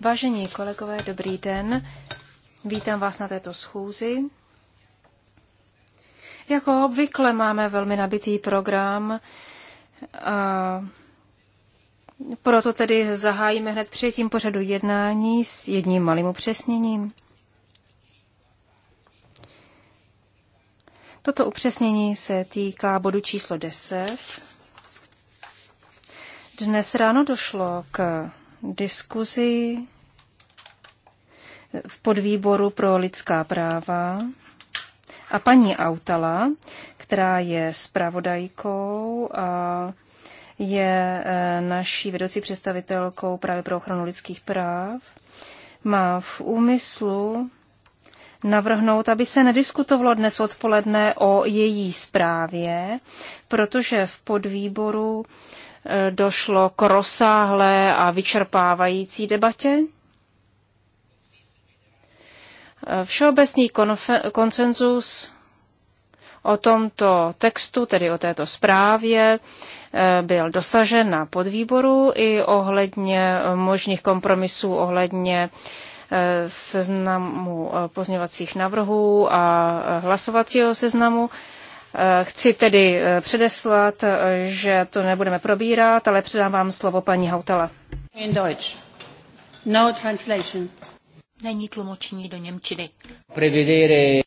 Vážení kolegové, dobrý den. Vítám vás na této schůzi. Jako obvykle máme velmi nabitý program. A proto tedy zahájíme hned přijetím pořadu jednání s jedním malým upřesněním. Toto upřesnění se týká bodu číslo 10. Dnes ráno došlo k diskuzi v podvýboru pro lidská práva a paní Autala, která je spravodajkou a je e, naší vedoucí představitelkou právě pro ochranu lidských práv, má v úmyslu navrhnout, aby se nediskutovalo dnes odpoledne o její zprávě, protože v podvýboru Eh, došlo k rozsáhlé a vyčerpávající debatě. Eh, všeobecný konsenzus o tomto textu, tedy o této zprávě, eh, byl dosažen na podvýboru i ohledně možných kompromisů, ohledně seznamu pozměvacích návrhů a hlasovacího seznamu. Eh, chci tedy eh, předeslat, eh, že to nebudeme probírat, ale předám vám slovo paní Hautala. In Deutsch. No translation. Není tlumočení do Němčiny. Prevedere.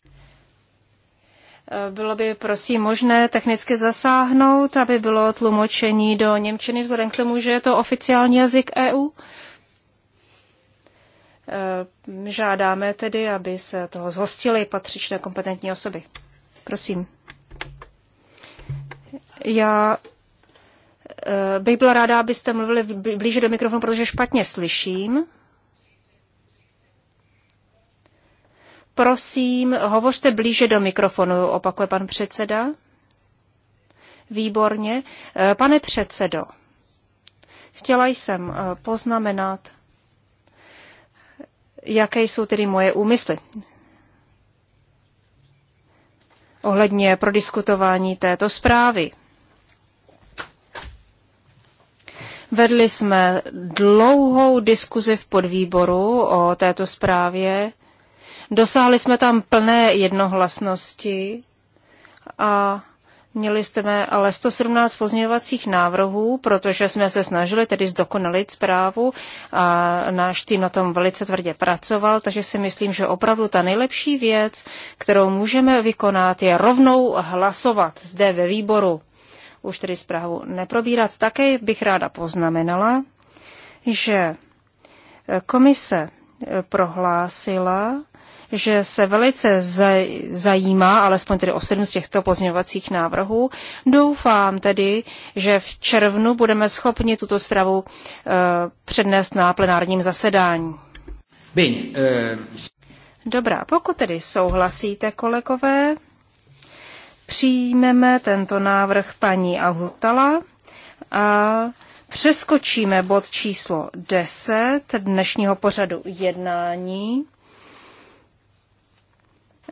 Bylo by prosím možné technicky zasáhnout, aby bylo tlumočení do Němčiny, vzhledem k tomu, že je to oficiální jazyk EU? Žádáme tedy, aby se toho zhostily patřičné kompetentní osoby. Prosím. Já eh, bych byla ráda, abyste mluvili blíže do mikrofonu, protože špatně slyším. Prosím, hovořte blíže do mikrofonu, opakuje pan předseda. Výborně. Eh, pane předsedo, chtěla jsem eh, poznamenat, jaké jsou tedy moje úmysly ohledně prodiskutování této zprávy. Vedli jsme dlouhou diskuzi v podvýboru o této zprávě. Dosáhli jsme tam plné jednohlasnosti a měli jsme ale 117 pozměňovacích návrhů, protože jsme se snažili tedy zdokonalit zprávu a náš tým na tom velice tvrdě pracoval, takže si myslím, že opravdu ta nejlepší věc, kterou můžeme vykonat, je rovnou hlasovat zde ve výboru už tedy zprávu neprobírat. Také bych ráda poznamenala, že komise prohlásila, že se velice zajímá, alespoň tedy o sedm z těchto pozměňovacích návrhů. Doufám tedy, že v červnu budeme schopni tuto zprávu e, přednést na plenárním zasedání. Bine, e... Eh, Dobrá, pokud tedy souhlasíte, kolegové, přijmeme tento návrh paní Ahutala a přeskočíme bod číslo 10 dnešního pořadu jednání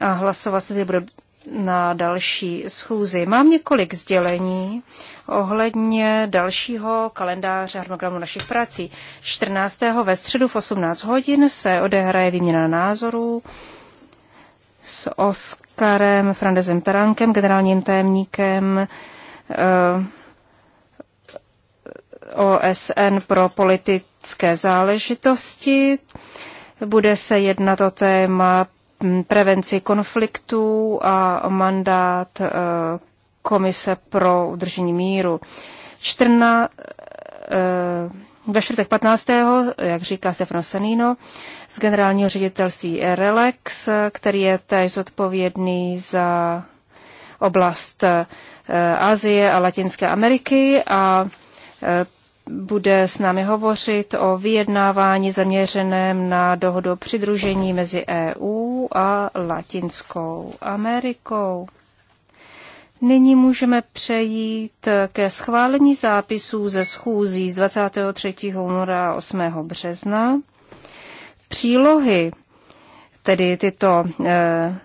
a hlasovat se bude na další schůzi. Mám několik sdělení ohledně dalšího kalendáře harmonogramu našich prací. 14. ve středu v 18 hodin se odehraje výměna názorů s OSK Karem Frandezem Tarankem, generálním tajemníkem eh, OSN pro politické záležitosti. Bude se jednat o téma hm, prevenci konfliktů a mandát eh, Komise pro udržení míru. 14, ve čtvrtek 15. jak říká Stefano Sanino z generálního ředitelství Relex, který je též zodpovědný za oblast eh, Asie a Latinské Ameriky a eh, bude s námi hovořit o vyjednávání zaměřeném na dohodu o přidružení mezi EU a Latinskou Amerikou. Nyní můžeme přejít ke schválení zápisů ze schůzí z 23. února a 8. března. Přílohy, tedy tyto e,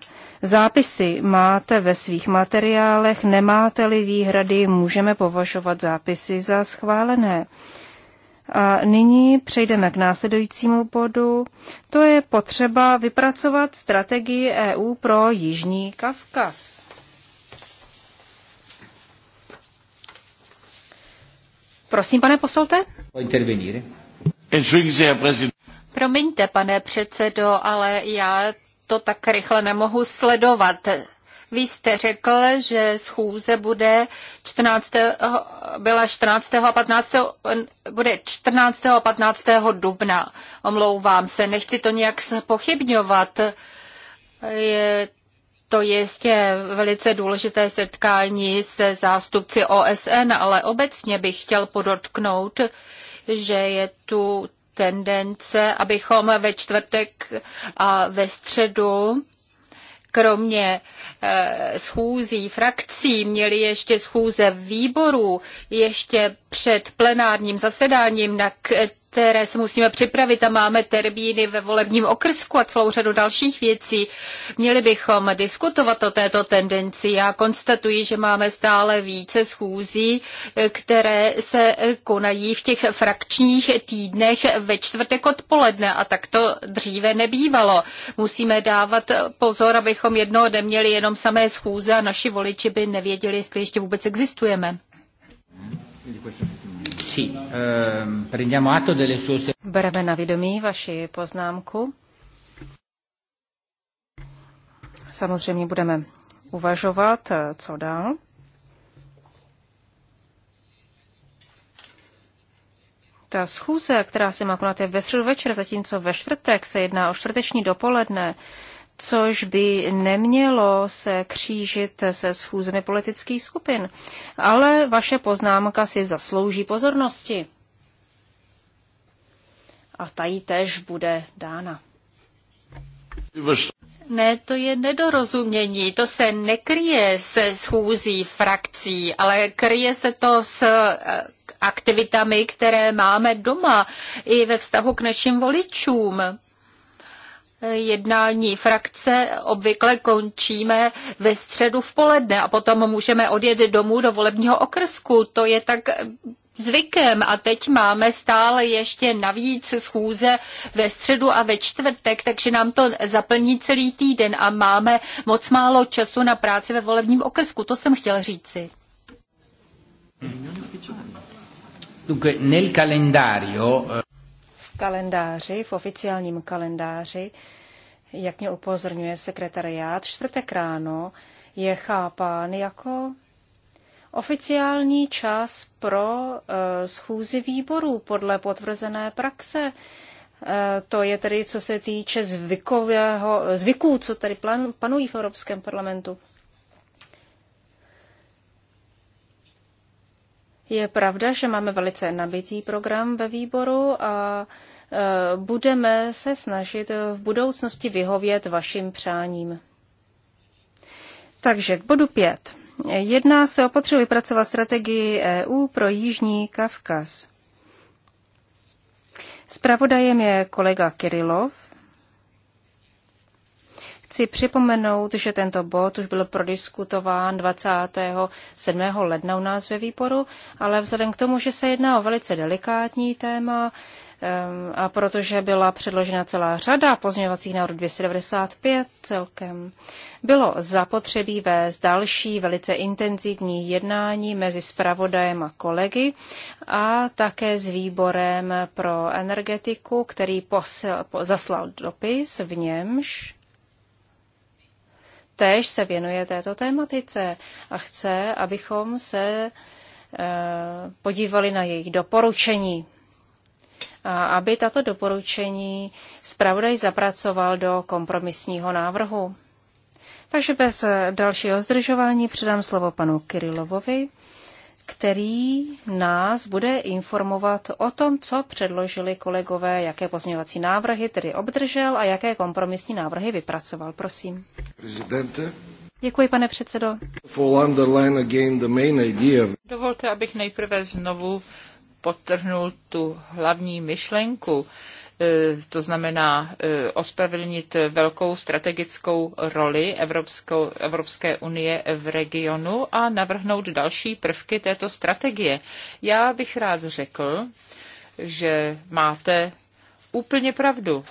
zápisy, máte ve svých materiálech, nemáte-li výhrady, můžeme považovat zápisy za schválené. A nyní přejdeme k následujícímu bodu. To je potřeba vypracovat strategii EU pro Jižní Kavkaz. Prosím, pane posolte. Intervenire. Promiňte, pane předsedo, ale já to tak rychle nemohu sledovat. Vy jste řekl, že schůze bude 14. byla 14. a 15. bude 14. a 15. dubna. Omlouvám se, nechci to nějak pochybňovat. Je to je jistě velice důležité setkání se zástupci OSN, ale obecně bych chtěl podotknout, že je tu tendence, abychom ve čtvrtek a ve středu kromě eh, schůzí frakcí měli ještě schůze výborů ještě před plenárním zasedáním, na které se musíme připravit a máme termíny ve volebním okrsku a celou řadu dalších věcí. Měli bychom diskutovat o této tendenci. Já konstatuji, že máme stále více schůzí, které se konají v těch frakčních týdnech ve čtvrtek odpoledne a tak to dříve nebývalo. Musíme dávat pozor, abychom jednoho neměli jenom samé schůze a naši voliči by nevěděli, jestli ještě vůbec existujeme. Děkujeme sì, ehm, prendiamo atto delle sue... Bereme na vědomí vaši poznámku. Samozřejmě budeme uvažovat, eh, co dál. Ta schůze, která se má konat, je ve středu večer, zatímco ve čtvrtek se jedná o čtvrteční dopoledne což by nemělo se křížit se schůzemi politických skupin. Ale vaše poznámka si zaslouží pozornosti. A ta jí tež bude dána. Ne, to je nedorozumění. To se nekryje se schůzí frakcí, ale kryje se to s eh, aktivitami, které máme doma i ve vztahu k našim voličům jednání frakce obvykle končíme ve středu v poledne a potom můžeme odjet domů do volebního okrsku. To je tak zvykem a teď máme stále ještě navíc schůze ve středu a ve čtvrtek, takže nám to zaplní celý týden a máme moc málo času na práci ve volebním okrsku. To jsem chtěl říci. Dunque, nel calendario... Eh, kalendáři, v oficiálním kalendáři, jak mě upozorňuje sekretariát, čtvrtek ráno je chápán jako oficiální čas pro uh, schůzi výborů podle potvrzené praxe. Eh, to je tedy, co se týče zvykového, zvyků, co tady plan, panují v Evropském parlamentu. Je pravda, že máme velice nabitý program ve výboru a Eh, budeme se snažit eh, v budoucnosti vyhovět vašim přáním. Takže k bodu pět. Jedná se o potřebu vypracovat strategii EU pro Jižní Kavkaz. Spravodajem je kolega Kirilov. Chci připomenout, že tento bod už byl prodiskutován 27. ledna u nás ve výboru, ale vzhledem k tomu, že se jedná o velice delikátní téma, a protože byla předložena celá řada pozměňovacích návrhů 295 celkem, bylo zapotřebí vést další velice intenzivní jednání mezi spravodajem a kolegy a také s výborem pro energetiku, který posel, zaslal dopis, v němž též se věnuje této tématice a chce, abychom se eh, podívali na jejich doporučení aby tato doporučení zpravodaj zapracoval do kompromisního návrhu. Takže bez dalšího zdržování předám slovo panu Kirilovovi, který nás bude informovat o tom, co předložili kolegové, jaké pozměňovací návrhy tedy obdržel a jaké kompromisní návrhy vypracoval. Prosím. Prezidente. Děkuji, pane předsedo. Dovolte, abych nejprve znovu potrhnul tu hlavní myšlenku, e, to znamená e, ospravedlnit velkou strategickou roli Evropskou, Evropské unie v regionu a navrhnout další prvky této strategie. Já bych rád řekl, že máte úplně pravdu.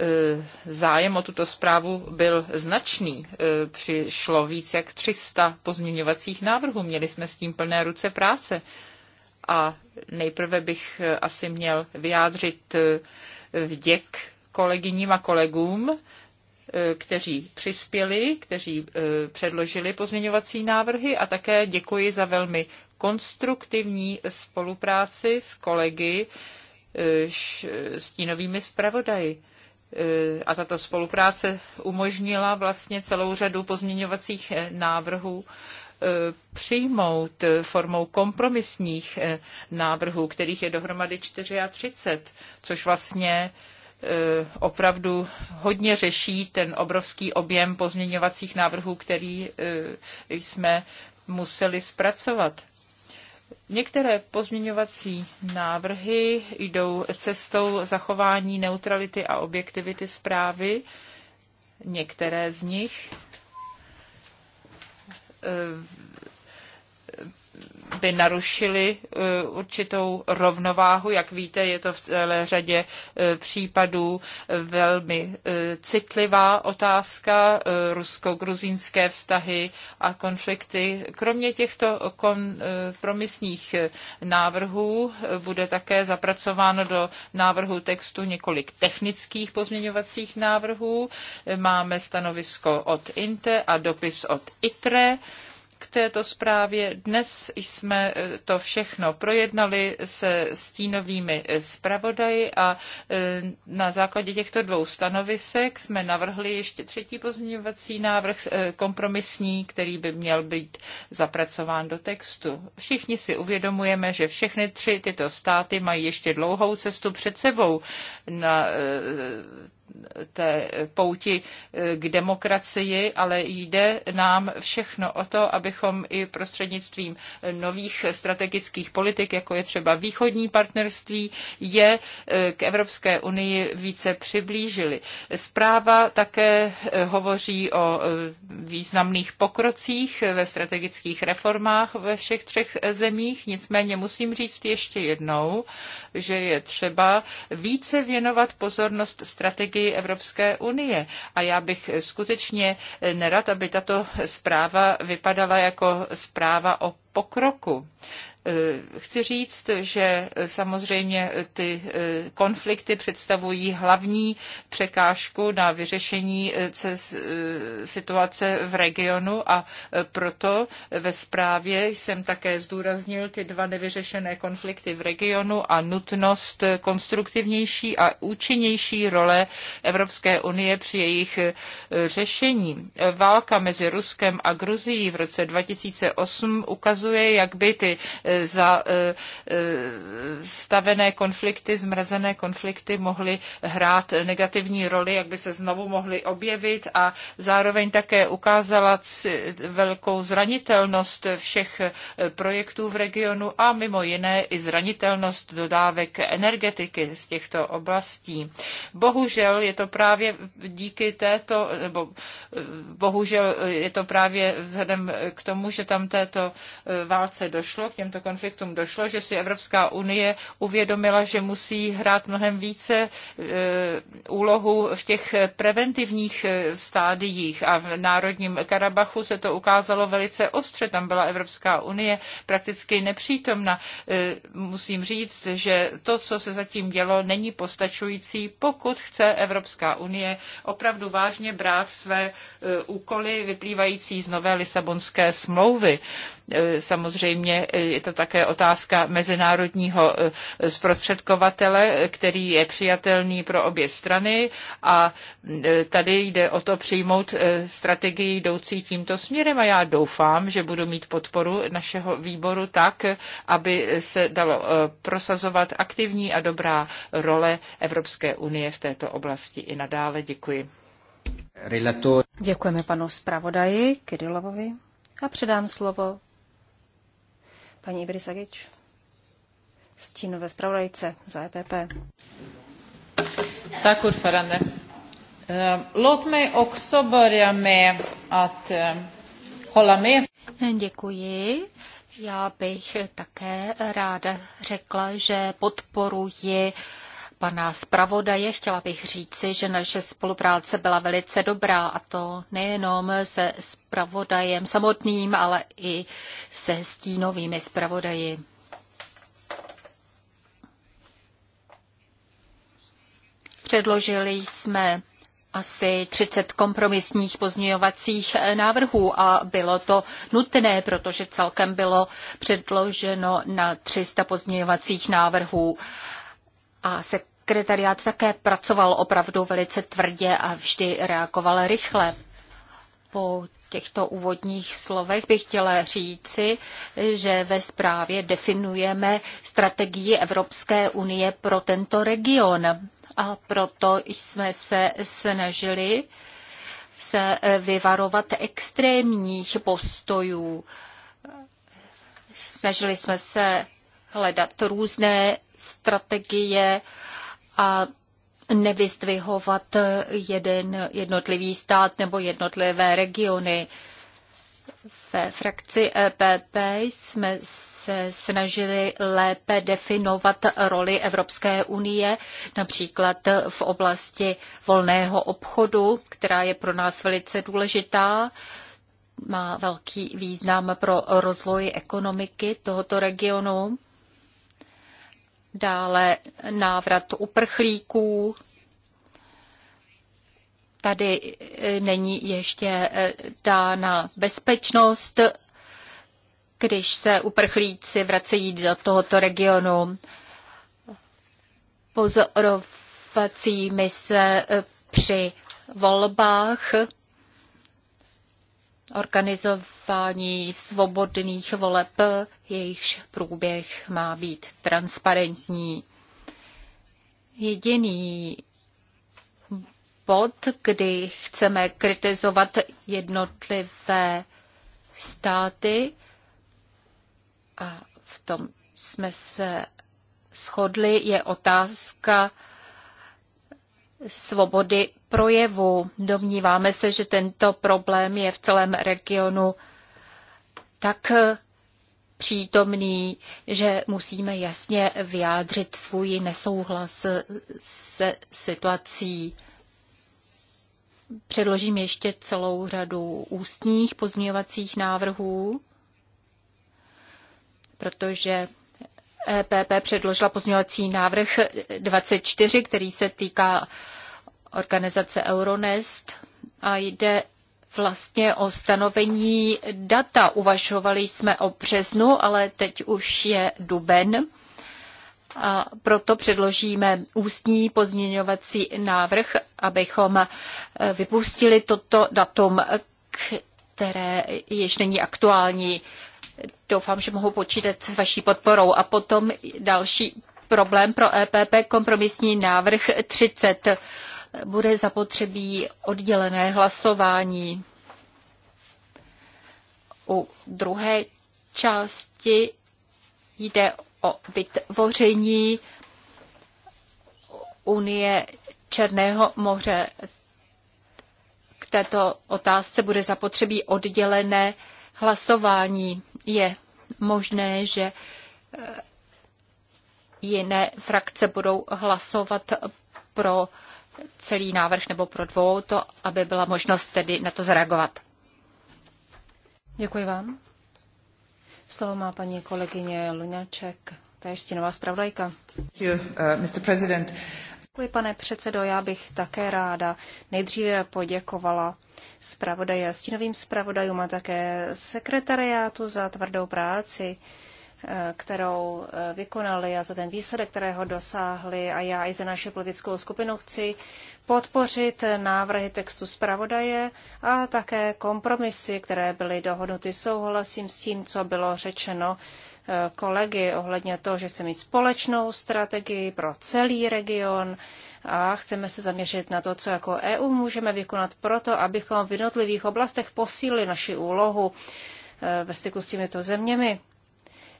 E, zájem o tuto zprávu byl značný. Přišlo víc jak 300 pozměňovacích návrhů. Měli jsme s tím plné ruce práce a nejprve bych eh, asi měl vyjádřit eh, vděk kolegyním a kolegům, eh, kteří přispěli, kteří předložili pozměňovací návrhy a také děkuji za velmi konstruktivní spolupráci s kolegy stínovými zpravodaji. A tato spolupráce umožnila vlastně celou řadu pozměňovacích návrhů, Eh, přijmout formou kompromisních eh, návrhů, kterých je dohromady 34, což vlastně eh, opravdu hodně řeší ten obrovský objem pozměňovacích návrhů, který jsme museli zpracovat. Některé pozměňovací návrhy jdou cestou zachování neutrality a objektivity zprávy. Některé z nich uh, by narušily e, určitou rovnováhu. Jak víte, je to v celé řadě e, případů e, velmi citlivá otázka, rusko-gruzínské vztahy a konflikty. Kromě těchto kompromisních návrhů bude také zapracováno do návrhu textu několik technických pozměňovacích návrhů. Máme stanovisko od INTE a dopis od ITRE k této zprávě. Dnes jsme e, to všechno projednali se stínovými e, zpravodaji a e, na základě těchto dvou stanovisek jsme navrhli ještě třetí pozměňovací návrh kompromisní, který by měl být zapracován do textu. Všichni si uvědomujeme, že všechny tři tyto státy mají ještě dlouhou cestu před sebou na té pouti eh, k demokracii, ale jde nám všechno o to, abychom i prostřednictvím nových strategických politik, jako je třeba východní partnerství, je eh, k Evropské unii více přiblížili. Zpráva také eh, hovoří o významných pokrocích ve strategických reformách ve všech třech zemích, nicméně musím říct ještě jednou, že je třeba více věnovat pozornost strategii strategii Evropské unie. A já bych skutečně nerad, aby tato zpráva vypadala jako zpráva o pokroku. Eh, chci říct, že eh, samozřejmě eh, ty konflikty představují hlavní překážku na vyřešení situace v regionu a proto ve zprávě jsem také zdůraznil ty dva nevyřešené konflikty v regionu a nutnost konstruktivnější a účinnější role Evropské unie při jejich řešení. Válka mezi Ruskem a Gruzií v roce 2008 ukazuje, jak by ty za e, e, stavené konflikty, zmrazené konflikty mohly hrát negativní roli, jak by se znovu mohly objevit a zároveň také ukázala velkou zranitelnost všech e, projektů v regionu a mimo jiné i zranitelnost dodávek energetiky z těchto oblastí. Bohužel je to právě díky této, nebo bohužel je to právě vzhledem k tomu, že tam této válce došlo, k těmto konfliktům došlo, že si Evropská unie uvědomila, že musí hrát mnohem více e, úlohu v těch preventivních e, stádiích a v Národním Karabachu se to ukázalo velice ostře. Tam byla Evropská unie prakticky nepřítomna. E, musím říct, že to, co se zatím dělo, není postačující, pokud chce Evropská unie opravdu vážně brát své úkoly vyplývající z nové Lisabonské smlouvy. E, samozřejmě e, je to také otázka mezinárodního e, zprostředkovatele, který je přijatelný pro obě strany a tady jde o to přijmout strategii jdoucí tímto směrem a já doufám, že budu mít podporu našeho výboru tak, aby se dalo prosazovat aktivní a dobrá role Evropské unie v této oblasti i nadále. Děkuji. Děkujeme panu zpravodaji Kirilovovi a předám slovo paní Ibrisagič, stínové zpravodajce za EPP. Tak, urfarande. Eh, låt mig också börja med att eh, hålla med. Děkuji. Já bych také ráda řekla, že podporuji pana zpravodaje. Chtěla bych říci, že naše spolupráce byla velice dobrá a to nejenom se zpravodajem samotným, ale i se stínovými zpravodaji. Předložili jsme asi 30 kompromisních pozměňovacích návrhů a bylo to nutné, protože celkem bylo předloženo na 300 pozměňovacích návrhů a sekretariát také pracoval opravdu velice tvrdě a vždy reagoval rychle. Po těchto úvodních slovech bych chtěla říci, že ve zprávě definujeme strategii Evropské unie pro tento region. A proto jsme se snažili se vyvarovat extrémních postojů. Snažili jsme se hledat různé strategie a nevyzdvihovat jeden jednotlivý stát nebo jednotlivé regiony. Ve frakci EPP jsme se snažili lépe definovat roli Evropské unie, například v oblasti volného obchodu, která je pro nás velice důležitá. Má velký význam pro rozvoj ekonomiky tohoto regionu dále návrat uprchlíků. Tady e, není ještě e, dána bezpečnost, když se uprchlíci vracejí do tohoto regionu. Pozorovací mise e, při volbách organizování svobodných voleb, jejichž průběh má být transparentní. Jediný bod, kdy chceme kritizovat jednotlivé státy, a v tom jsme se shodli, je otázka svobody projevu. Domníváme se, že tento problém je v celém regionu tak přítomný, že musíme jasně vyjádřit svůj nesouhlas se situací. Předložím ještě celou řadu ústních pozměňovacích návrhů, protože EPP předložila pozměňovací návrh 24, který se týká organizace Euronest a jde vlastně o stanovení data. Uvažovali jsme o březnu, ale teď už je duben. A proto předložíme ústní pozměňovací návrh, abychom eh, vypustili toto datum, které již není aktuální. Doufám, že mohu počítat s vaší podporou. A potom další problém pro EPP, kompromisní návrh 30 bude zapotřebí oddělené hlasování. U druhé části jde o vytvoření Unie Černého moře. K této otázce bude zapotřebí oddělené hlasování. Je možné, že eh, jiné frakce budou hlasovat pro celý návrh nebo pro dvou, to, aby byla možnost tedy na to zareagovat. Děkuji vám. Slovo má paní kolegyně Luňaček, ta je stínová zpravodajka. Uh, Děkuji, pane předsedo. Já bych také ráda nejdříve poděkovala zpravodaji a stínovým zpravodajům a také sekretariátu za tvrdou práci kterou eh, vykonali a za ten výsledek, kterého dosáhli. A já i za naše politickou skupinu chci podpořit návrhy textu zpravodaje a také kompromisy, které byly dohodnuty. Souhlasím s tím, co bylo řečeno eh, kolegy ohledně toho, že chceme mít společnou strategii pro celý region a chceme se zaměřit na to, co jako EU můžeme vykonat proto, abychom v jednotlivých oblastech posílili naši úlohu eh, ve styku s těmito zeměmi.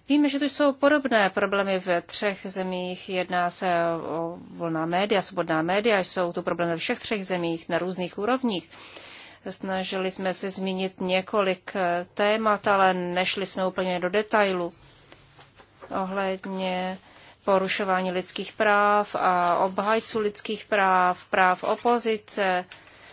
Víme, že tu jsou podobné problémy ve třech zemích. Jedná se o volná média, svobodná média, jsou tu problémy ve všech třech zemích na různých úrovních. Snažili jsme se zmínit několik témat, ale nešli jsme úplně do detailu ohledně porušování lidských práv a obhajců lidských práv, práv opozice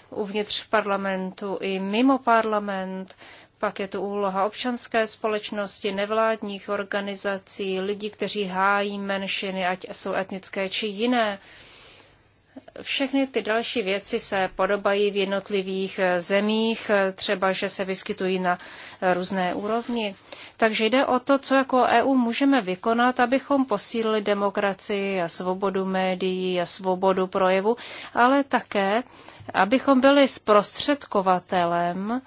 uvnitř parlamentu i mimo parlament pak je tu úloha občanské společnosti, nevládních organizací, lidí, kteří hájí menšiny, ať jsou etnické či jiné. Všechny ty další věci se podobají v jednotlivých eh, zemích, eh, třeba že se vyskytují na eh, různé úrovni. Takže jde o to, co jako EU můžeme vykonat, abychom posílili demokracii a svobodu médií a svobodu projevu, ale také, abychom byli zprostředkovatelem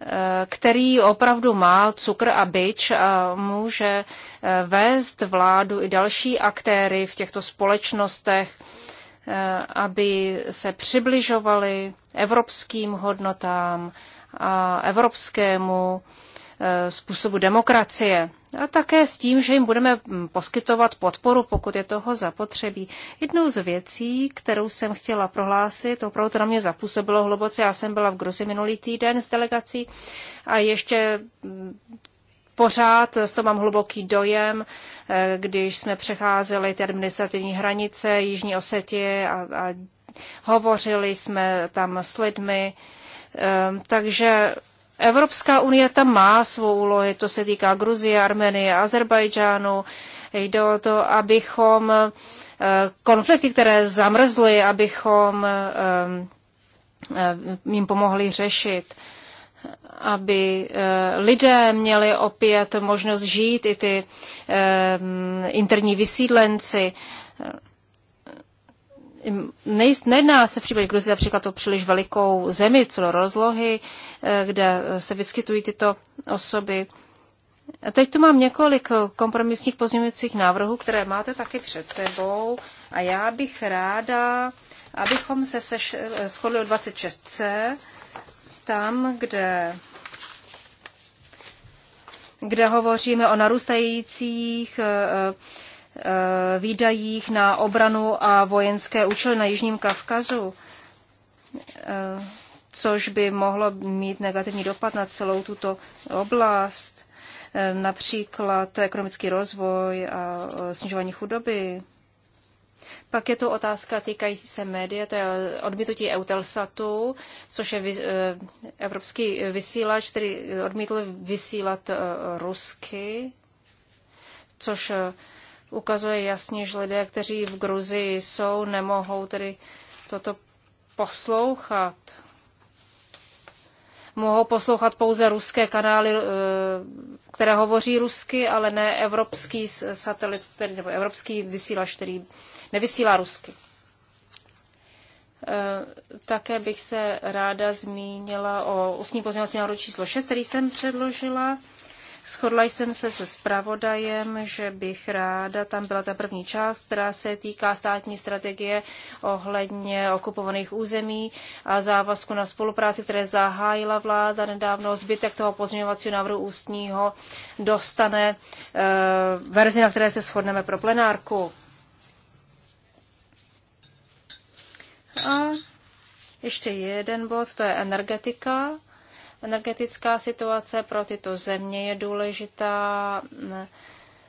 Eh, který opravdu má cukr a byč a může eh, vést vládu i další aktéry v těchto společnostech, eh, aby se přibližovali evropským hodnotám a evropskému Eh, způsobu demokracie a také s tím, že jim budeme mm, poskytovat podporu, pokud je toho zapotřebí. Jednou z věcí, kterou jsem chtěla prohlásit, opravdu to na mě zapůsobilo hluboce, já jsem byla v Gruzi minulý týden s delegací a ještě mm, pořád z toho mám hluboký dojem, eh, když jsme přecházeli ty administrativní hranice Jižní Osetě a, a hovořili jsme tam s lidmi, ehm, takže Evropská unie tam má svou úlohy, to se týká Gruzie, Armenie, Azerbajdžánu. Jde o to, abychom eh, konflikty, které zamrzly, abychom eh, eh, jim pomohli řešit, aby lidé měli opět možnost žít, i ty interní vysídlenci nejedná se v případě Gruzie například o příliš velikou zemi, co do rozlohy, eh, kde eh, se vyskytují tyto osoby. A teď tu mám několik kompromisních pozměňujících návrhů, které máte taky před sebou a já bych ráda, abychom se seš, eh, shodli o 26C, tam, kde kde hovoříme o narůstajících Eh, výdajích na obranu a vojenské účely na Jižním Kavkazu, eh, což by mohlo mít negativní dopad na celou tuto oblast, eh, například ekonomický rozvoj a snižování chudoby. Pak je tu otázka týkající se média, to je odmítnutí Eutelsatu, což je evropský vysílač, který odmítl vysílat rusky, což ukazuje jasně, že lidé, kteří v Gruzii jsou, nemohou tedy toto poslouchat. Mohou poslouchat pouze ruské kanály, eh, které hovoří rusky, ale ne evropský satelit, tedy, nebo evropský vysílač, který nevysílá rusky. Eh, také bych se ráda zmínila o ústní pozměňovací návrhu číslo 6, který jsem předložila Shodla jsem se se zpravodajem, že bych ráda, tam byla ta první část, která se týká státní strategie ohledně okupovaných území a závazku na spolupráci, které zahájila vláda nedávno. Zbytek toho pozměňovacího návrhu ústního dostane e, verzi, na které se shodneme pro plenárku. A ještě jeden bod, to je energetika. Energetická situace pro tyto země je důležitá.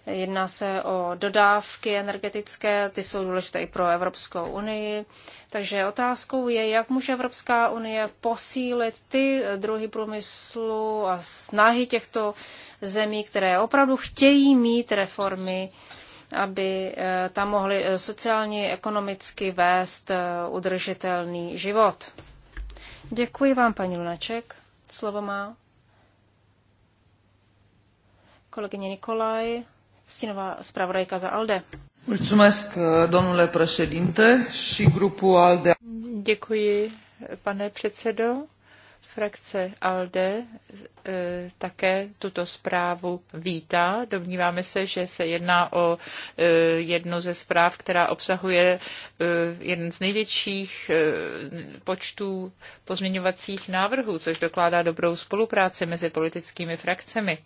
Jedná se o dodávky energetické, ty jsou důležité i pro Evropskou unii. Takže otázkou je, jak může Evropská unie posílit ty druhy průmyslu a snahy těchto zemí, které opravdu chtějí mít reformy, aby eh, tam mohli eh, sociálně, ekonomicky vést eh, udržitelný život. Děkuji vám, paní Lunaček. Slovo má kolegyně Nikolaj, stínová zpravodajka za ALDE. Mulțumesc, domnule președinte, și grupul ALDE. Děkuji, pane předsedo. Frakce ALDE eh, také tuto zprávu vítá. Domníváme se, že se jedná o eh, jednu ze zpráv, která obsahuje eh, jeden z největších počtů pozměňovacích návrhů, což dokládá dobrou spolupráci mezi politickými frakcemi.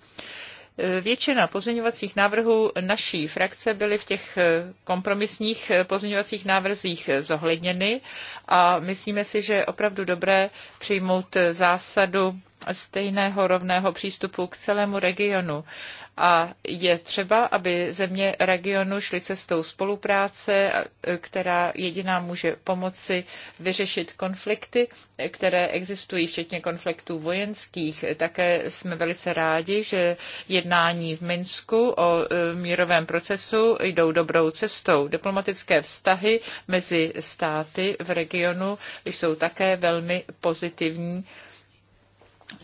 Většina pozměňovacích návrhů naší frakce byly v těch eh, kompromisních eh, pozměňovacích návrzích zohledněny a myslíme si, že je opravdu dobré přijmout eh, zásadu stejného rovného přístupu k celému regionu. A je třeba, aby země regionu šly cestou spolupráce, která jediná může pomoci vyřešit konflikty, které existují, včetně konfliktů vojenských. Také jsme velice rádi, že jednání v Minsku o e, mírovém procesu jdou dobrou cestou. Diplomatické vztahy mezi státy v regionu jsou také velmi pozitivní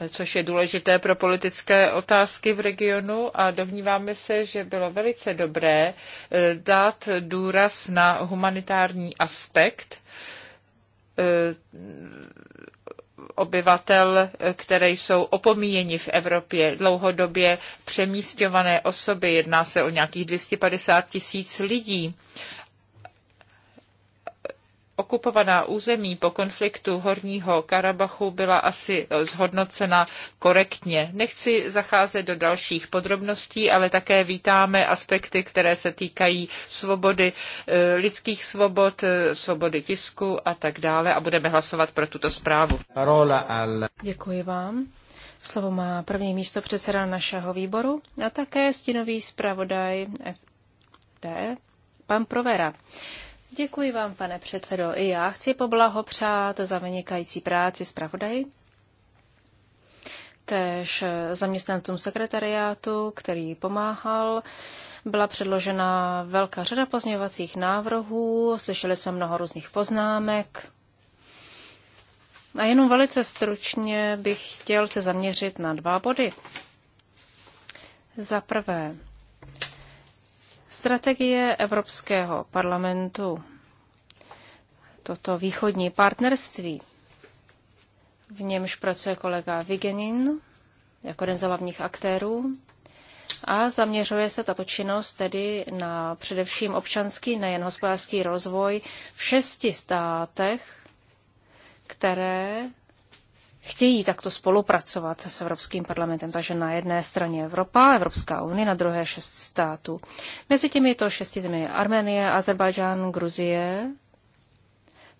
což je důležité pro politické otázky v regionu a domníváme se, že bylo velice dobré eh, dát důraz na humanitární aspekt eh, obyvatel, které jsou opomíjeni v Evropě, dlouhodobě přemístěvané osoby, jedná se o nějakých 250 tisíc lidí okupovaná území po konfliktu Horního Karabachu byla asi zhodnocena korektně. Nechci zacházet do dalších podrobností, ale také vítáme aspekty, které se týkají svobody eh, lidských svobod, eh, svobody tisku a tak dále a budeme hlasovat pro tuto zprávu. Děkuji vám. Slovo má první místo předseda našeho výboru a také stínový zpravodaj pan Provera. Děkuji vám, pane předsedo. I já chci poblahopřát za vynikající práci pravodají. Tež zaměstnancům sekretariátu, který pomáhal. Byla předložena velká řada pozměňovacích návrhů, slyšeli jsme mnoho různých poznámek. A jenom velice stručně bych chtěl se zaměřit na dva body. Za prvé, Strategie Evropského parlamentu, toto východní partnerství, v němž pracuje kolega Vigenin jako jeden z hlavních aktérů, a zaměřuje se tato činnost tedy na především občanský, nejen hospodářský rozvoj v šesti státech, které chtějí takto spolupracovat s Evropským parlamentem. Takže na jedné straně Evropa, Evropská unie, na druhé šest států. Mezi těmi to šesti zemi Arménie, Azerbajdžán, Gruzie,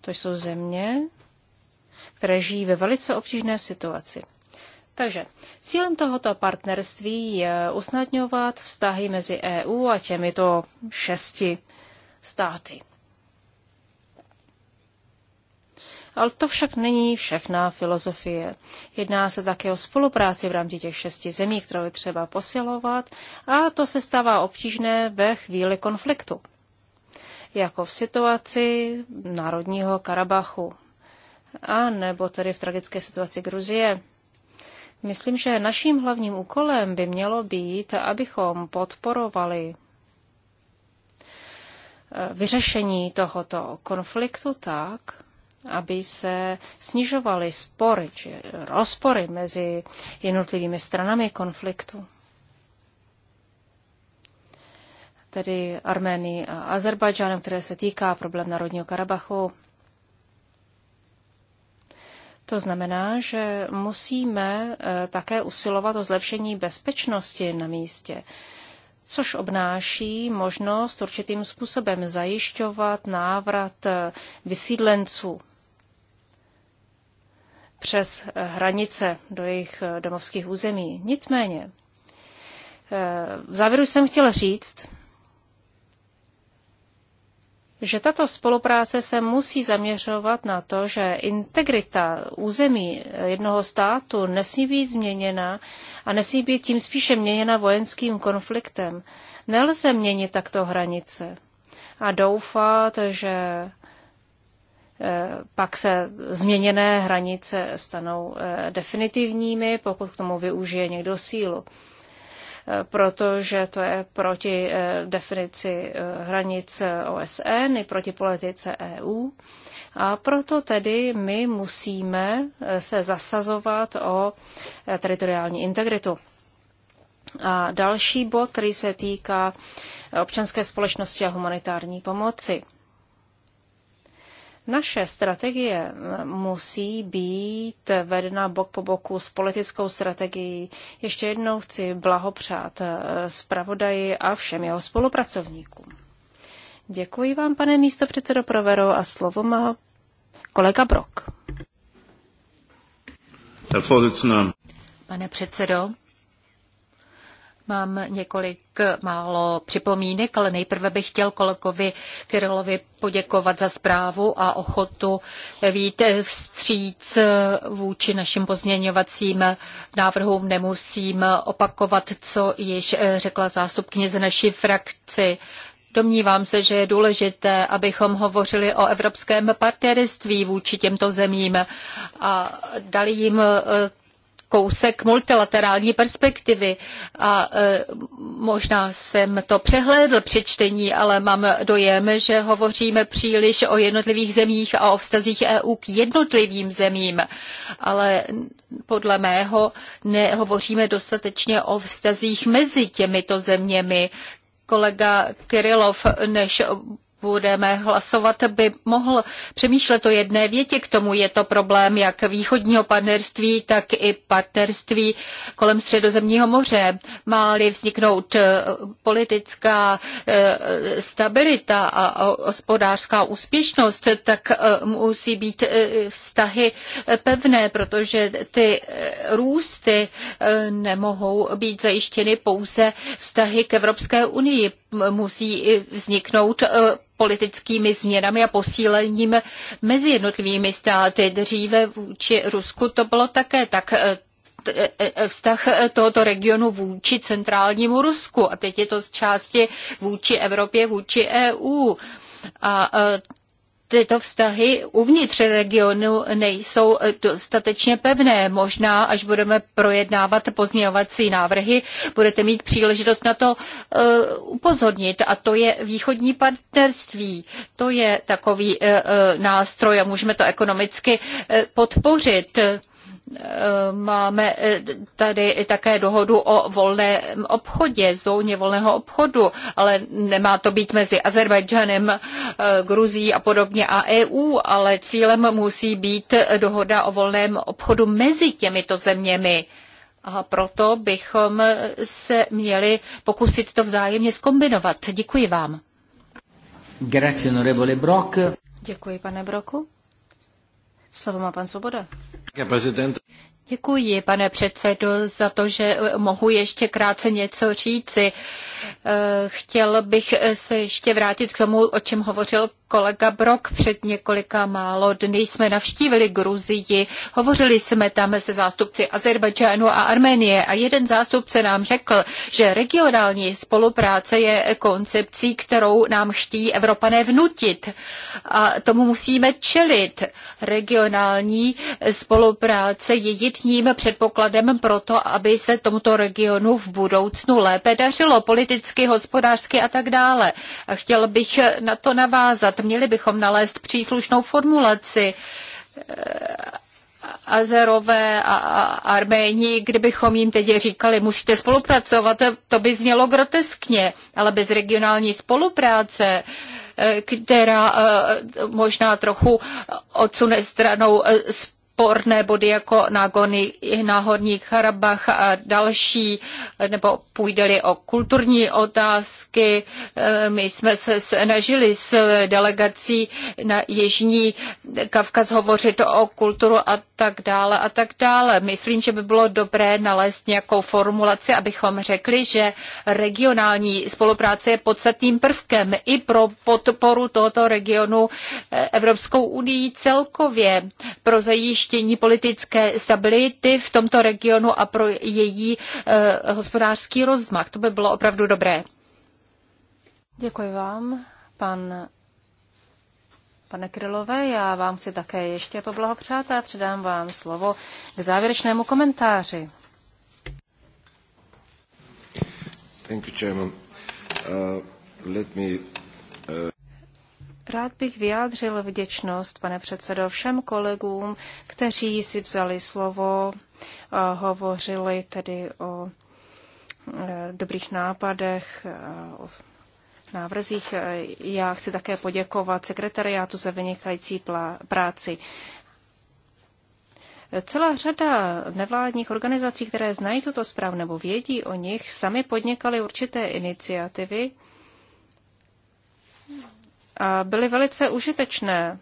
to jsou země, které žijí ve velice obtížné situaci. Takže cílem tohoto partnerství je usnadňovat vztahy mezi EU a těmito šesti státy. Ale to však není všechna filozofie. Jedná se také o spolupráci v rámci těch šesti zemí, kterou je třeba posilovat a to se stává obtížné ve chvíli konfliktu. Jako v situaci národního Karabachu a nebo tedy v tragické situaci Gruzie. Myslím, že naším hlavním úkolem by mělo být, abychom podporovali e, vyřešení tohoto konfliktu tak, aby se snižovaly spory či rozpory mezi jednotlivými stranami konfliktu. Tedy Arménii a Azerbajdžánem, které se týká problém Národního Karabachu. To znamená, že musíme eh, také usilovat o zlepšení bezpečnosti na místě což obnáší možnost určitým způsobem zajišťovat návrat eh, vysídlenců přes hranice do jejich eh, domovských území. Nicméně, eh, v závěru jsem chtěla říct, že tato spolupráce se musí zaměřovat na to, že integrita území jednoho státu nesmí být změněna a nesmí být tím spíše měněna vojenským konfliktem. Nelze měnit takto hranice a doufat, že Eh, pak se změněné hranice stanou eh, definitivními, pokud k tomu využije někdo sílu eh, protože to je proti definici hranic OSN i proti politice EU. A proto tedy my musíme se zasazovat o teritoriální integritu. A další bod, který se týká občanské společnosti a humanitární pomoci. Naše strategie eh, musí být vedena bok po boku s politickou strategií. Ještě jednou chci blahopřát eh, zpravodaji a všem jeho spolupracovníkům. Děkuji vám, pane místopředsedo Provero, a slovo má kolega Brok. Pane předsedo, Mám několik málo připomínek, ale nejprve bych chtěl kolegovi Kirilovi poděkovat za zprávu a ochotu vít vstříc vůči našim pozměňovacím návrhům. Nemusím opakovat, co již řekla zástupkyně z naší frakci. Domnívám se, že je důležité, abychom hovořili o evropském partnerství vůči těmto zemím a dali jim kousek multilaterální perspektivy. A e, možná jsem to přehlédl při čtení, ale mám dojem, že hovoříme příliš o jednotlivých zemích a o vztazích EU k jednotlivým zemím. Ale podle mého nehovoříme dostatečně o vztazích mezi těmito zeměmi kolega Kirilov, než budeme hlasovat, by mohl přemýšlet o jedné větě. K tomu je to problém jak východního partnerství, tak i partnerství kolem středozemního moře. Má-li vzniknout eh, politická eh, stabilita a hospodářská úspěšnost, tak eh, musí být vztahy pevné, protože ty růsty nemohou být zajištěny pouze vztahy k Evropské unii musí vzniknout eh, politickými změnami a posílením mezi jednotlivými státy. Dříve vůči Rusku to bylo také tak eh, eh, vztah tohoto regionu vůči centrálnímu Rusku a teď je to z části vůči Evropě, vůči EU. A tyto vztahy uvnitř regionu nejsou dostatečně pevné. Možná, až budeme projednávat pozměňovací návrhy, budete mít příležitost na to uh, upozornit. A to je východní partnerství. To je takový uh, nástroj a můžeme to ekonomicky uh, podpořit. Uh, Eh, máme eh, tady také dohodu o volném obchodě, zóně volného obchodu, ale nemá to být mezi Azerbajdžanem, eh, Gruzí a podobně a EU, ale cílem musí být dohoda o volném obchodu mezi těmito zeměmi. A proto bychom se měli pokusit to vzájemně skombinovat. Děkuji vám. Děkuji, pane Broku. Slovo má pan Svoboda. Děkuji, pane předsedo, za to, že mohu ještě krátce něco říci. Eh, chtěl bych se ještě vrátit k tomu, o čem hovořil kolega Brok před několika málo dny jsme navštívili Gruzii. Hovořili jsme tam se zástupci Azerbajdžánu a Arménie a jeden zástupce nám řekl, že regionální spolupráce je koncepcí, kterou nám chtějí Evropané vnutit. A tomu musíme čelit. Regionální spolupráce je jedním předpokladem pro to, aby se tomuto regionu v budoucnu lépe dařilo politicky, hospodářsky a tak dále. A chtěl bych na to navázat udělat. Měli bychom nalézt příslušnou formulaci. Eh, azerové a Arméni, kdybychom jim teď říkali, musíte spolupracovat, to by znělo groteskně, ale bez regionální spolupráce eh, která eh, možná trochu odsune stranou sporné body jako nágony na Horní Karabach a další, nebo půjde o kulturní otázky. Eh, my jsme se snažili s delegací na Jižní Kavkaz hovořit o kulturu a tak dále a tak dále. Myslím, že by bylo dobré nalézt nějakou formulaci, abychom řekli, že regionální spolupráce je podstatným prvkem i pro podporu tohoto regionu eh, Evropskou unii celkově pro zajištění zajištění politické stability v tomto regionu a pro její eh, hospodářský rozmach. To by bylo opravdu dobré. Děkuji vám, pan Pane Krylové, já vám chci také ještě poblahopřát a předám vám slovo k závěrečnému komentáři. Thank you, Chairman. Uh, let me, uh... Rád bych vyjádřil vděčnost, pane předsedo, všem kolegům, kteří si vzali slovo, hovořili tedy o e, dobrých nápadech, o návrzích. Já chci také poděkovat sekretariátu za vynikající práci. Celá řada nevládních organizací, které znají tuto zprávu nebo vědí o nich, sami podnikaly určité iniciativy, byly velice užitečné.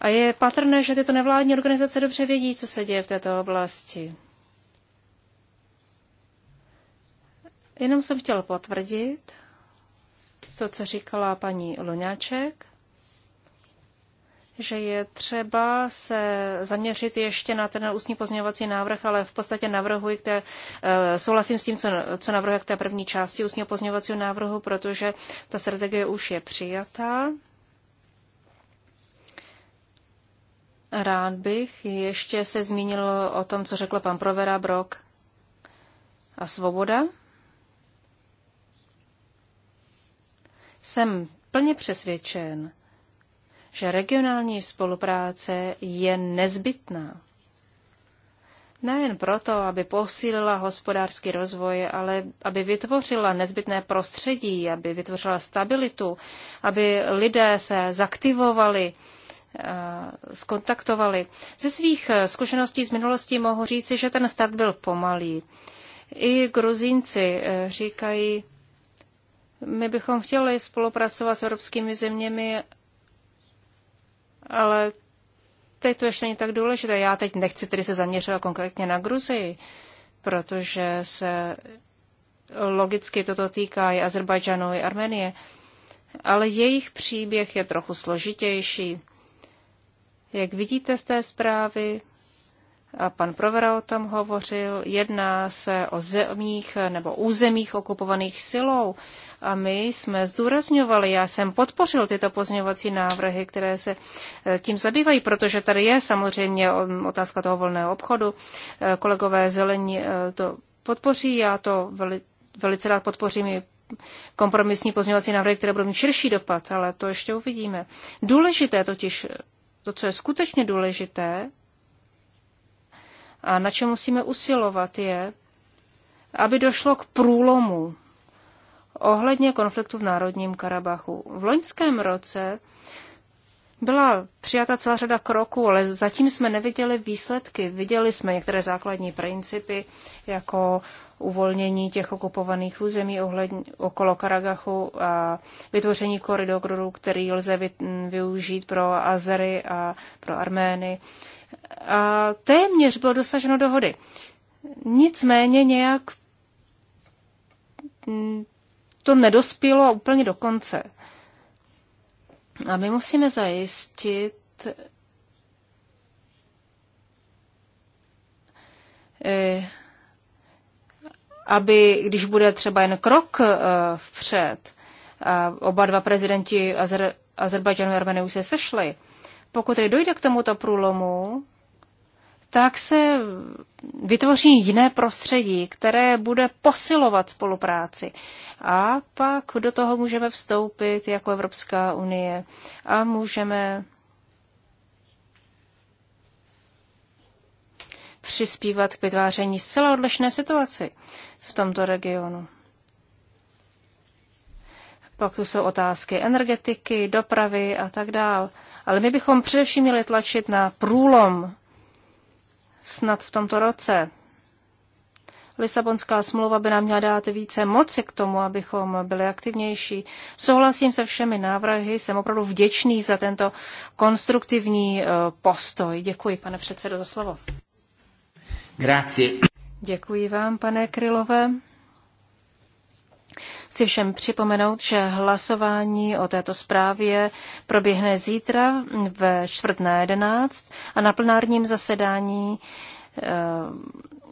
A je patrné, že tyto nevládní organizace dobře vědí, co se děje v této oblasti. Jenom jsem chtěl potvrdit to, co říkala paní Luňáček že je třeba se zaměřit ještě na ten ústní pozměňovací návrh, ale v podstatě navrhuji, které, eh, souhlasím s tím, co, co navrhuje k té první části ústního pozměňovacího návrhu, protože ta strategie už je přijatá. Rád bych ještě se zmínil o tom, co řekl pan Provera, Brok a Svoboda. Jsem plně přesvědčen, že regionální spolupráce je nezbytná. Nejen proto, aby posílila hospodářský rozvoj, ale aby vytvořila nezbytné prostředí, aby vytvořila stabilitu, aby lidé se zaktivovali, eh, skontaktovali. Ze svých eh, zkušeností z minulosti mohu říci, že ten start byl pomalý. I gruzínci eh, říkají, my bychom chtěli spolupracovat s evropskými zeměmi, ale teď to ještě není tak důležité. Já teď nechci tedy se zaměřovat konkrétně na Gruzii, protože se logicky toto týká i Azerbajdžanu, i Armenie, ale jejich příběh je trochu složitější. Jak vidíte z té zprávy, a pan Provera o tom hovořil, jedná se o zemích nebo územích okupovaných silou. A my jsme zdůrazňovali, já jsem podpořil tyto pozměňovací návrhy, které se e, tím zabývají, protože tady je samozřejmě um, otázka toho volného obchodu. E, kolegové zelení e, to podpoří, já to veli, velice rád podpořím i kompromisní pozměňovací návrhy, které budou mít širší dopad, ale to ještě uvidíme. Důležité totiž, to, co je skutečně důležité, a na čem musíme usilovat je, aby došlo k průlomu ohledně konfliktu v Národním Karabachu. V loňském roce byla přijata celá řada kroků, ale zatím jsme neviděli výsledky. Viděli jsme některé základní principy, jako uvolnění těch okupovaných území ohledně, okolo Karagachu a vytvoření koridoru, který lze využít pro Azery a pro Armény a téměř bylo dosaženo dohody. Nicméně nějak mm, to nedospělo úplně do konce. A my musíme zajistit, eh, aby, když bude třeba jen krok eh, vpřed, oba dva prezidenti Azerbajdžanu a Armenii už se sešli, pokud tedy dojde k tomuto průlomu, tak se vytvoří jiné prostředí, které bude posilovat spolupráci. A pak do toho můžeme vstoupit jako Evropská unie a můžeme přispívat k vytváření zcela odlišné situaci v tomto regionu. Pak tu jsou otázky energetiky, dopravy a tak dále. Ale my bychom především měli tlačit na průlom snad v tomto roce. Lisabonská smlouva by nám měla dát více moci k tomu, abychom byli aktivnější. Souhlasím se všemi návrhy, jsem opravdu vděčný za tento konstruktivní eh, postoj. Děkuji, pane předsedo, za slovo. Grazie. Děkuji vám, pane Krylové. Chci všem připomenout, že hlasování o této zprávě proběhne zítra ve čtvrt na jedenáct a na plenárním zasedání eh,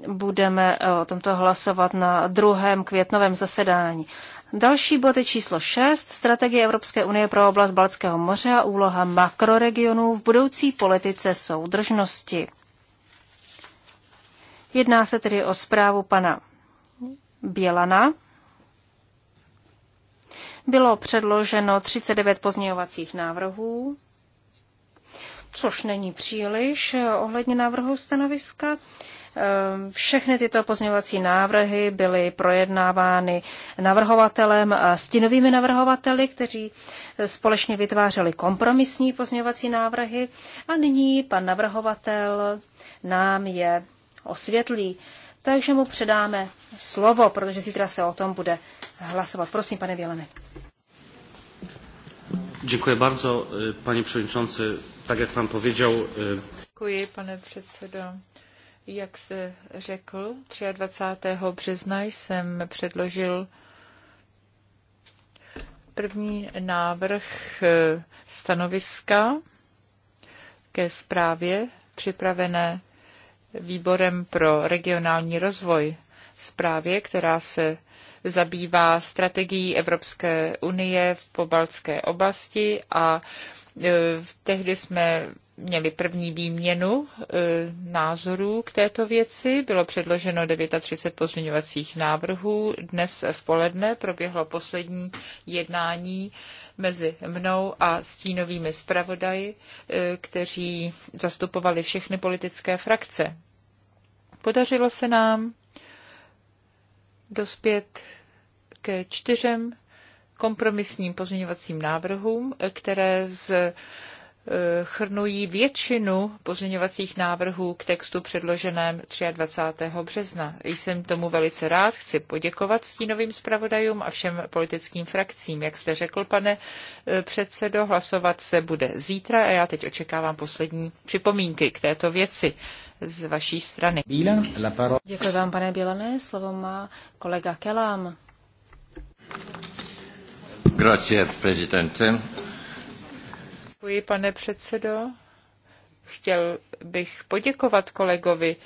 budeme eh, o tomto hlasovat na druhém květnovém zasedání. Další bod je číslo 6. Strategie Evropské unie pro oblast Balckého moře a úloha makroregionů v budoucí politice soudržnosti. Jedná se tedy o zprávu pana Bělana bylo předloženo 39 pozměňovacích návrhů, což není příliš eh, ohledně návrhu stanoviska. Eh, všechny tyto pozměňovací návrhy byly projednávány navrhovatelem a stinovými navrhovateli, kteří společně vytvářeli kompromisní pozměňovací návrhy. A nyní pan navrhovatel nám je osvětlí takže mu předáme slovo, protože zítra se o tom bude hlasovat. Prosím, pane Vělene. Děkuji bardzo, pane předsedající. Tak, jak pan pověděl... Děkuji, pane předsedo. Jak jste řekl, 23. března jsem předložil první návrh eh, stanoviska ke zprávě připravené výborem pro regionální rozvoj zprávě, která se zabývá strategií Evropské unie v pobaltské oblasti a e, tehdy jsme měli první výměnu e, názorů k této věci. Bylo předloženo 39 pozměňovacích návrhů. Dnes v poledne proběhlo poslední jednání mezi mnou a stínovými zpravodaji, e, kteří zastupovali všechny politické frakce. Podařilo se nám dospět ke čtyřem kompromisním pozměňovacím návrhům, e, které z Eh, chrnují většinu pozměňovacích návrhů k textu předloženém 23. března. Jsem tomu velice rád, chci poděkovat stínovým zpravodajům a všem politickým frakcím. Jak jste řekl, pane eh, předsedo, hlasovat se bude zítra a já teď očekávám poslední připomínky k této věci z vaší strany. Děkuji vám, pane Bělané, Slovo má kolega Kelám. Grazie, prezidente. Děkuji, pane předsedo. Chtěl bych poděkovat kolegovi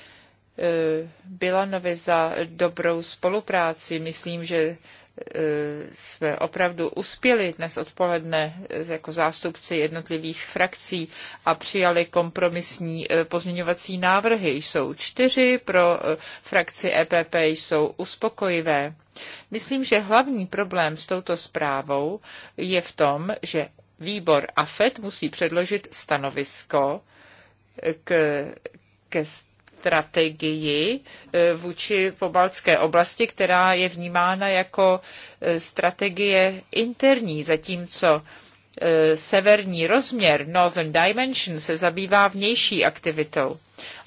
eh, Bilanovi za dobrou spolupráci. Myslím, že eh, jsme opravdu uspěli dnes odpoledne eh, jako zástupci jednotlivých frakcí a přijali kompromisní pozměňovací návrhy. Jsou čtyři, pro frakci EPP jsou uspokojivé. Myslím, že hlavní problém s touto zprávou je v tom, že výbor AFET musí předložit stanovisko k, ke strategii eh, vůči pobaltské oblasti, která je vnímána jako eh, strategie interní, zatímco Eh, severní rozměr Northern Dimension se zabývá vnější aktivitou.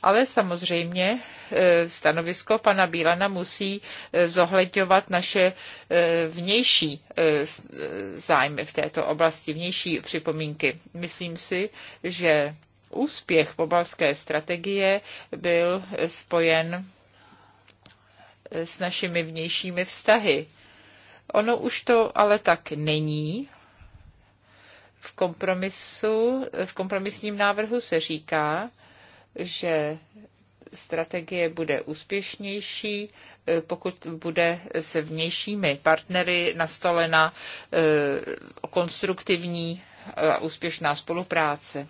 Ale samozřejmě eh, stanovisko pana Bílana musí eh, zohledňovat naše vnější zájmy v této oblasti, vnější připomínky. Myslím si, že úspěch pobalské strategie byl spojen s našimi vnějšími vztahy. Ono už to ale tak není v kompromisu, v kompromisním návrhu se říká, že strategie bude úspěšnější, eh, pokud bude s vnějšími partnery nastolena eh, konstruktivní a úspěšná spolupráce.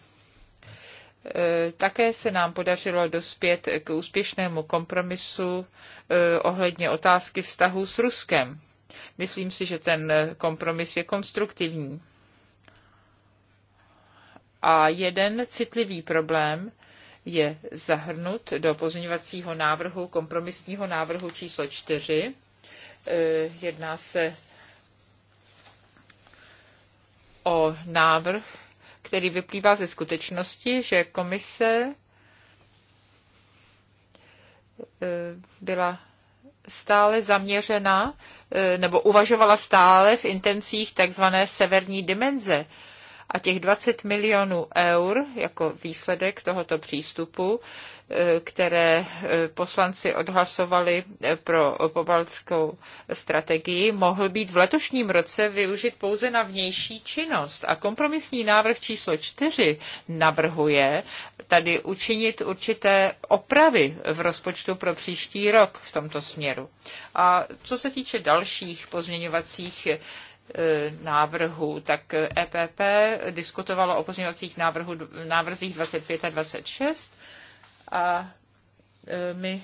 Eh, také se nám podařilo dospět k úspěšnému kompromisu ohledně otázky vztahu s Ruskem. Myslím si, že ten kompromis je konstruktivní. A jeden citlivý problém je zahrnut do pozměňovacího návrhu, kompromisního návrhu číslo 4. E, jedná se o návrh, který vyplývá ze skutečnosti, že komise e, byla stále zaměřena e, nebo uvažovala stále v intencích takzvané severní dimenze a těch 20 milionů eur jako výsledek tohoto přístupu, e, které e, poslanci odhlasovali e, pro pobaltskou strategii, mohl být v letošním roce využit pouze na vnější činnost. A kompromisní návrh číslo 4 navrhuje tady učinit určité opravy v rozpočtu pro příští rok v tomto směru. A co se týče dalších pozměňovacích E, návrhů, tak EPP diskutovalo o pozměňovacích návrhu, návrzích 25 a 26 a e, my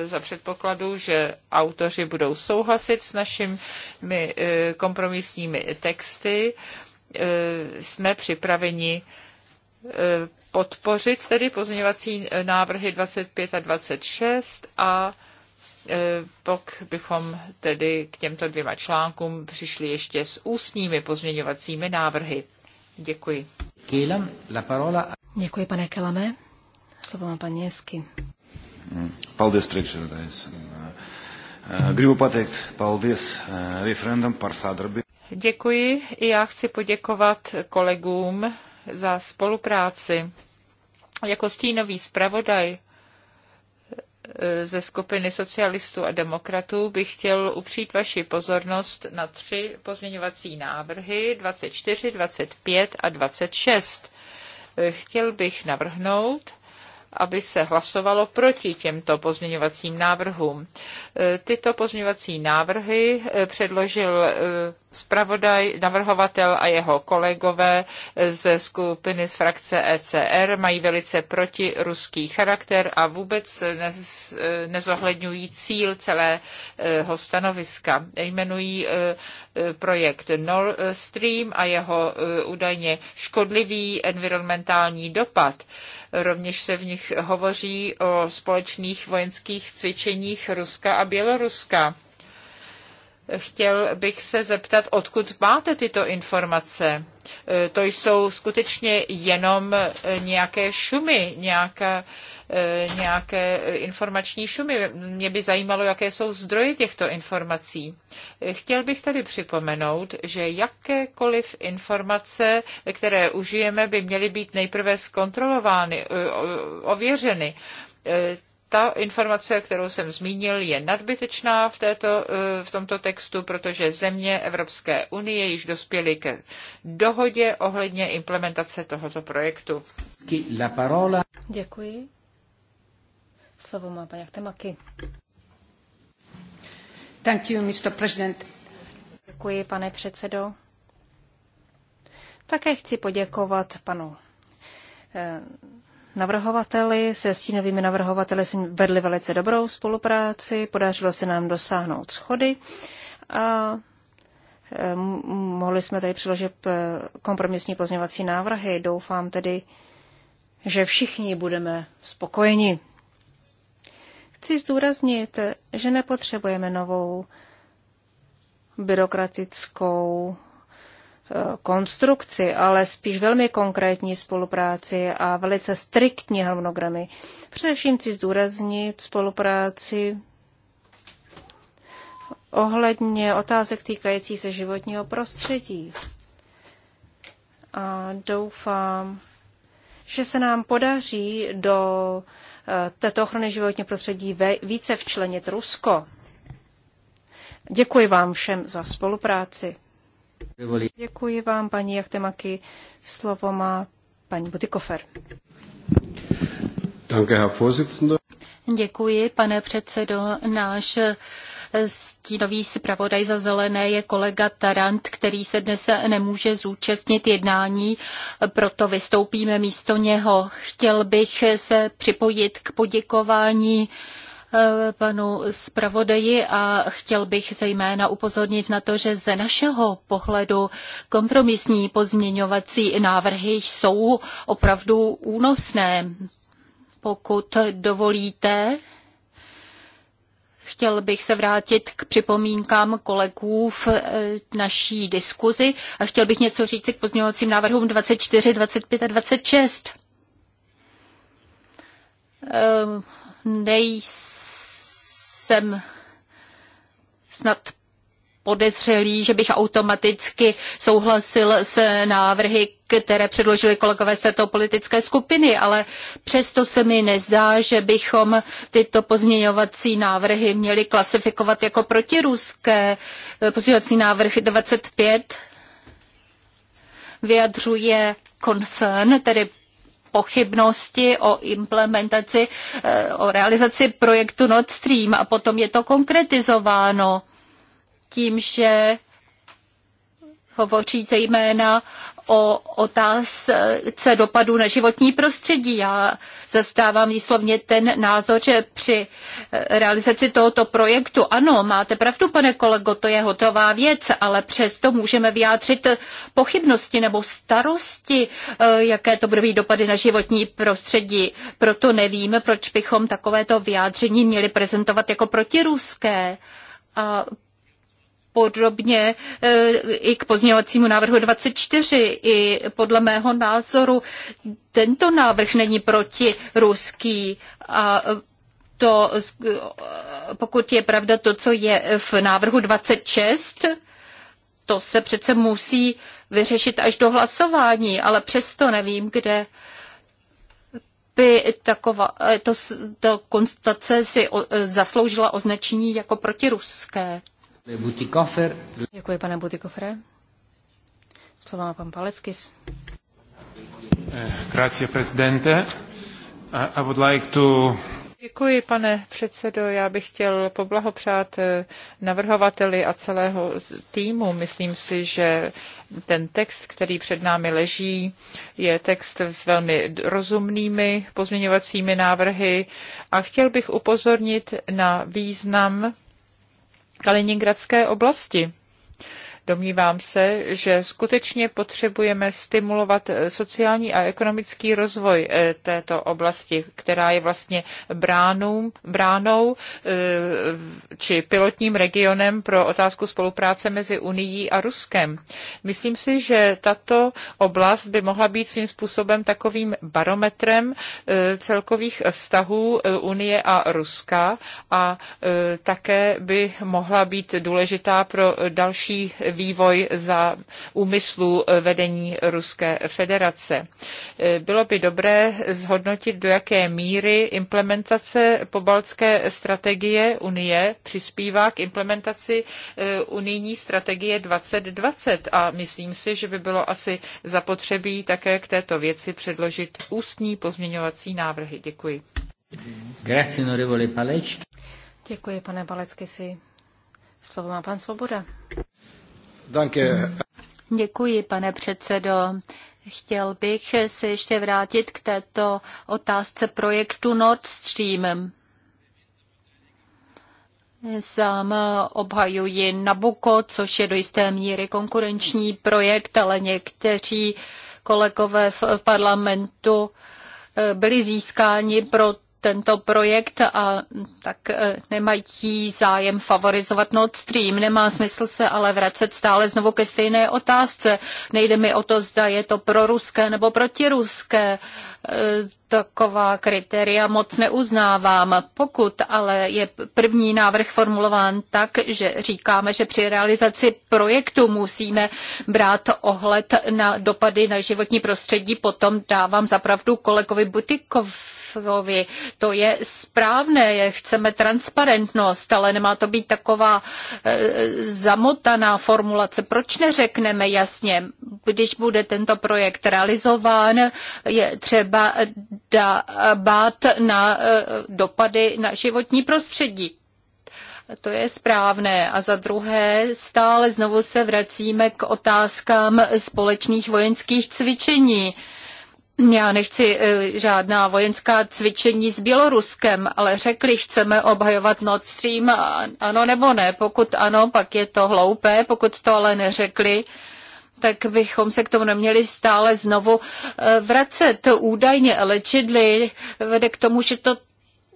e, za předpokladu, že autoři budou souhlasit s našimi kompromisními texty, jsme připraveni podpořit tedy pozměňovací návrhy 25 a 26 a E, pak bychom tedy k těmto dvěma článkům přišli ještě s ústními pozměňovacími návrhy. Děkuji. Kélam, la parola... Děkuji, pane Kelame. Slovo má paní Jesky. Hmm. Paldies, priekšsēdētājs. Eh, eh, gribu pateikt paldies eh, referendum par Děkuji i já chci poděkovat kolegům za spolupráci. Jako stínový zpravodaj ze skupiny socialistů a demokratů bych chtěl upřít vaši pozornost na tři pozměňovací návrhy 24, 25 a 26. Chtěl bych navrhnout, aby se hlasovalo proti těmto pozměňovacím návrhům. E, tyto pozměňovací návrhy e, předložil e, zpravodaj, navrhovatel a jeho kolegové ze skupiny z frakce ECR mají velice protiruský charakter a vůbec nezohledňují cíl celého stanoviska. Jmenují projekt Nord Stream a jeho údajně škodlivý environmentální dopad. Rovněž se v nich hovoří o společných vojenských cvičeních Ruska a Běloruska. Chtěl bych se zeptat, odkud máte tyto informace? E, to jsou skutečně jenom e, nějaké šumy, nějaká E, nějaké informační šumy. Mě by zajímalo, jaké jsou zdroje těchto informací. Chtěl bych tady připomenout, že jakékoliv informace, které užijeme, by měly být nejprve zkontrolovány, e, ověřeny e, ta informace, kterou jsem zmínil, je nadbytečná v, této, v tomto textu, protože země Evropské unie již dospěly ke dohodě ohledně implementace tohoto projektu. Děkuji. Slovo má paní Temaky. Thank you, Mr. President. Děkuji, pane předsedo. Také chci poděkovat panu eh, navrhovateli. Se stínovými navrhovateli jsme vedli velice dobrou spolupráci, podařilo se nám dosáhnout schody a eh, mohli jsme tady přiložit eh, kompromisní pozměňovací návrhy. Doufám tedy, že všichni budeme spokojeni Chci zdůraznit, že nepotřebujeme novou byrokratickou eh, konstrukci, ale spíš velmi konkrétní spolupráci a velice striktní harmonogramy. Především chci zdůraznit spolupráci ohledně otázek týkající se životního prostředí. A doufám, že se nám podaří do eh, této ochrany životního prostředí více včlenit Rusko. Děkuji vám všem za spolupráci. Děkuji vám, paní Jachtemaky. Slovo má paní Butikofer. Děkuji, pane předsedo. Náš Stínový zpravodaj za zelené je kolega Tarant, který se dnes nemůže zúčastnit jednání, proto vystoupíme místo něho. Chtěl bych se připojit k poděkování eh, panu zpravodaji a chtěl bych zejména upozornit na to, že ze našeho pohledu kompromisní pozměňovací návrhy jsou opravdu únosné. Pokud dovolíte, Chtěl bych se vrátit k připomínkám kolegů v e, naší diskuzi a chtěl bych něco říct k pozměňovacím návrhům 24, 25 a 26. Ehm, nejsem snad podezřelý, že bych automaticky souhlasil s návrhy, které předložili kolegové z této politické skupiny, ale přesto se mi nezdá, že bychom tyto pozměňovací návrhy měli klasifikovat jako protiruské. Pozměňovací návrh 25 vyjadřuje concern, tedy pochybnosti o implementaci, eh, o realizaci projektu Nord Stream a potom je to konkretizováno tím, že hovoří zejména o otázce dopadu na životní prostředí. Já zastávám výslovně ten názor, že při realizaci tohoto projektu, ano, máte pravdu, pane kolego, to je hotová věc, ale přesto můžeme vyjádřit pochybnosti nebo starosti, eh, jaké to bude mít dopady na životní prostředí. Proto nevím, proč bychom takovéto vyjádření měli prezentovat jako protiruské. A podrobně e, i k pozměňovacímu návrhu 24. I podle mého názoru tento návrh není proti ruský a to, pokud je pravda to, co je v návrhu 26, to se přece musí vyřešit až do hlasování, ale přesto nevím, kde by taková e, to, to si o, e, zasloužila označení jako protiruské. Děkuji, pane Butikofre. Slovo má pan Paleckis. Eh, grazie, prezidente. I would like to Děkuji, pane předsedo. Já bych chtěl poblahopřát eh, navrhovateli a celého týmu. Myslím si, že ten text, který před námi leží, je text s velmi rozumnými pozměňovacími návrhy a chtěl bych upozornit na význam Kaliningradské oblasti. Domnívám se, že skutečně potřebujeme stimulovat sociální a ekonomický rozvoj eh, této oblasti, která je vlastně bránou, bránou eh, či pilotním regionem pro otázku spolupráce mezi Unií a Ruskem. Myslím si, že tato oblast by mohla být svým způsobem takovým barometrem eh, celkových vztahů Unie a Ruska a také by mohla být důležitá pro další vývoj za úmyslu eh, vedení Ruské federace. Eh, bylo by dobré zhodnotit, do jaké míry implementace pobaltské strategie Unie přispívá k implementaci eh, unijní strategie 2020 a myslím si, že by bylo asi zapotřebí také k této věci předložit ústní pozměňovací návrhy. Děkuji. Děkuji, pane Balecky, si slovo má pan Svoboda. Děkuji, pane předsedo. Chtěl bych se ještě vrátit k této otázce projektu Nord Stream. Sám obhajuji Nabuko, což je do jisté míry konkurenční projekt, ale někteří kolegové v parlamentu byli získáni pro tento projekt a mm, tak e, nemají zájem favorizovat Nord Stream. Nemá smysl se ale vracet stále znovu ke stejné otázce. Nejde mi o to, zda je to proruské nebo protiruské. E, taková kritéria moc neuznávám. Pokud ale je první návrh formulován tak, že říkáme, že při realizaci projektu musíme brát ohled na dopady na životní prostředí, potom dávám zapravdu kolegovi Butikovi Olafvovi. To je správné, chceme transparentnost, ale nemá to být taková e, zamotaná formulace. Proč neřekneme jasně, když bude tento projekt realizován, je třeba dbát na e, dopady na životní prostředí. To je správné. A za druhé, stále znovu se vracíme k otázkám společných vojenských cvičení. Já nechci eh, žádná vojenská cvičení s Běloruskem, ale řekli, chceme obhajovat Nord Stream, ano nebo ne. Pokud ano, pak je to hloupé, pokud to ale neřekli, tak bychom se k tomu neměli stále znovu eh, vracet. Údajně elečidly vede k tomu, že to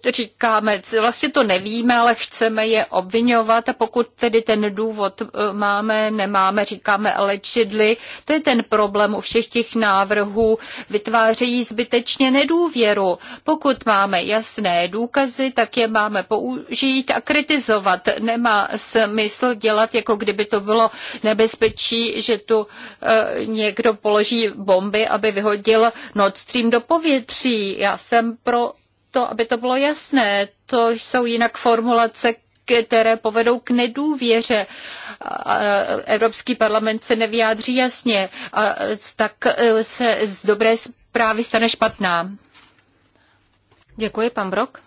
říkáme, vlastně to nevíme, ale chceme je obvinovat a pokud tedy ten důvod e, máme, nemáme, říkáme lečidly, to je ten problém u všech těch návrhů, vytvářejí zbytečně nedůvěru. Pokud máme jasné důkazy, tak je máme použít a kritizovat. Nemá smysl dělat, jako kdyby to bylo nebezpečí, že tu e, někdo položí bomby, aby vyhodil Nord Stream do povětří. Já jsem pro to, aby to bylo jasné. To jsou jinak formulace, které povedou k nedůvěře. Evropský parlament se nevyjádří jasně, a tak e, se z dobré zprávy stane špatná. Děkuji, pan Brok.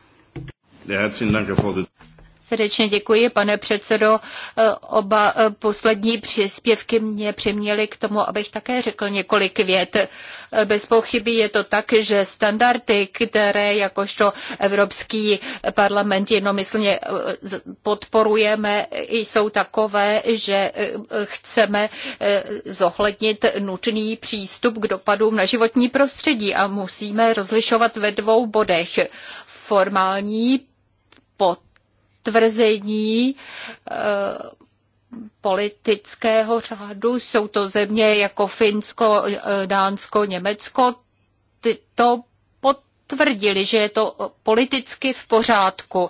Srdečně děkuji, pane předsedo. E, oba e, poslední příspěvky mě přiměly k tomu, abych také řekl několik vět. E, bez pochyby je to tak, že standardy, které jakožto Evropský parlament jednomyslně podporujeme, jsou takové, že chceme zohlednit nutný přístup k dopadům na životní prostředí a musíme rozlišovat ve dvou bodech. Formální pot tvrzení eh, politického řádu. Jsou to země jako Finsko, eh, Dánsko, Německo. Ty to potvrdili, že je to politicky v pořádku.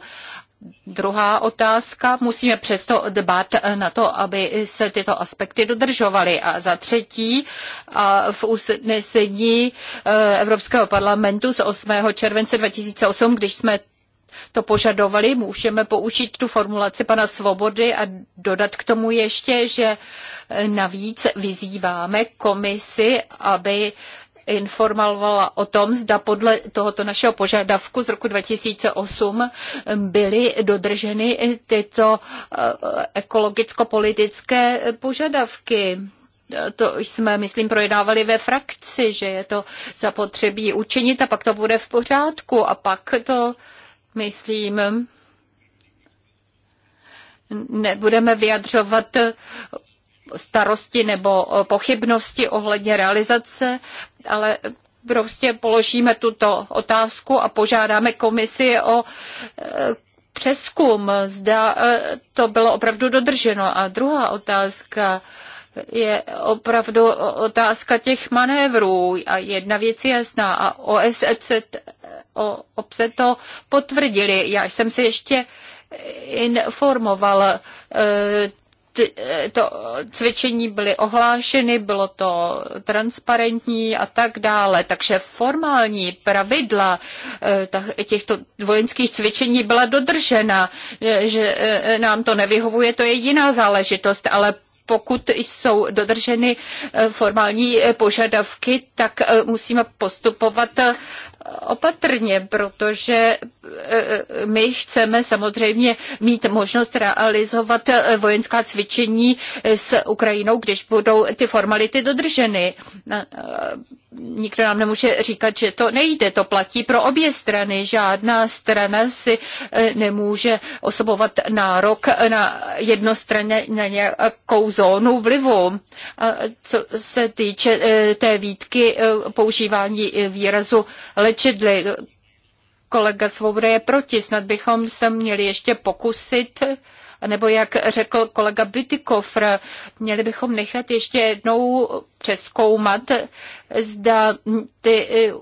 Druhá otázka, musíme přesto dbat na to, aby se tyto aspekty dodržovaly. A za třetí, a v usnesení eh, Evropského parlamentu z 8. července 2008, když jsme to požadovali, můžeme použít tu formulaci pana Svobody a dodat k tomu ještě, že eh, navíc vyzýváme komisi, aby informovala o tom, zda podle tohoto našeho požadavku z roku 2008 byly dodrženy tyto eh, ekologicko-politické požadavky to jsme, myslím, projednávali ve frakci, že je to zapotřebí učinit a pak to bude v pořádku a pak to myslím, nebudeme vyjadřovat starosti nebo pochybnosti ohledně realizace, ale prostě položíme tuto otázku a požádáme komisi o eh, přeskum, zda eh, to bylo opravdu dodrženo. A druhá otázka je opravdu otázka těch manévrů. A jedna věc je jasná. A OSCE, obce to potvrdili. Já jsem se ještě informoval, e, to cvičení byly ohlášeny, bylo to transparentní a tak dále. Takže formální pravidla e, těchto vojenských cvičení byla dodržena. E, že nám to nevyhovuje, to je jiná záležitost, ale pokud jsou dodrženy formální požadavky, tak musíme postupovat opatrně, protože e, e, my chceme samozřejmě mít možnost realizovat e, vojenská cvičení s Ukrajinou, když budou ty formality dodrženy nikdo nám nemůže říkat, že to nejde. To platí pro obě strany. Žádná strana si e, nemůže osobovat nárok na jednostranně na nějakou zónu vlivu. A co se týče e, té výtky e, používání výrazu lečedly, kolega Svoboda je proti. Snad bychom se měli ještě pokusit nebo jak řekl kolega Bytykofr, měli bychom nechat ještě jednou přeskoumat, zda ty e,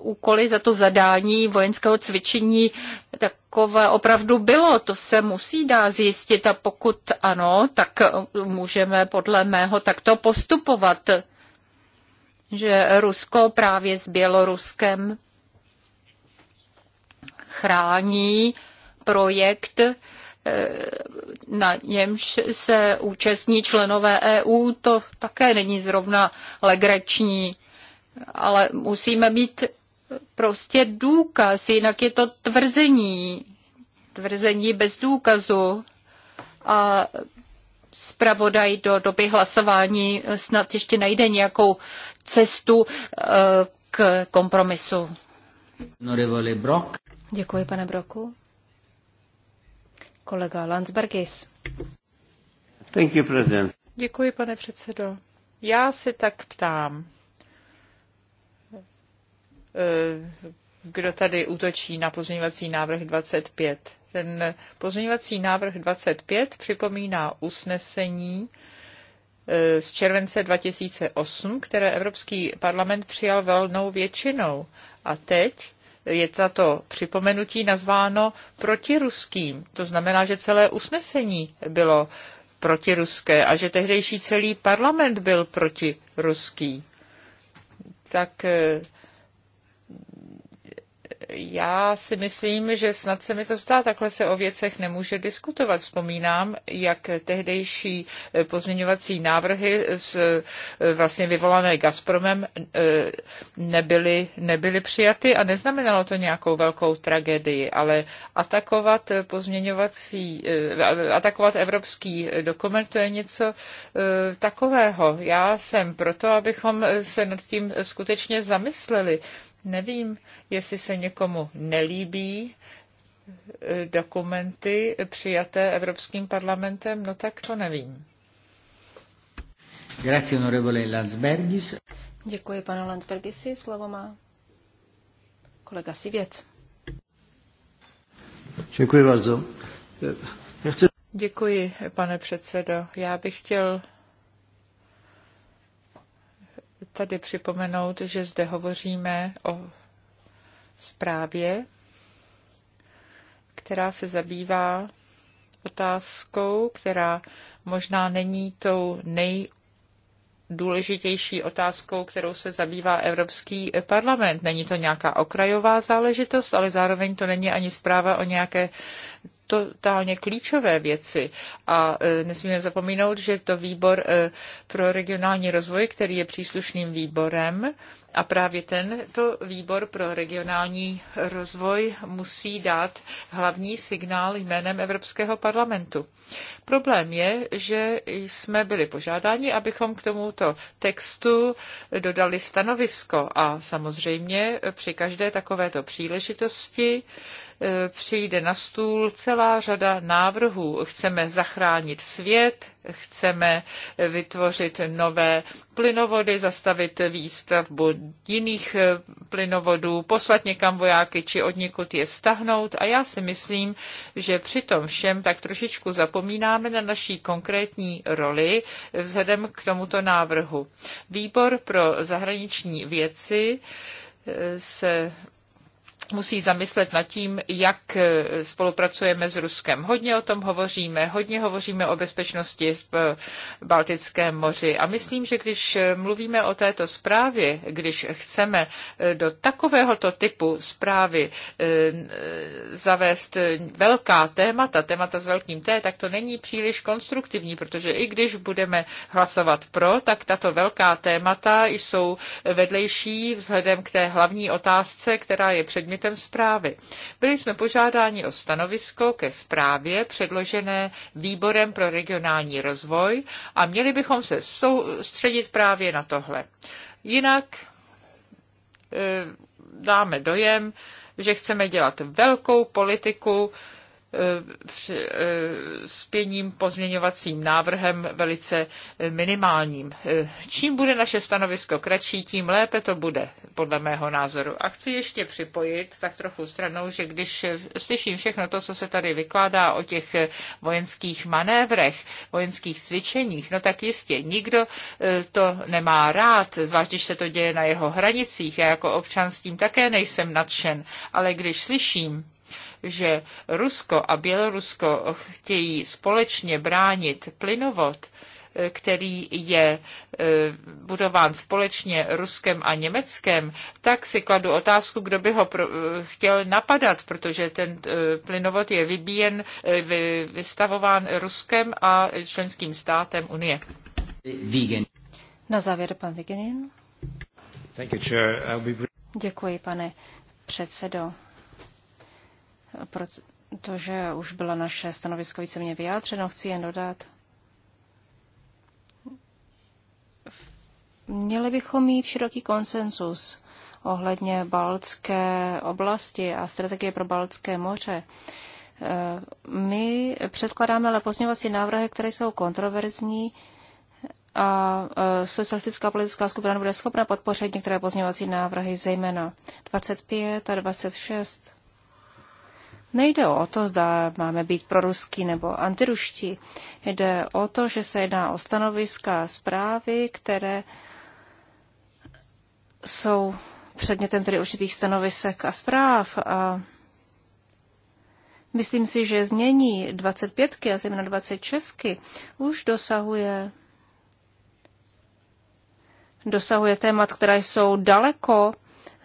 úkoly za to zadání vojenského cvičení takové opravdu bylo. To se musí dá zjistit a pokud ano, tak můžeme podle mého takto postupovat že Rusko právě s Běloruskem chrání projekt Eh, na němž se účastní členové EU, to také není zrovna legrační, ale musíme mít prostě důkaz, jinak je to tvrzení, tvrzení bez důkazu a zpravodaj do doby hlasování snad ještě najde nějakou cestu eh, k kompromisu. Děkuji, pane Broku kolega Landsbergis. Thank you, president. Děkuji, pane předsedo. Já se tak ptám, eh, kdo tady útočí na pozměňovací návrh 25. Ten pozměňovací návrh 25 připomíná usnesení eh, z července 2008, které Evropský parlament přijal velnou většinou. A teď je tato připomenutí nazváno protiruským. To znamená, že celé usnesení bylo protiruské a že tehdejší celý parlament byl protiruský. Tak eh, já si myslím, že snad se mi to zdá, takhle se o věcech nemůže diskutovat. Vzpomínám, jak tehdejší eh, pozměňovací návrhy z, eh, vlastně vyvolané Gazpromem eh, nebyly, nebyly přijaty a neznamenalo to nějakou velkou tragédii, ale atakovat pozměňovací, atakovat evropský dokument, to je něco takového. Já jsem proto, abychom se nad tím skutečně zamysleli. Nevím, jestli se někomu nelíbí eh, dokumenty přijaté Evropským parlamentem, no tak to nevím. Grazie, onorevole Landsbergis. Děkuji, pane Landsbergisi. Slovo má kolega Sivěc. Děkuji bardzo. Chci... Děkuji, pane předsedo. Já bych chtěl tady připomenout, že zde hovoříme o zprávě, která se zabývá otázkou, která možná není tou nejdůležitější otázkou, kterou se zabývá Evropský parlament. Není to nějaká okrajová záležitost, ale zároveň to není ani zpráva o nějaké totálně klíčové věci a e, nesmíme zapomínout, že to výbor e, pro regionální rozvoj, který je příslušným výborem, a právě tento výbor pro regionální rozvoj musí dát hlavní signál jménem Evropského parlamentu. Problém je, že jsme byli požádáni, abychom k tomuto textu dodali stanovisko a samozřejmě při každé takovéto příležitosti eh, přijde na stůl celá řada návrhů. Chceme zachránit svět, chceme vytvořit nové plynovody, zastavit výstavbu jiných eh, plynovodů, poslat někam vojáky či od někud je stahnout. A já si myslím, že při tom všem tak trošičku zapomínáme na naší konkrétní roli vzhledem k tomuto návrhu. Výbor pro zahraniční věci eh, se musí zamyslet nad tím, jak eh, spolupracujeme s Ruskem. Hodně o tom hovoříme, hodně hovoříme o bezpečnosti v eh, Baltickém moři a myslím, že když eh, mluvíme o této zprávě, když chceme do takovéhoto typu zprávy zavést velká témata, témata s velkým T, tak to není příliš konstruktivní, protože i když budeme hlasovat pro, tak tato velká témata jsou vedlejší vzhledem k té hlavní otázce, která je předmětem předmětem zprávy. Byli jsme požádáni o stanovisko ke zprávě předložené Výborem pro regionální rozvoj a měli bychom se soustředit právě na tohle. Jinak eh, dáme dojem, že chceme dělat velkou politiku Eh, s pěním pozměňovacím návrhem velice minimálním. Eh, čím bude naše stanovisko kratší, tím lépe to bude, podle mého názoru. A chci ještě připojit tak trochu stranou, že když slyším všechno to, co se tady vykládá o těch vojenských manévrech, vojenských cvičeních, no tak jistě nikdo eh, to nemá rád, zvlášť když se to děje na jeho hranicích. Já jako občan s tím také nejsem nadšen, ale když slyším, že Rusko a Bělorusko chtějí společně bránit plynovod, eh, který je eh, budován společně Ruskem a Německem, tak si kladu otázku, kdo by ho pro, eh, chtěl napadat, protože ten plynovod je vybíjen, vystavován Ruskem a členským státem Unie. Vegan. Na závěr pan Vigenin. Děkuji, pane předsedo protože už bylo naše stanovisko víceméně vyjádřeno, chci jen dodat. Měli bychom mít široký konsensus ohledně Baltské oblasti a strategie pro Baltské moře. Eh, my předkládáme ale pozměňovací návrhy, které jsou kontroverzní a eh, socialistická politická skupina bude schopna podpořit některé pozměňovací návrhy, zejména 25 a 26. Nejde o to, zda máme být proruský nebo antiruští. Jde o to, že se jedná o stanoviska a zprávy, které jsou předmětem tedy určitých stanovisek a zpráv. A myslím si, že znění 25 a zejména 26 už dosahuje dosahuje témat, která jsou daleko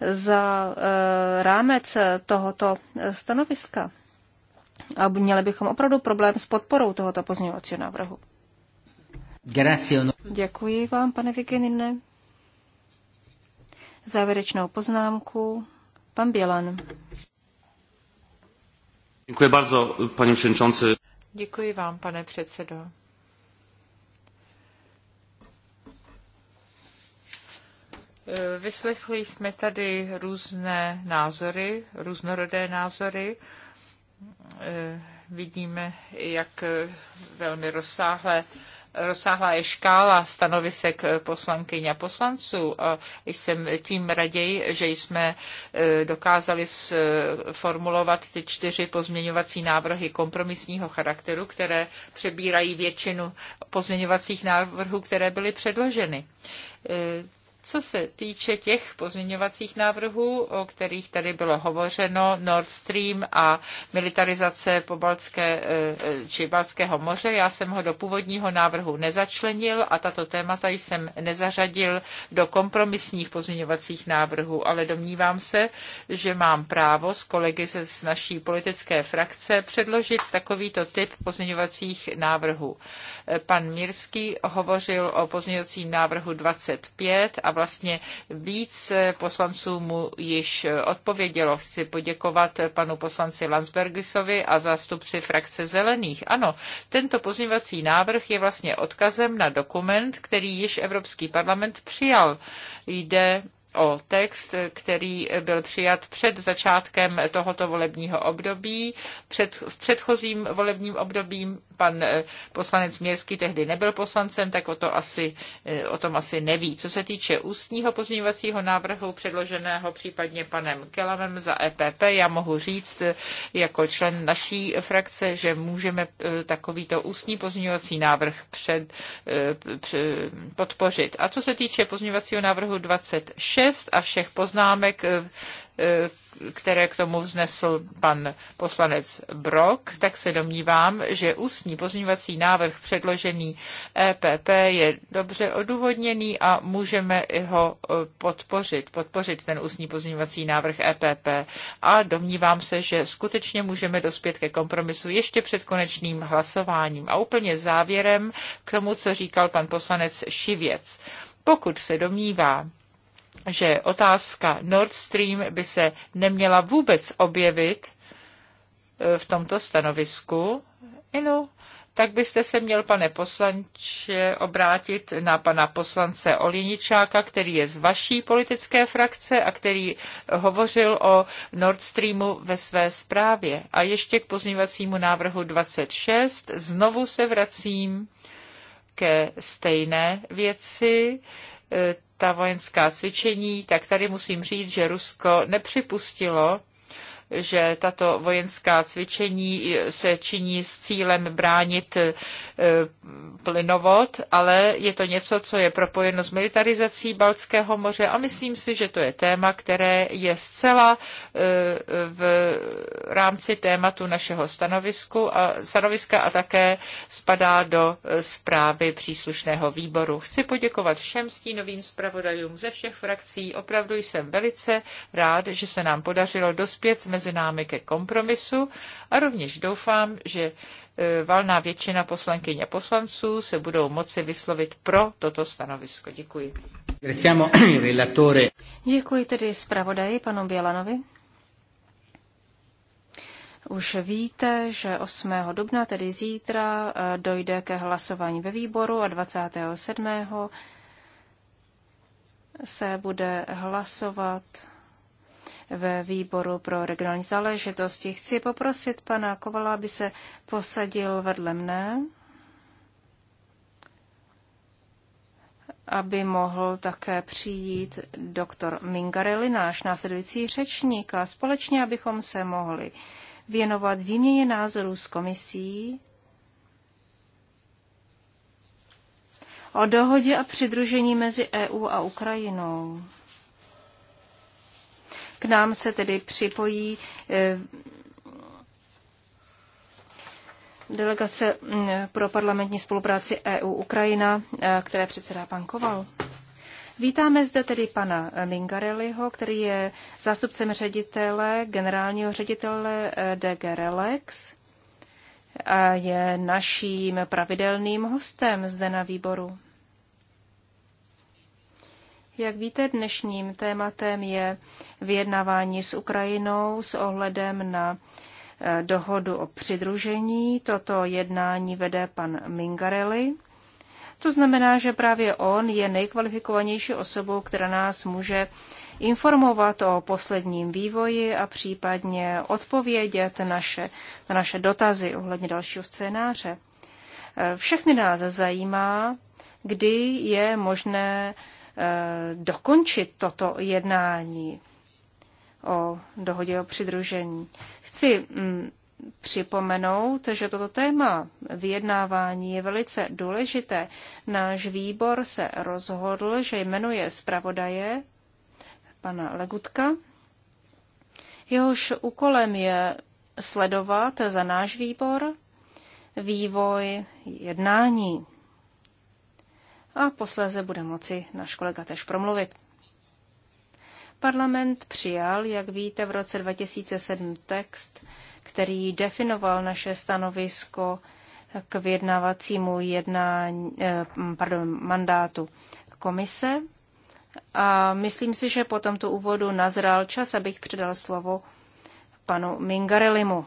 za eh, rámec tohoto eh, stanoviska. A měli bychom opravdu problém s podporou tohoto pozměňovacího návrhu. Děkuji vám, pane Vigenine. Závěrečnou poznámku. Pan Bělan. Děkuji bardzo, paní Děkuji vám, pane předsedo. Eh, vyslechli jsme tady různé názory, různorodé názory. Eh, vidíme, jak velmi rozsáhlé rozsáhlá je škála stanovisek poslankyň a poslanců a jsem tím raději, že jsme eh, dokázali formulovat ty čtyři pozměňovací návrhy kompromisního charakteru, které přebírají většinu pozměňovacích návrhů, které byly předloženy. Co se týče těch pozměňovacích návrhů, o kterých tady bylo hovořeno, Nord Stream a militarizace pobaltské eh, eh, či Balckého moře, já jsem ho do původního návrhu nezačlenil a tato témata jsem nezařadil do kompromisních pozměňovacích návrhů, ale domnívám se, že mám právo s kolegy z naší politické frakce předložit takovýto typ pozměňovacích návrhů. Eh, pan Mírský hovořil o pozměňovacím návrhu 25 a vlastně víc poslanců mu již odpovědělo. Chci poděkovat panu poslanci Landsbergisovi a zástupci frakce Zelených. Ano, tento pozměňovací návrh je vlastně odkazem na dokument, který již Evropský parlament přijal. Jde o text, který byl přijat před začátkem tohoto volebního období. Před, v předchozím volebním období pan eh, poslanec Měrský tehdy nebyl poslancem, tak o, to asi, eh, o tom asi neví. Co se týče ústního pozměňovacího návrhu předloženého případně panem Kelamem za EPP, já mohu říct eh, jako člen naší frakce, že můžeme takovýto ústní pozměňovací návrh před, před podpořit. A co se týče pozměňovacího návrhu 26, 6 a všech poznámek, eh, eh, které k tomu vznesl pan poslanec Brok, tak se domnívám, že ústní pozměňovací návrh předložený EPP je dobře odůvodněný a můžeme ho eh, podpořit, podpořit ten ústní pozměňovací návrh EPP a domnívám se, že skutečně můžeme dospět ke kompromisu ještě před konečným hlasováním. A úplně závěrem k tomu, co říkal pan poslanec Šivěc. Pokud se domnívá, že otázka Nord Stream by se neměla vůbec objevit e, v tomto stanovisku. Inu, tak byste se měl, pane poslanče, obrátit na pana poslance Oliničáka, který je z vaší politické frakce a který hovořil o Nord Streamu ve své zprávě. A ještě k pozměňovacímu návrhu 26. Znovu se vracím ke stejné věci. Eh, ta vojenská cvičení, tak tady musím říct, že Rusko nepřipustilo že tato vojenská cvičení se činí s cílem bránit eh, plynovod, ale je to něco, co je propojeno s militarizací Balckého moře a myslím si, že to je téma, které je zcela eh, v rámci tématu našeho stanovisku a, stanoviska a také spadá do eh, zprávy příslušného výboru. Chci poděkovat všem stínovým zpravodajům ze všech frakcí. Opravdu jsem velice rád, že se nám podařilo dospět mezi námi ke kompromisu a rovněž doufám, že e, valná většina poslankyň a poslanců se budou moci vyslovit pro toto stanovisko. Děkuji. Děkuji tedy zpravodaji panu Bělanovi. Už víte, že 8. dubna, tedy zítra, e, dojde ke hlasování ve výboru a 27. se bude hlasovat ve výboru pro regionální záležitosti. Chci poprosit pana Kovala, aby se posadil vedle mne, aby mohl také přijít doktor Mingarelli, náš následující řečník, a společně, abychom se mohli věnovat výměně názorů s komisí o dohodě a přidružení mezi EU a Ukrajinou nám se tedy připojí eh, delegace mm, pro parlamentní spolupráci EU Ukrajina, eh, které předsedá pan Koval. Vítáme zde tedy pana eh, Mingareliho, který je zástupcem ředitele, generálního ředitele DG Relax a je naším pravidelným hostem zde na výboru. Jak víte, dnešním tématem je vyjednávání s Ukrajinou s ohledem na eh, dohodu o přidružení. Toto jednání vede pan Mingarelli. To znamená, že právě on je nejkvalifikovanější osobou, která nás může informovat o posledním vývoji a případně odpovědět naše, na naše dotazy ohledně dalšího scénáře. Eh, Všechny nás zajímá, kdy je možné Eh, dokončit toto jednání o dohodě o přidružení. Chci mm, připomenout, že toto téma vyjednávání je velice důležité. Náš výbor se rozhodl, že jmenuje zpravodaje pana Legutka. Jehož úkolem je sledovat za náš výbor vývoj jednání a posléze bude moci náš kolega tež promluvit. Parlament přijal, jak víte, v roce 2007 text, který definoval naše stanovisko k vyjednávacímu jednání, eh, pardon, mandátu komise. A myslím si, že po tomto úvodu nazrál čas, abych předal slovo panu Mingarelimu.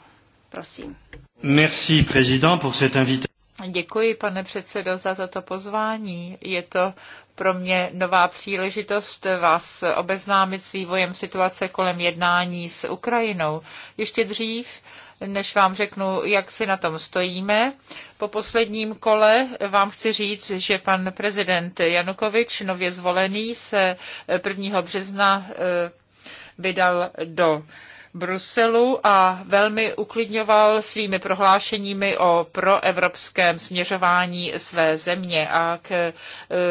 Prosím. Merci, président, pour cette invitation. Děkuji, pane předsedo, za toto pozvání. Je to pro mě nová příležitost vás obeznámit s vývojem situace kolem jednání s Ukrajinou. Ještě dřív, než vám řeknu, jak si na tom stojíme, po posledním kole vám chci říct, že pan prezident Janukovič, nově zvolený, se 1. března eh, vydal do Bruselu a velmi uklidňoval svými prohlášeními o proevropském směřování své země a k e,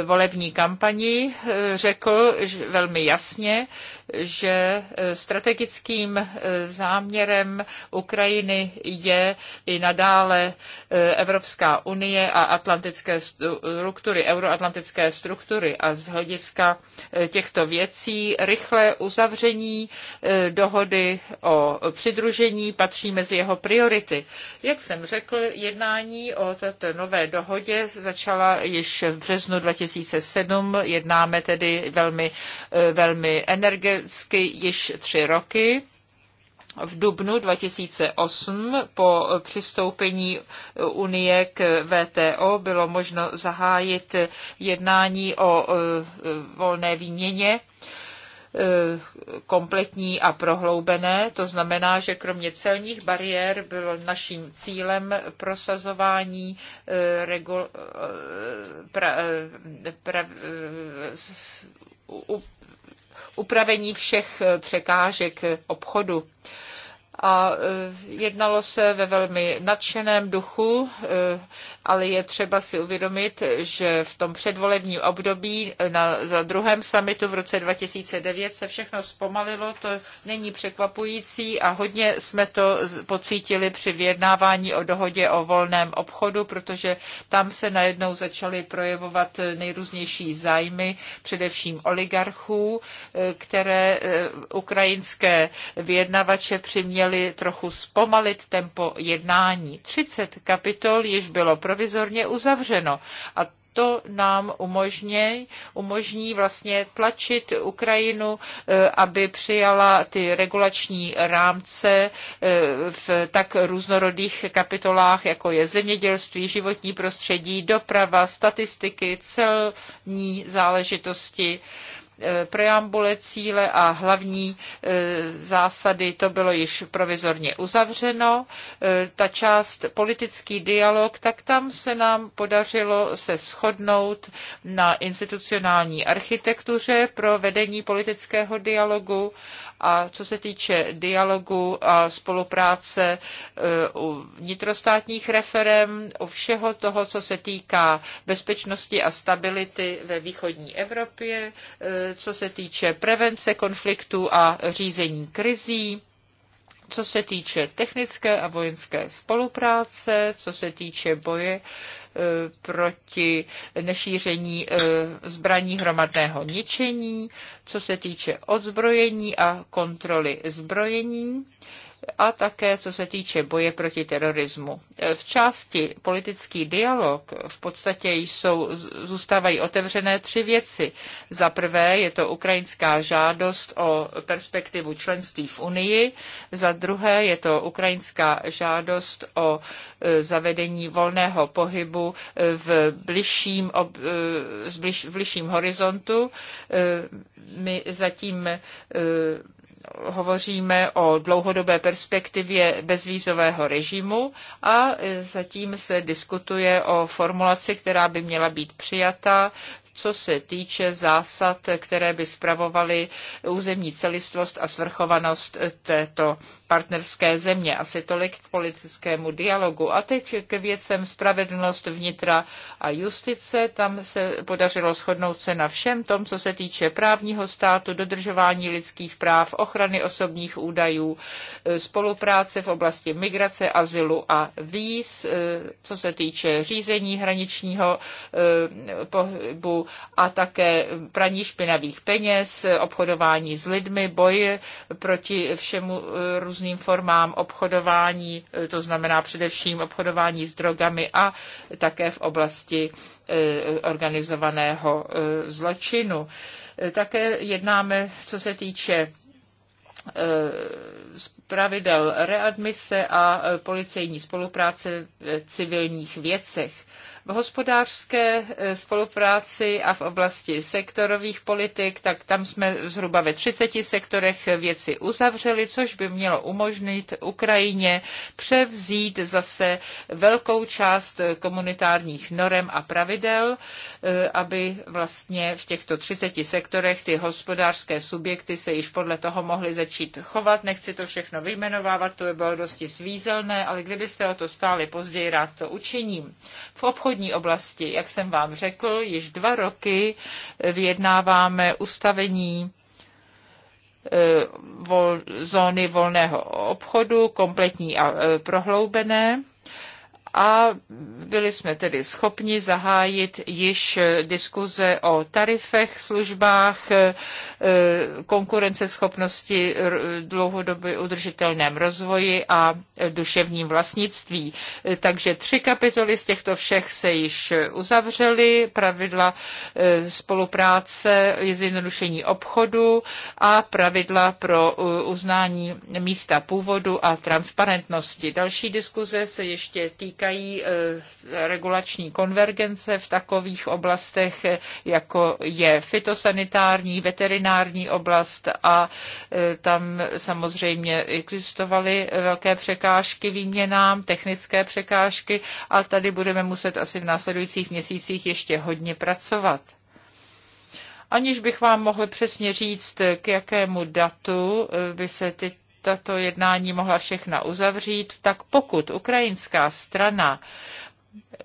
volební kampani e, řekl velmi jasně, že eh, strategickým eh, záměrem Ukrajiny je i nadále eh, Evropská unie a atlantické struktury, euroatlantické struktury a z hlediska těchto věcí rychlé uzavření dohody o přidružení patří mezi jeho priority. Jak jsem řekl, jednání o této nové dohodě začala již v březnu 2007. Jednáme tedy velmi, velmi energie prakticky již tři roky v dubnu 2008 po přistoupení Unie k VTO bylo možno zahájit jednání o e, volné výměně e, kompletní a prohloubené. To znamená, že kromě celních bariér bylo naším cílem prosazování e, regul, pra, pra, pra, upravení všech eh, překážek eh, obchodu a eh, jednalo se ve velmi nadšeném duchu ale je třeba si uvědomit, že v tom předvolebním období eh, na, za druhém summitu v roce 2009 se všechno zpomalilo, to není překvapující a hodně jsme to pocítili při vyjednávání o dohodě o volném obchodu, protože tam se najednou začaly projevovat eh, nejrůznější zájmy, především oligarchů, eh, které ukrajinské vyjednavače přiměly trochu zpomalit tempo jednání. 30 kapitol již bylo pro provizorně uzavřeno. A to nám umožní, umožní vlastně tlačit Ukrajinu, eh, aby přijala ty regulační rámce eh, v tak různorodých kapitolách, jako je zemědělství, životní prostředí, doprava, statistiky, celní záležitosti Eh, preambule cíle a hlavní eh, zásady, to bylo již provizorně uzavřeno. Eh, ta část politický dialog, tak tam se nám podařilo se shodnout na institucionální architektuře pro vedení politického dialogu a co se týče dialogu a spolupráce u vnitrostátních referem, u všeho toho, co se týká bezpečnosti a stability ve východní Evropě, co se týče prevence konfliktů a řízení krizí, co se týče technické a vojenské spolupráce, co se týče boje e, proti nešíření e, zbraní hromadného ničení, co se týče odzbrojení a kontroly zbrojení, a také co se týče boje proti terorismu. V části politický dialog v podstatě jsou, zůstávají otevřené tři věci. Za prvé je to ukrajinská žádost o perspektivu členství v Unii, za druhé je to ukrajinská žádost o e, zavedení volného pohybu e, v bližším, e, v bližším horizontu. My zatím hovoříme o dlouhodobé perspektivě bezvízového režimu a zatím se diskutuje o formulaci, která by měla být přijata co se týče zásad, které by spravovaly územní celistvost a svrchovanost této partnerské země. Asi tolik k politickému dialogu. A teď k věcem spravedlnost vnitra a justice. Tam se podařilo shodnout se na všem tom, co se týče právního státu, dodržování lidských práv, ochrany osobních údajů, spolupráce v oblasti migrace, azylu a víz, co se týče řízení hraničního eh, pohybu, a také praní špinavých peněz, obchodování s lidmi, boj proti všemu eh, různým formám obchodování, eh, to znamená především obchodování s drogami a také v oblasti eh, organizovaného zločinu. Také jednáme, co se týče z pravidel readmise a policejní spolupráce v civilních věcech v hospodářské eh, spolupráci a v oblasti sektorových politik, tak tam jsme zhruba ve 30 sektorech věci uzavřeli, což by mělo umožnit Ukrajině převzít zase velkou část eh, komunitárních norem a pravidel, eh, aby vlastně v těchto 30 sektorech ty hospodářské subjekty se již podle toho mohly začít chovat. Nechci to všechno vyjmenovávat, to by bylo dosti svízelné, ale kdybyste o to stáli později, rád to učiním. V obchodě kulturní oblasti. Jak jsem vám řekl, již dva roky vyjednáváme ustavení e, vol, zóny volného obchodu, kompletní a e, prohloubené a byli jsme tedy schopni zahájit již diskuze o tarifech, službách, e, konkurenceschopnosti, dlouhodobě udržitelném rozvoji a duševním vlastnictví. E, takže tři kapitoly z těchto všech se již uzavřely, pravidla e, spolupráce, zjednodušení obchodu a pravidla pro uznání místa původu a transparentnosti. Další diskuze se ještě týká týkají e, regulační konvergence v takových oblastech, e, jako je fitosanitární, veterinární oblast a e, tam samozřejmě existovaly velké překážky výměnám, technické překážky a tady budeme muset asi v následujících měsících ještě hodně pracovat aniž bych vám mohl přesně říct, k jakému datu by se teď tato jednání mohla všechna uzavřít, tak pokud ukrajinská strana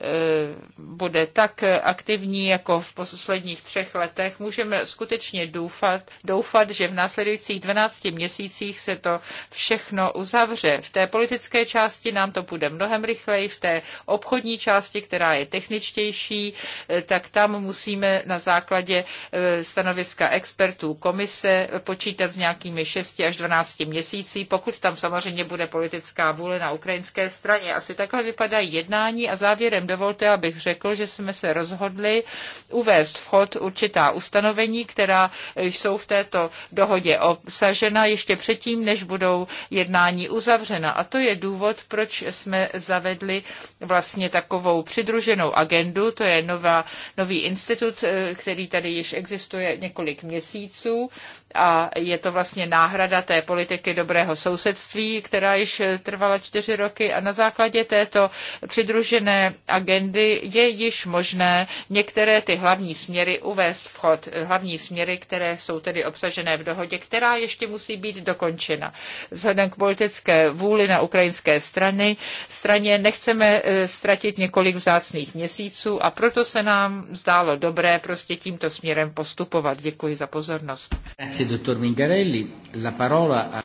Eh, bude tak aktivní jako v posledních třech letech, můžeme skutečně doufat, doufat, že v následujících 12 měsících se to všechno uzavře. V té politické části nám to půjde mnohem rychleji, v té obchodní části, která je techničtější, eh, tak tam musíme na základě eh, stanoviska expertů komise počítat s nějakými 6 až 12 měsící, pokud tam samozřejmě bude politická vůle na ukrajinské straně. Asi takhle vypadají jednání a závěr závěrem dovolte, abych řekl, že jsme se rozhodli uvést vchod určitá ustanovení, která jsou v této dohodě obsažena ještě předtím, než budou jednání uzavřena. A to je důvod, proč jsme zavedli vlastně takovou přidruženou agendu. To je nová, nový institut, eh, který tady již existuje několik měsíců a je to vlastně náhrada té politiky dobrého sousedství, která již trvala čtyři roky a na základě této přidružené agendy je již možné některé ty hlavní směry uvést v chod, hlavní směry, které jsou tedy obsažené v dohodě, která ještě musí být dokončena. Vzhledem k politické vůli na ukrajinské strany, straně nechceme eh, ztratit několik vzácných měsíců a proto se nám zdálo dobré prostě tímto směrem postupovat. Děkuji za pozornost.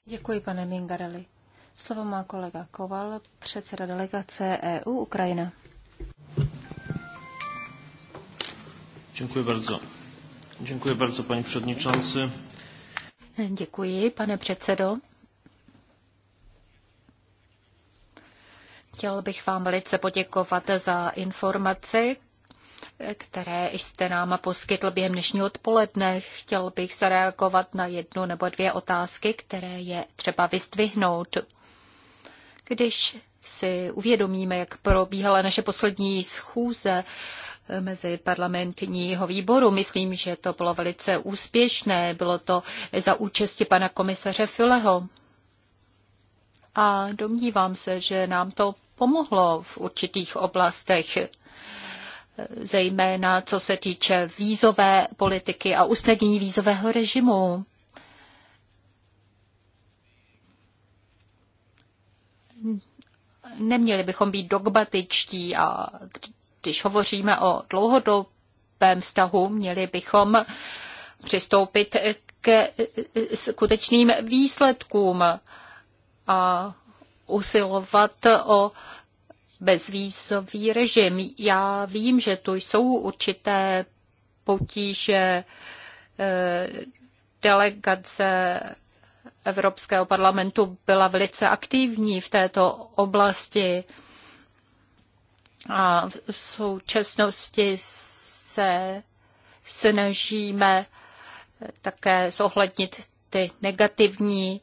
Děkuji, pane Mingarelli. Slovo má kolega Koval, předseda delegace EU Ukrajina. Děkuji bardzo. Děkuji bardzo, paní předničanci. Děkuji, pane předsedo. Chtěl bych vám velice poděkovat za informaci, které jste nám poskytl během dnešního odpoledne. Chtěl bych zareagovat na jednu nebo dvě otázky, které je třeba vystvihnout. Když si uvědomíme, jak probíhala naše poslední schůze mezi parlamentního výboru. Myslím, že to bylo velice úspěšné. Bylo to za účasti pana komisaře Fileho. A domnívám se, že nám to pomohlo v určitých oblastech zejména co se týče vízové politiky a usnadnění vízového režimu. Neměli bychom být dogmatičtí a když hovoříme o dlouhodobém vztahu, měli bychom přistoupit ke skutečným výsledkům a usilovat o bezvízový režim. Já vím, že tu jsou určité potíže eh, delegace Evropského parlamentu byla velice aktivní v této oblasti. A v současnosti se snažíme také zohlednit ty negativní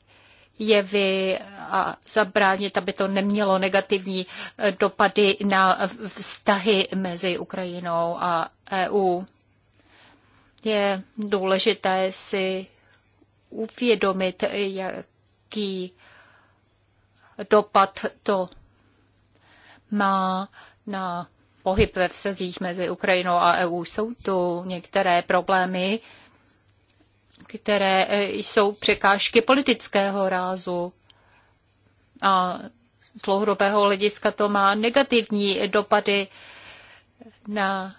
jevy a zabránit, aby to nemělo negativní eh, dopady na vztahy mezi Ukrajinou a EU. Je důležité si uvědomit, jaký dopad to má na pohyb ve vzezích mezi Ukrajinou a EU. Jsou tu některé problémy, které e, jsou překážky politického rázu. A z dlouhodobého hlediska to má negativní dopady na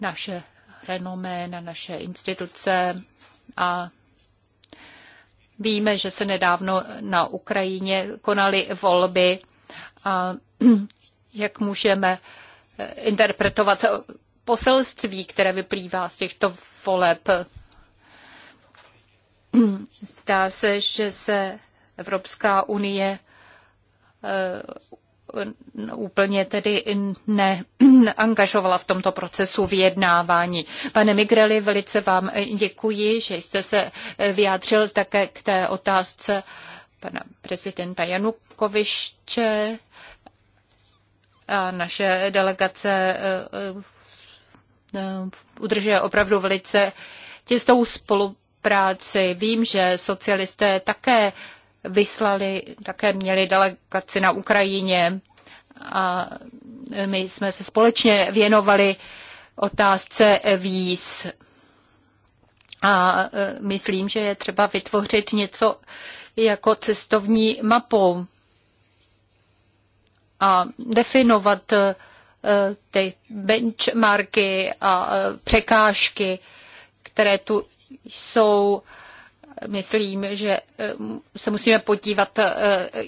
naše renomé, na naše instituce a víme, že se nedávno na Ukrajině konaly volby a jak můžeme eh, interpretovat poselství, které vyplývá z těchto voleb. Zdá se, že se Evropská unie eh, úplně tedy neangažovala v tomto procesu vyjednávání. Pane Migreli, velice vám eh, děkuji, že jste se vyjádřil také k té otázce pana prezidenta Janukoviště a naše delegace eh, eh, udržuje opravdu velice těstou spolupráci. Vím, že socialisté také vyslali, také měli delegaci na Ukrajině a my jsme se společně věnovali otázce víz. A eh, myslím, že je třeba vytvořit něco jako cestovní mapu a definovat eh, ty benchmarky a eh, překážky, které tu jsou. Myslím, že eh, se musíme podívat,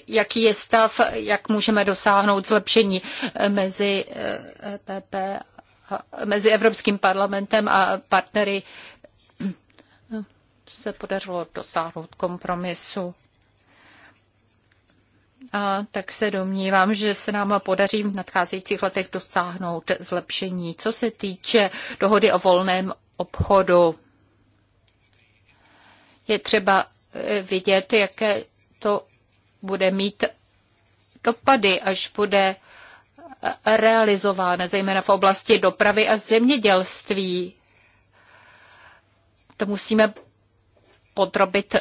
jaký je stav, jak můžeme dosáhnout zlepšení mezi EPP, e mezi Evropským parlamentem a partnery se podařilo dosáhnout kompromisu a tak se domnívám, že se nám podaří v nadcházejících letech dosáhnout zlepšení. Co se týče dohody o volném obchodu, je třeba eh, vidět, jaké to bude mít dopady, až bude eh, realizována, zejména v oblasti dopravy a zemědělství. To musíme podrobit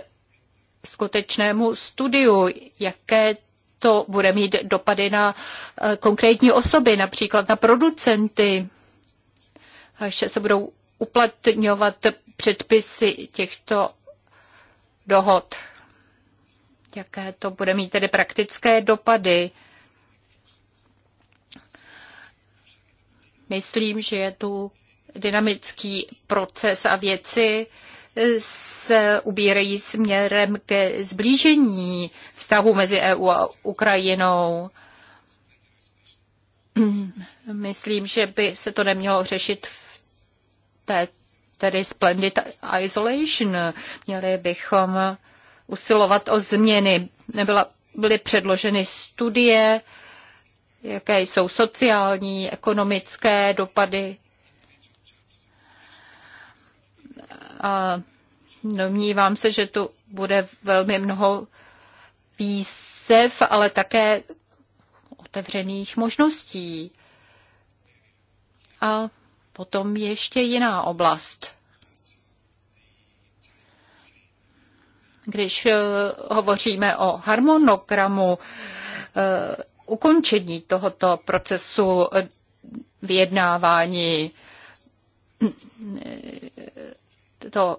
skutečnému studiu, jaké to bude mít dopady na eh, konkrétní osoby, například na producenty, až se budou uplatňovat předpisy těchto dohod. Jaké to bude mít tedy praktické dopady? Myslím, že je tu dynamický proces a věci, se ubírají směrem ke zblížení vztahu mezi EU a Ukrajinou. Myslím, že by se to nemělo řešit v té tedy splendid isolation. Měli bychom usilovat o změny. Nebyla, byly předloženy studie, jaké jsou sociální, ekonomické dopady A domnívám se, že tu bude velmi mnoho výzev, ale také otevřených možností. A potom ještě jiná oblast. Když eh, hovoříme o harmonogramu eh, ukončení tohoto procesu eh, vyjednávání, to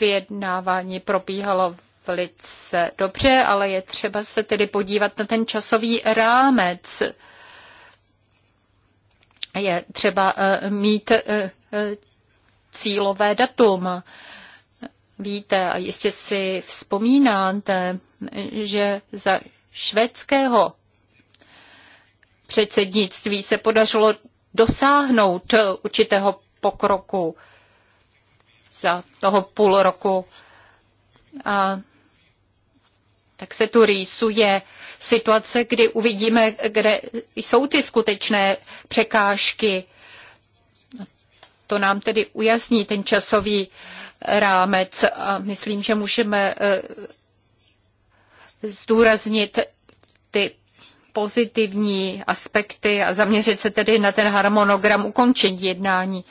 vyjednávání probíhalo velice dobře, ale je třeba se tedy podívat na ten časový rámec. Je třeba eh, mít eh, eh, cílové datum. Víte a jistě si vzpomínáte, že za švédského předsednictví se podařilo dosáhnout určitého pokroku za toho půl roku. A tak se tu rýsuje situace, kdy uvidíme, kde jsou ty skutečné překážky. To nám tedy ujasní ten časový rámec a myslím, že můžeme eh, zdůraznit ty pozitivní aspekty a zaměřit se tedy na ten harmonogram ukončení jednání.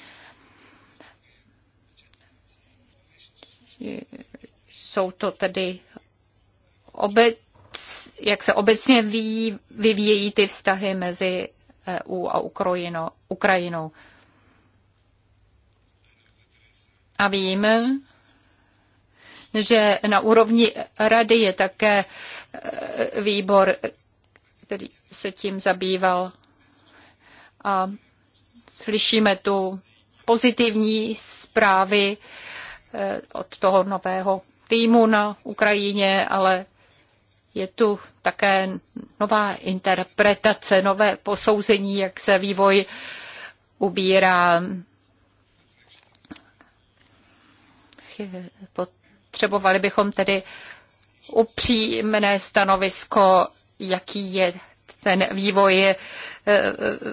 Jsou to tedy obec, jak se obecně ví, vyvíjí ty vztahy mezi EU a Ukrajino, Ukrajinou. A vím, že na úrovni rady je také e, výbor, který se tím zabýval. A slyšíme tu pozitivní zprávy Eh, od toho nového týmu na Ukrajině, ale je tu také nová interpretace, nové posouzení, jak se vývoj ubírá. Potřebovali bychom tedy upřímné stanovisko, jaký je ten vývoj eh,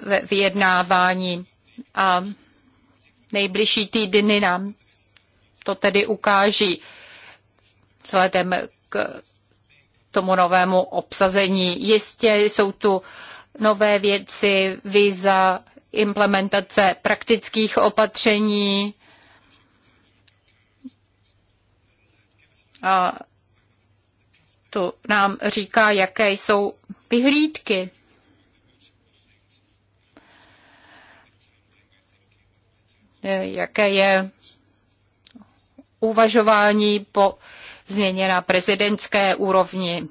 ve vyjednávání. A nejbližší týdny nám to tedy ukáží vzhledem k tomu novému obsazení. Jistě jsou tu nové věci, víza, implementace praktických opatření a to nám říká, jaké jsou vyhlídky. Jaké je uvažování po změně na prezidentské úrovni.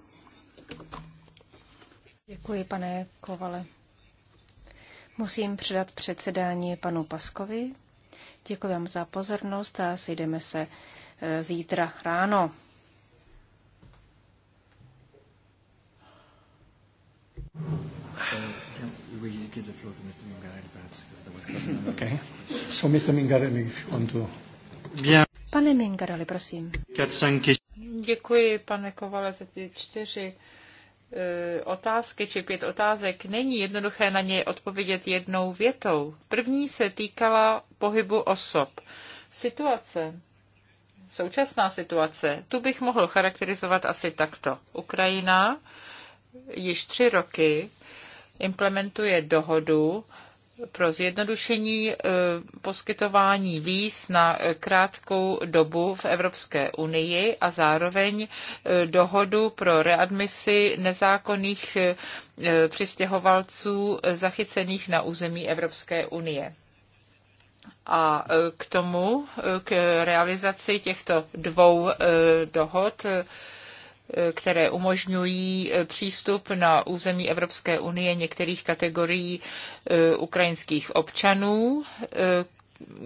Děkuji, pane Kovale. Musím předat předsedání panu Paskovi. Děkuji vám za pozornost a sejdeme se e, zítra ráno. Okay. So Mr. Mingarelli, if you want to... Yeah. Pane Mingarali, prosím. Děkuji, pane Kovale, za ty čtyři e, otázky či pět otázek, není jednoduché na ně odpovědět jednou větou. První se týkala pohybu osob. Situace, současná situace, tu bych mohl charakterizovat asi takto. Ukrajina již tři roky implementuje dohodu pro zjednodušení eh, poskytování víz na krátkou dobu v Evropské unii a zároveň eh, dohodu pro readmisi nezákonných eh, přistěhovalců zachycených na území Evropské unie. A k tomu, k realizaci těchto dvou dohod, které umožňují eh, přístup na území Evropské unie některých kategorií eh, ukrajinských občanů. Eh,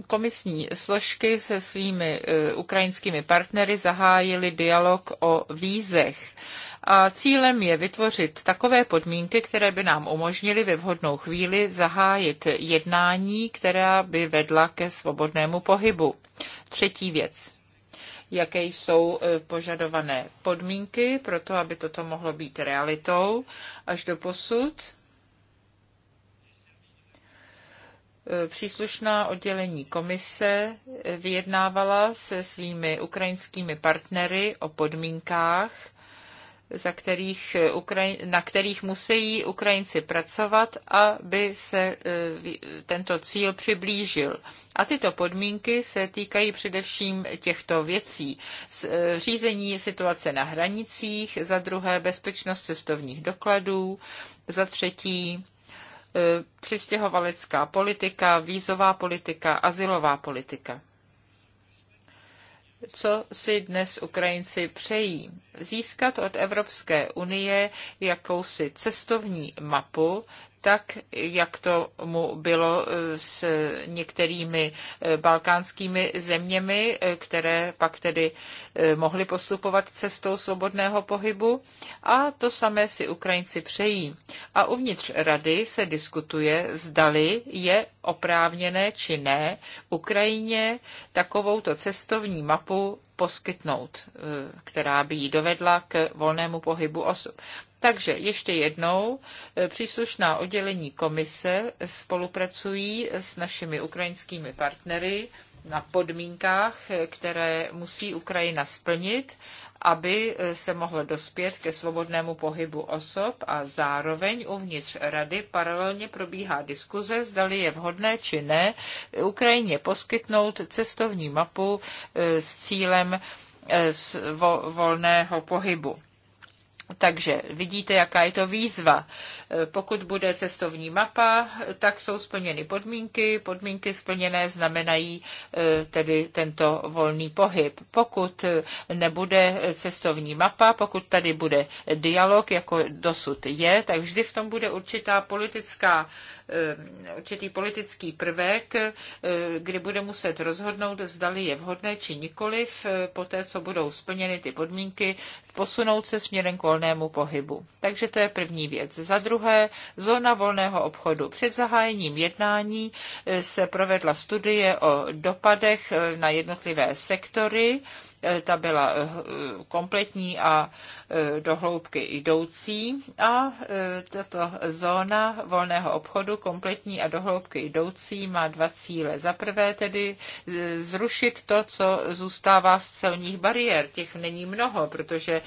komisní složky se svými ukrajinskými partnery zahájily dialog o vízech a cílem je vytvořit takové podmínky, které by nám umožnily ve vhodnou chvíli zahájit jednání, která by vedla ke svobodnému pohybu. Třetí věc jaké jsou e, požadované podmínky pro to, aby toto mohlo být realitou až do posud. E, příslušná oddělení komise e, vyjednávala se svými ukrajinskými partnery o podmínkách, za kterých eh, na kterých musí Ukrajinci pracovat, aby se eh, tento cíl přiblížil. A tyto podmínky se týkají především těchto věcí. Eh, řízení situace na hranicích, za druhé bezpečnost cestovních dokladů, za třetí přistěhovalecká politika, vízová politika, asilová politika co si dnes Ukrajinci přejí. Získat od Evropské unie jakousi cestovní mapu, tak, jak to mu bylo eh, s některými eh, balkánskými zeměmi, eh, které pak tedy mohly postupovat cestou svobodného pohybu. A to samé si Ukrajinci přejí. A uvnitř rady se diskutuje, zdali je oprávněné či ne Ukrajině takovouto cestovní mapu poskytnout, která by ji dovedla k volnému pohybu osob. Takže ještě jednou, eh, příslušná oddělení komise spolupracují s našimi ukrajinskými partnery na podmínkách, eh, které musí Ukrajina splnit, aby eh, se mohlo dospět ke svobodnému pohybu osob a zároveň uvnitř rady paralelně probíhá diskuze, zdali je vhodné či ne Ukrajině poskytnout cestovní mapu s cílem volného pohybu. Takže vidíte, jaká je to výzva. E, pokud bude cestovní mapa, tak jsou splněny podmínky. Podmínky splněné znamenají e, tedy tento volný pohyb. Pokud e, nebude cestovní mapa, pokud tady bude dialog, jako dosud je, tak vždy v tom bude určitá politická Eh, určitý politický prvek, eh, kdy bude muset rozhodnout, zdali je vhodné či nikoliv, eh, po té, co budou splněny ty podmínky, posunout se směrem k volnému pohybu. Takže to je první věc. Za druhé, zóna volného obchodu. Před zahájením jednání se provedla studie o dopadech na jednotlivé sektory, ta byla eh, kompletní a eh, do hloubky jdoucí a eh, tato zóna volného obchodu kompletní a do hloubky jdoucí má dva cíle. Za prvé tedy zrušit to, co zůstává z celních bariér. Těch není mnoho, protože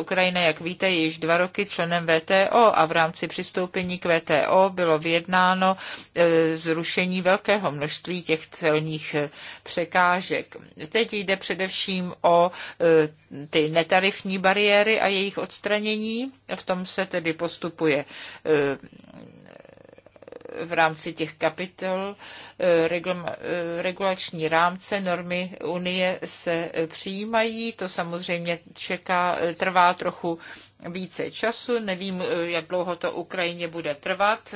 Ukrajina, jak víte, je již dva roky členem VTO a v rámci přistoupení k VTO bylo vyjednáno zrušení velkého množství těch celních překážek. Teď jde především o e, ty netarifní bariéry a jejich odstranění. V tom se tedy postupuje e, v rámci těch kapitol eh, eh, regulační rámce, normy Unie se eh, přijímají. To samozřejmě čeká, trvá trochu více času. Nevím, jak dlouho to Ukrajině bude trvat.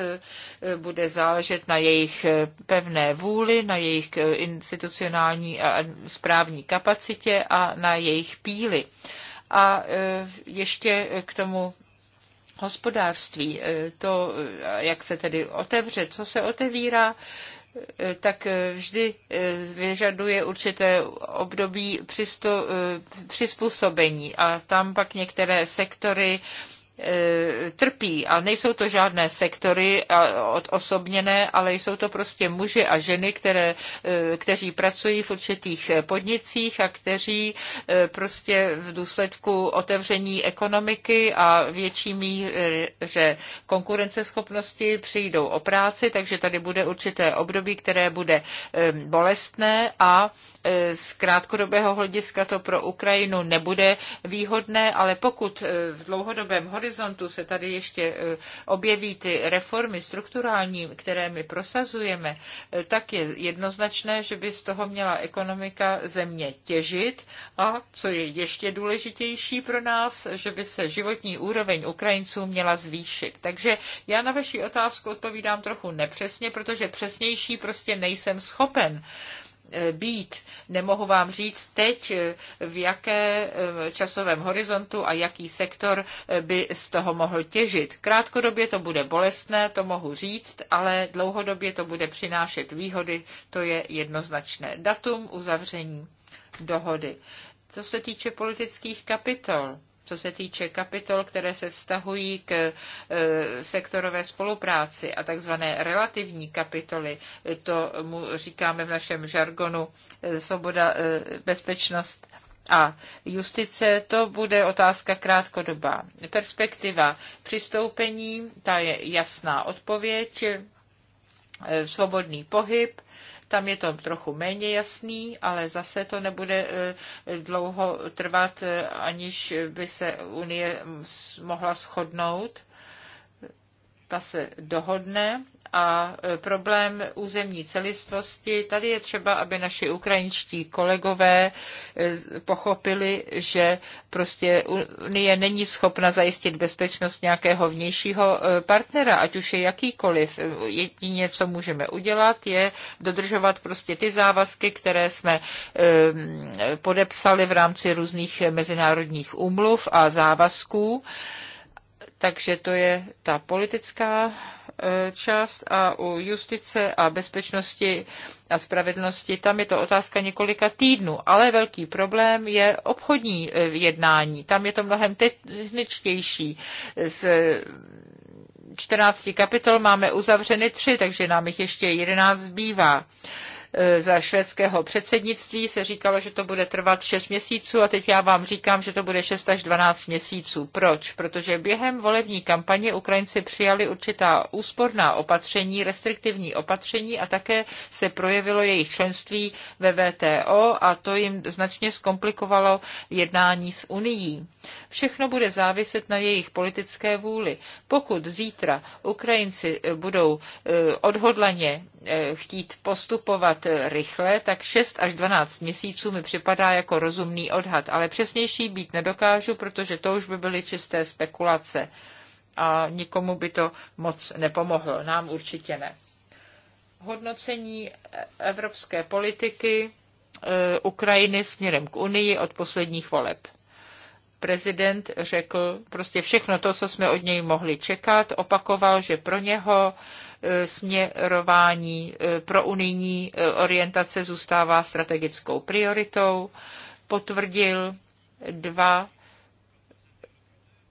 Bude záležet na jejich pevné vůli, na jejich institucionální a správní kapacitě a na jejich píli. A ještě k tomu hospodářství, eh, to, eh, jak se tedy otevře, co se otevírá, eh, tak vždy vyžaduje určité období přizpůsobení a tam pak některé sektory Eh, trpí. A nejsou to žádné sektory odosobněné, ale jsou to prostě muži a ženy, které, eh, kteří pracují v určitých podnicích a kteří eh, prostě v důsledku otevření ekonomiky a větší míře konkurenceschopnosti přijdou o práci, takže tady bude určité období, které bude bolestné a z krátkodobého hlediska to pro Ukrajinu nebude výhodné, ale pokud v dlouhodobém horizontu horizontu se tady ještě e, objeví ty reformy strukturální, které my prosazujeme, e, tak je jednoznačné, že by z toho měla ekonomika země těžit a co je ještě důležitější pro nás, že by se životní úroveň Ukrajinců měla zvýšit. Takže já na vaši otázku odpovídám trochu nepřesně, protože přesnější prostě nejsem schopen. Eh, být. Nemohu vám říct teď, eh, v jaké eh, časovém horizontu a jaký sektor by z toho mohl těžit. Krátkodobě to bude bolestné, to mohu říct, ale dlouhodobě to bude přinášet výhody, to je jednoznačné. Datum uzavření dohody. Co se týče politických kapitol, co se týče kapitol, které se vztahují k e, sektorové spolupráci a takzvané relativní kapitoly, to mu říkáme v našem žargonu e, svoboda, e, bezpečnost a justice, to bude otázka krátkodobá. Perspektiva přistoupení, ta je jasná odpověď, svobodný pohyb, tam je to trochu méně jasný, ale zase to nebude eh, dlouho trvat, eh, aniž by se Unie mohla shodnout ta se dohodne a e, problém územní celistvosti. Tady je třeba, aby naši ukrajinští kolegové e, pochopili, že prostě Unie není schopna zajistit bezpečnost nějakého vnějšího e, partnera, ať už je jakýkoliv. Jedině, co můžeme udělat, je dodržovat prostě ty závazky, které jsme podepsali v rámci různých mezinárodních umluv a závazků takže to je ta politická e, část a u justice a bezpečnosti a spravedlnosti, tam je to otázka několika týdnů, ale velký problém je obchodní e, jednání. Tam je to mnohem techničtější. Z 14 kapitol máme uzavřeny tři, takže nám jich ještě 11 zbývá. Eh, za švédského předsednictví se říkalo, že to bude trvat 6 měsíců a teď já vám říkám, že to bude 6 až 12 měsíců. Proč? Protože během volební kampaně Ukrajinci přijali určitá úsporná opatření, restriktivní opatření a také se projevilo jejich členství ve VTO a to jim značně zkomplikovalo jednání s Unií. Všechno bude záviset na jejich politické vůli. Pokud zítra Ukrajinci budou eh, odhodlaně eh, chtít postupovat dělat rychle, tak 6 až 12 měsíců mi připadá jako rozumný odhad, ale přesnější být nedokážu, protože to už by byly čisté spekulace a nikomu by to moc nepomohlo, nám určitě ne. Hodnocení evropské politiky eh, Ukrajiny směrem k Unii od posledních voleb prezident řekl prostě všechno to, co jsme od něj mohli čekat, opakoval, že pro něho e, směrování e, pro unijní e, orientace zůstává strategickou prioritou, potvrdil dva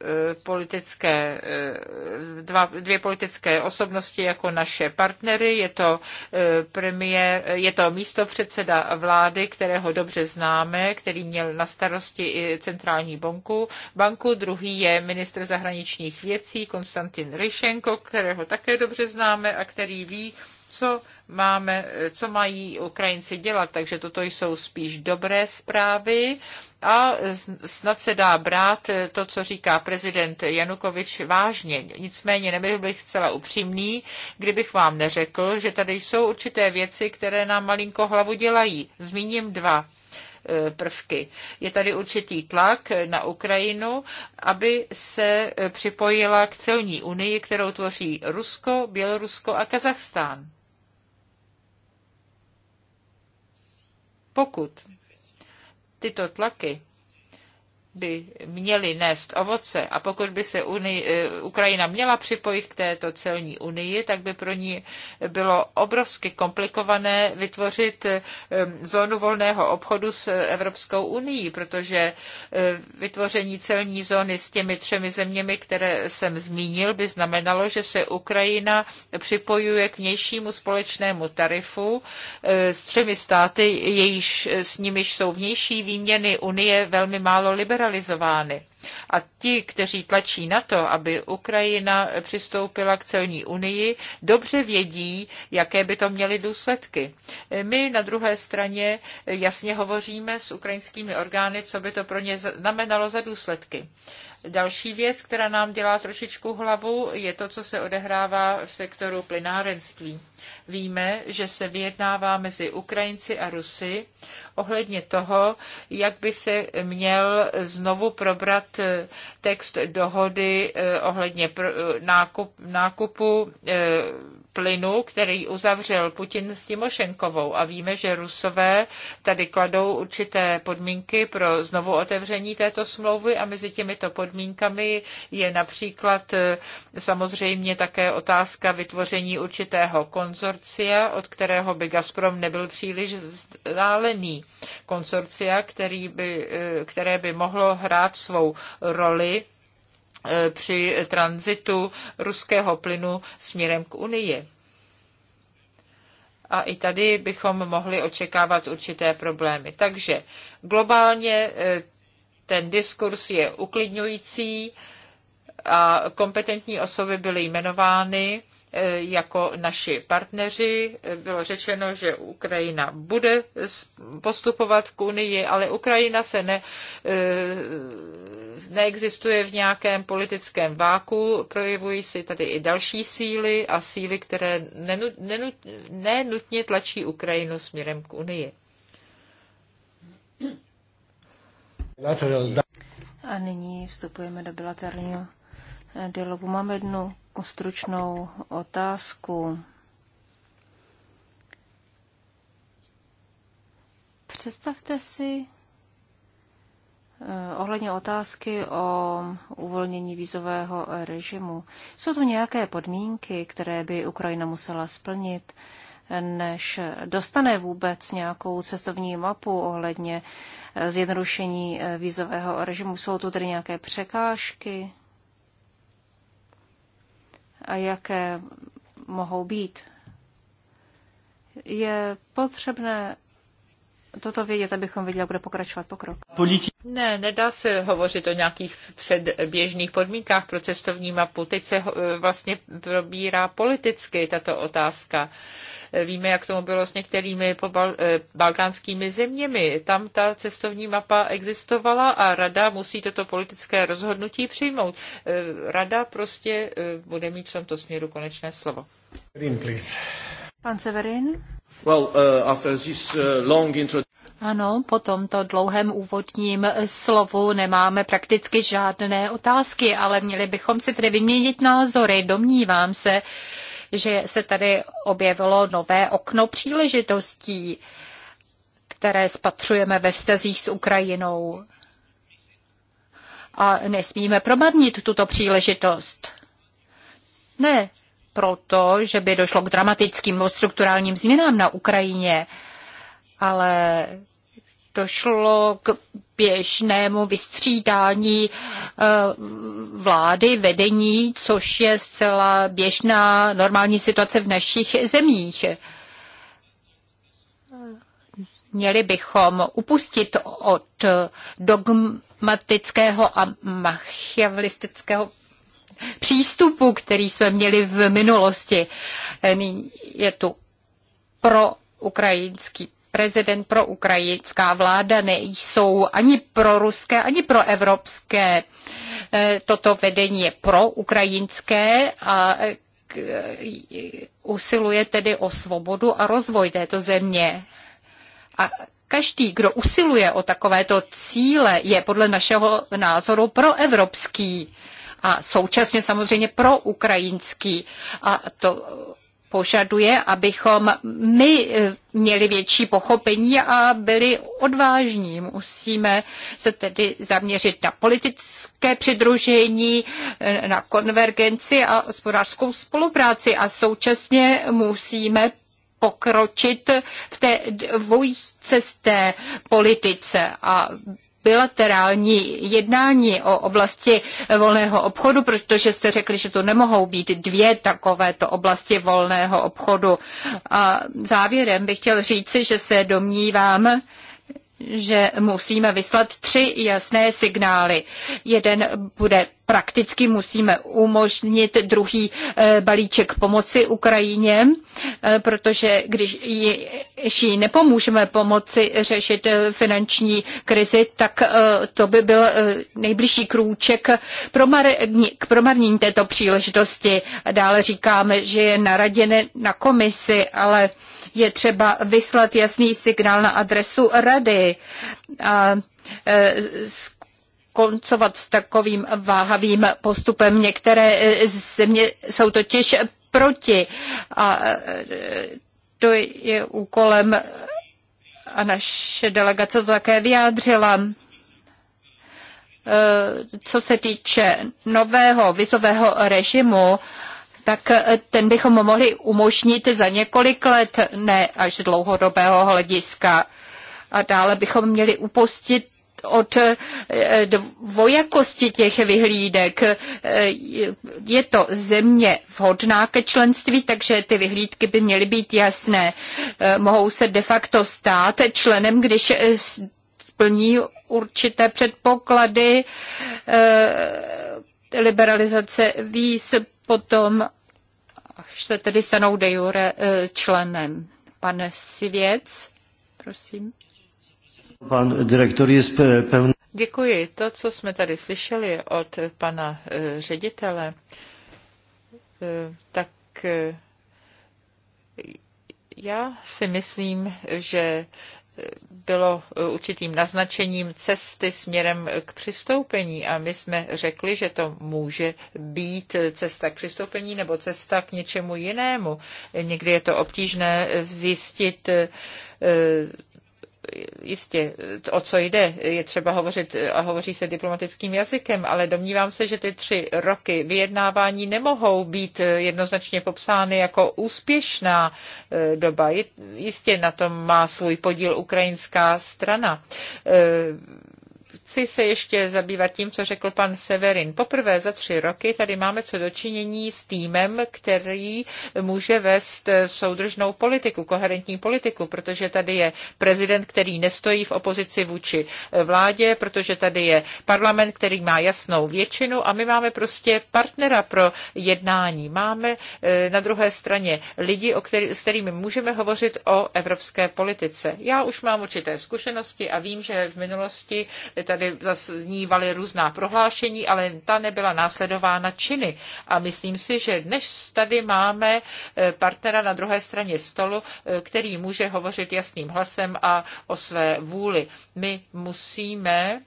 Eh, politické, eh, dva, dvě politické osobnosti jako naše partnery. Je to, eh, premiér, je to místo předseda vlády, kterého dobře známe, který měl na starosti i centrální banku. banku. Druhý je ministr zahraničních věcí Konstantin Ryšenko, kterého také dobře známe a který ví, co, máme, co mají Ukrajinci dělat. Takže toto jsou spíš dobré zprávy a snad se dá brát to, co říká prezident Janukovič vážně. Nicméně nebych bych zcela upřímný, kdybych vám neřekl, že tady jsou určité věci, které nám malinko hlavu dělají. Zmíním dva e, prvky. Je tady určitý tlak na Ukrajinu, aby se e, připojila k celní unii, kterou tvoří Rusko, Bělorusko a Kazachstán. Pokud tyto tlaky by měly nést ovoce a pokud by se Unii, eh, Ukrajina měla připojit k této celní unii, tak by pro ní bylo obrovsky komplikované vytvořit eh, zónu volného obchodu s Evropskou unii, protože eh, vytvoření celní zóny s těmi třemi zeměmi, které jsem zmínil, by znamenalo, že se Ukrajina připojuje k vnějšímu společnému tarifu s třemi státy, jejíž, s nimiž jsou vnější výměny unie velmi málo liberální liberalizovány. A ti, kteří tlačí na to, aby Ukrajina přistoupila k celní unii, dobře vědí, jaké by to měly důsledky. My na druhé straně jasně hovoříme s ukrajinskými orgány, co by to pro ně znamenalo za důsledky. Další věc, která nám dělá trošičku hlavu, je to, co se odehrává v sektoru plynárenství. Víme, že se vyjednává mezi Ukrajinci a Rusy ohledně toho, jak by se měl znovu probrat eh, text dohody eh, ohledně nákup, nákupu eh, plynu, který uzavřel Putin s Timošenkovou. A víme, že Rusové tady kladou určité podmínky pro znovu otevření této smlouvy a mezi těmito podmínky podmínkami je například e, samozřejmě také otázka vytvoření určitého konzorcia, od kterého by Gazprom nebyl příliš vzdálený. Konzorcia, který by, e, které by mohlo hrát svou roli e, při tranzitu ruského plynu směrem k Unii. A i tady bychom mohli očekávat určité problémy. Takže globálně ten diskurs je uklidňující a kompetentní osoby byly jmenovány e, jako naši partneři. Bylo řečeno, že Ukrajina bude postupovat k Unii, ale Ukrajina se ne, e, neexistuje v nějakém politickém váku. Projevují si tady i další síly a síly, které nenutně tlačí Ukrajinu směrem k Unii. A nyní vstupujeme do bilaterního eh, dialogu. Máme jednu stručnou otázku. Představte si eh, ohledně otázky o uvolnění vízového režimu. Jsou to nějaké podmínky, které by Ukrajina musela splnit, než dostane vůbec nějakou cestovní mapu ohledně eh, zjednodušení eh, vízového režimu. Jsou tu tedy nějaké překážky? A jaké mohou být? Je potřebné toto vědět, abychom viděli, jak bude pokračovat pokrok. Ne, nedá se hovořit o nějakých předběžných podmínkách pro cestovní mapu. Teď se eh, vlastně probírá politicky tato otázka. Víme, jak tomu bylo s některými eh, balkánskými zeměmi. Tam ta cestovní mapa existovala a rada musí toto politické rozhodnutí přijmout. Eh, rada prostě eh, bude mít v tomto směru konečné slovo. Pan Severin? Well, uh, after this, uh, long intro... Ano, po tomto dlouhém úvodním slovu nemáme prakticky žádné otázky, ale měli bychom si tedy vyměnit názory. Domnívám se, že se tady objevilo nové okno příležitostí, které spatřujeme ve vztazích s Ukrajinou. A nesmíme promarnit tuto příležitost. Ne proto, že by došlo k dramatickým nebo strukturálním změnám na Ukrajině, ale došlo k úspěšnému vystřídání eh, vlády, vedení, což je zcela běžná normální situace v našich zemích. Měli bychom upustit od dogmatického a machiavelistického přístupu, který jsme měli v minulosti. Je tu pro ukrajinský prezident pro ukrajinská vláda nejsou ani pro ruské, ani pro evropské. Eh, toto vedení je pro ukrajinské a eh, eh, usiluje tedy o svobodu a rozvoj této země. A každý, kdo usiluje o takovéto cíle, je podle našeho názoru proevropský a současně samozřejmě pro ukrajinský. A to požaduje, abychom my eh, měli větší pochopení a byli odvážní. Musíme se tedy zaměřit na politické přidružení, eh, na konvergenci a hospodářskou spolupráci a současně musíme pokročit v té dvojcesté politice a bilaterální jednání o oblasti volného obchodu, protože jste řekli, že to nemohou být dvě takovéto oblasti volného obchodu. A závěrem bych chtěl říci, že se domnívám, že musíme vyslat tři jasné signály. Jeden bude prakticky musíme umožnit druhý eh, balíček pomoci Ukrajině, eh, protože když ji nepomůžeme pomoci řešit eh, finanční krizi, tak to by byl nejbližší krůček k promarnění této příležitosti. Dále říkáme, že je naraděné na komisi, ale je třeba vyslat jasný signál na adresu rady. A, koncovat s takovým váhavým postupem. Některé e, země jsou totiž proti a e, to je úkolem a naše delegace to také vyjádřila e, co se týče nového vizového režimu, tak ten bychom mohli umožnit za několik let, ne až z dlouhodobého hlediska. A dále bychom měli upustit od eh, dvojakosti těch vyhlídek. Eh, je to země vhodná ke členství, takže ty vyhlídky by měly být jasné. Eh, mohou se de facto stát členem, když splní určité předpoklady liberalizace víz potom, až se tedy stanou de jure členem. Pane Sivěc, prosím. Pan direktor je pevný. Děkuji. To, co jsme tady slyšeli od pana e, ředitele, e, tak e, já si myslím, že bylo určitým naznačením cesty směrem k přistoupení a my jsme řekli, že to může být cesta k přistoupení nebo cesta k něčemu jinému. Někdy je to obtížné zjistit, jistě, o co jde, je třeba hovořit a hovoří se diplomatickým jazykem, ale domnívám se, že ty tři roky vyjednávání nemohou být eh, jednoznačně popsány jako úspěšná eh, doba. Jistě na tom má svůj podíl ukrajinská strana eh, Chci se ještě zabývat tím, co řekl pan Severin. Poprvé za tři roky tady máme co dočinění s týmem, který může vést soudržnou politiku, koherentní politiku, protože tady je prezident, který nestojí v opozici vůči vládě, protože tady je parlament, který má jasnou většinu a my máme prostě partnera pro jednání. Máme eh, na druhé straně lidi, o který, s kterými můžeme hovořit o evropské politice. Já už mám určité zkušenosti a vím, že v minulosti tady tady zaznívaly různá prohlášení, ale ta nebyla následována činy. A myslím si, že dnes tady máme eh, partnera na druhé straně stolu, eh, který může hovořit jasným hlasem a o své vůli. My musíme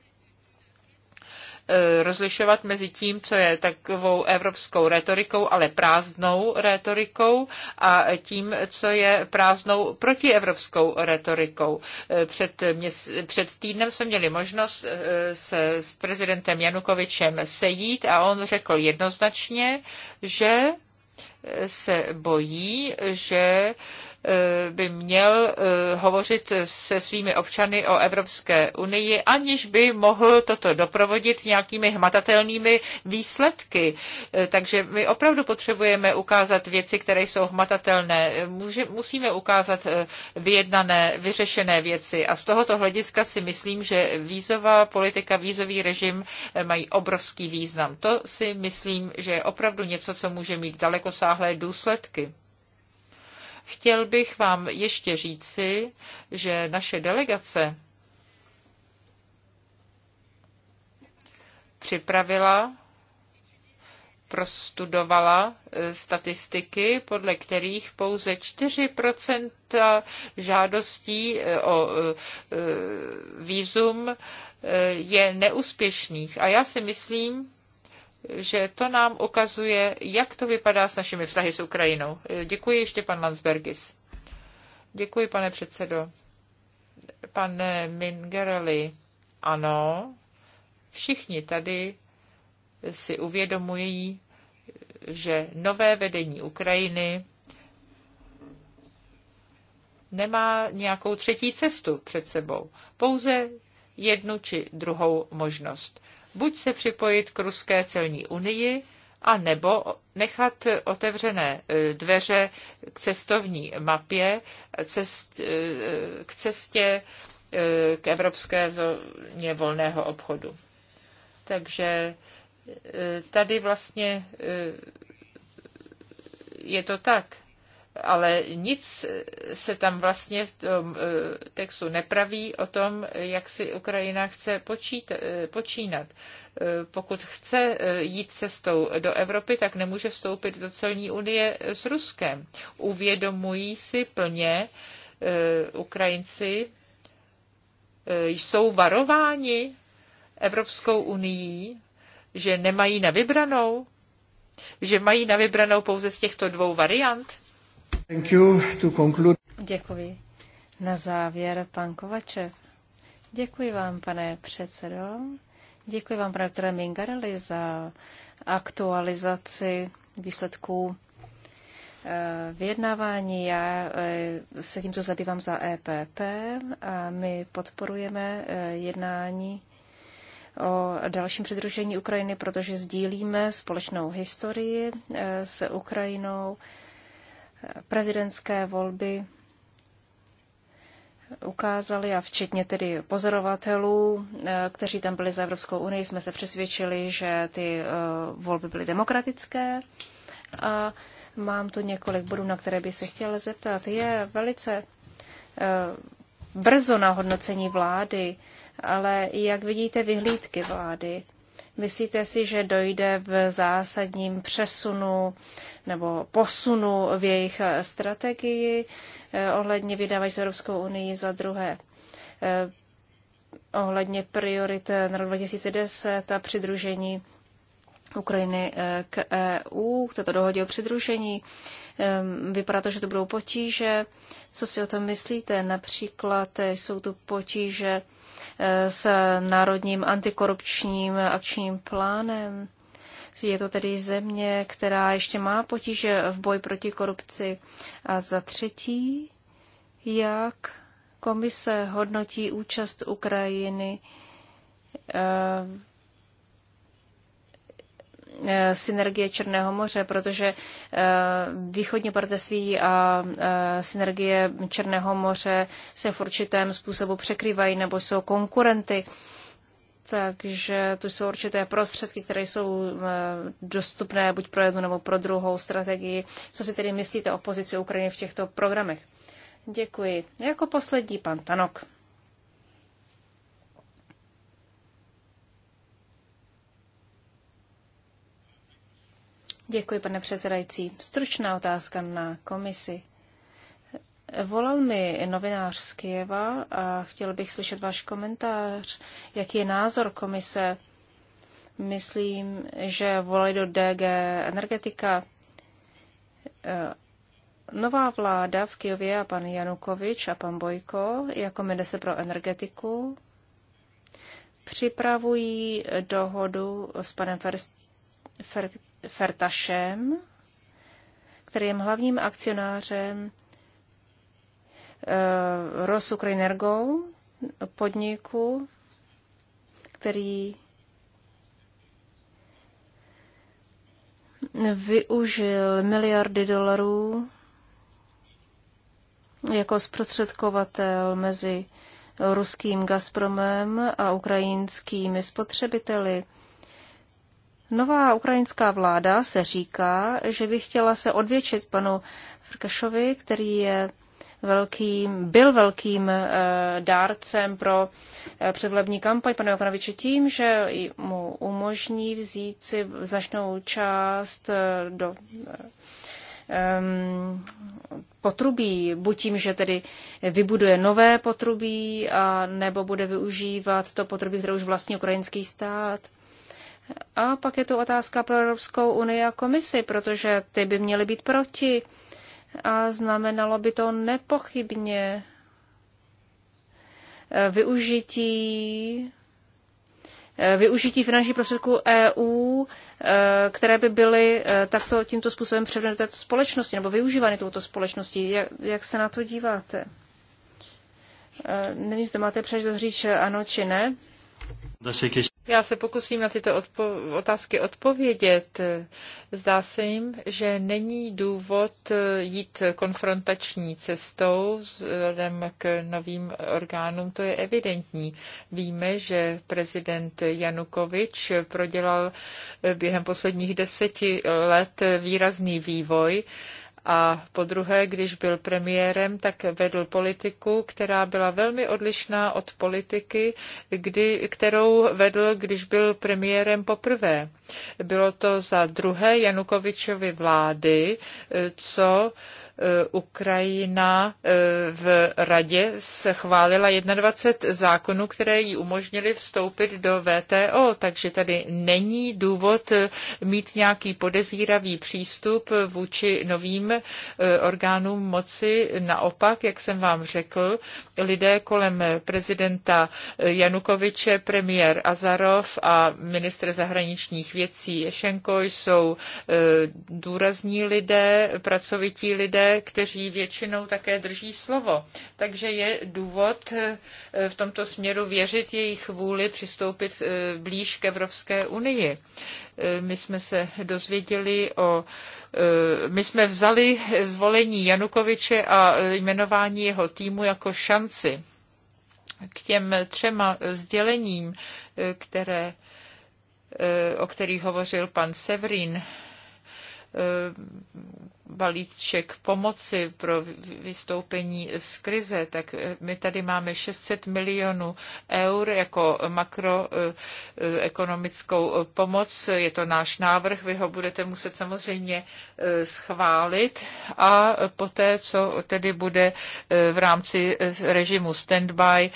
Eh, rozlišovat mezi tím, co je takovou evropskou retorikou, ale prázdnou retorikou a tím, co je prázdnou protievropskou retorikou. Eh, před, měs- před týdnem jsme měli možnost eh, se s prezidentem Janukovičem sejít a on řekl jednoznačně, že se bojí, že Eh, by měl eh, hovořit se svými občany o Evropské unii, aniž by mohl toto doprovodit nějakými hmatatelnými výsledky. Eh, takže my opravdu potřebujeme ukázat věci, které jsou hmatatelné. Musíme ukázat vyjednané, vyřešené věci. A z tohoto hlediska si myslím, že vízová politika, vízový režim mají obrovský význam. To si myslím, že je opravdu něco, co může mít dalekosáhlé důsledky. Chtěl bych vám ještě říci, že naše delegace připravila prostudovala eh, statistiky, podle kterých pouze 4 žádostí eh, o eh, vízum je neúspěšných. A já si myslím, že to nám ukazuje, jak to vypadá s našimi vztahy s Ukrajinou. Děkuji ještě pan Landsbergis. Děkuji, pane předsedo. Pane Mingereli, ano, všichni tady si uvědomují, že nové vedení Ukrajiny nemá nějakou třetí cestu před sebou, pouze jednu či druhou možnost buď se připojit k ruské celní unii, a nebo nechat otevřené e, dveře k cestovní mapě, cest, e, k cestě e, k evropské zóně volného obchodu. Takže tady vlastně je to tak, ale nic se tam vlastně v tom eh, textu nepraví o tom, jak si Ukrajina chce počít, eh, počínat. Eh, pokud chce jít cestou do Evropy, tak nemůže vstoupit do celní unie s Ruskem. Uvědomují si plně Ukrajinci, jsou varováni Evropskou unii, že nemají na vybranou, že mají na vybranou pouze z těchto dvou variant. Thank you to conclude. Děkuji. Na závěr pan Kovačev. Děkuji vám, pane předsedo. Děkuji vám, pane doktore Mingarelli, za aktualizaci výsledků eh, vyjednávání. Já eh, se tímto zabývám za EPP a my podporujeme eh, jednání o dalším přidružení Ukrajiny, protože sdílíme společnou historii s Ukrajinou prezidentské volby ukázaly, a včetně tedy pozorovatelů, eh, kteří tam byli za Evropskou unii, jsme se přesvědčili, že ty eh, volby byly demokratické. A mám tu několik bodů, na které by se chtěla zeptat. Je velice eh, brzo na hodnocení vlády, ale jak vidíte vyhlídky vlády? Myslíte si, že dojde v zásadním přesunu nebo posunu v jejich strategii eh, ohledně vydávají s Evropskou unii za druhé? Eh, ohledně priorit eh, na rok 2010 a přidružení Ukrajiny k EU, k této dohodě o přidružení. Ehm, vypadá to, že to budou potíže. Co si o tom myslíte? Například eh, jsou tu potíže eh, s Národním antikorupčním akčním plánem. Je to tedy země, která ještě má potíže v boji proti korupci. A za třetí, jak komise hodnotí účast Ukrajiny ehm, Eh, synergie Černého moře, protože eh, východní partnerství a eh, synergie Černého moře se v určitém způsobu překrývají nebo jsou konkurenty. Takže tu jsou určité prostředky, které jsou dostupné buď pro jednu nebo pro druhou strategii. Co si tedy myslíte o pozici Ukrajiny v těchto programech? Děkuji. Jako poslední pan Tanok. Děkuji, pane předsedající. Stručná otázka na komisi. Volal mi novinář z Kieva a chtěl bych slyšet váš komentář. Jaký je názor komise? Myslím, že volali do DG Energetika. E, nová vláda v Kijově a pan Janukovič a pan Bojko jako minister pro energetiku připravují dohodu s panem Ferst Fertašem, který je hlavním akcionářem eh, Rosukrenergo, podniku, který využil miliardy dolarů jako zprostředkovatel mezi ruským Gazpromem a ukrajinskými spotřebiteli. Nová ukrajinská vláda se říká, že by chtěla se odvětšit panu Frkašovi, který je velkým, byl velkým eh, dárcem pro eh, předvolební kampaň pana Jokanoviče tím, že mu umožní vzít si značnou část eh, do um, potrubí, buď tím, že tedy vybuduje nové potrubí, a nebo bude využívat to potrubí, které už vlastní ukrajinský stát. A pak je tu otázka pro Evropskou unii a komisi, protože ty by měly být proti. A znamenalo by to nepochybně eh, využití eh, využití finančních prostředků EU, eh, které by byly takto tímto způsobem převedeny této společnosti nebo využívány touto společností. Jak, jak se na to díváte? Nevím, zda máte přeč říct ano či ne. Já se pokusím na tyto odpo- otázky odpovědět. Zdá se jim, že není důvod eh, jít konfrontační cestou vzhledem k novým orgánům, to je evidentní. Víme, že prezident Janukovič prodělal eh, během posledních deseti let eh, výrazný vývoj a po druhé, když byl premiérem, tak vedl politiku, která byla velmi odlišná od politiky, kdy, kterou vedl, když byl premiérem poprvé. Bylo to za druhé Janukovičovy vlády, co Eh, Ukrajina eh, v radě schválila 21 zákonů, které jí umožnili vstoupit do VTO, takže tady není důvod eh, mít nějaký podezíravý přístup vůči novým orgánům moci. Naopak, jak jsem vám řekl, lidé kolem prezidenta Janukoviče, premiér Azarov a ministr zahraničních věcí Ješenko jsou důrazní lidé, pracovití lidé, kteří většinou také drží slovo. Takže je důvod eh, v tomto směru věřit jejich vůli přistoupit eh, blíž k Evropské unii eh, my jsme se dozvěděli o my jsme vzali zvolení Janukoviče a jmenování jeho týmu jako šanci k těm třema sdělením, které, o kterých hovořil pan Severin balíček pomoci pro vystoupení z krize, tak eh, my tady máme 600 milionů eur jako makroekonomickou eh, eh, pomoc. Je to náš návrh, vy ho budete muset samozřejmě schválit a poté, co tedy bude v rámci režimu standby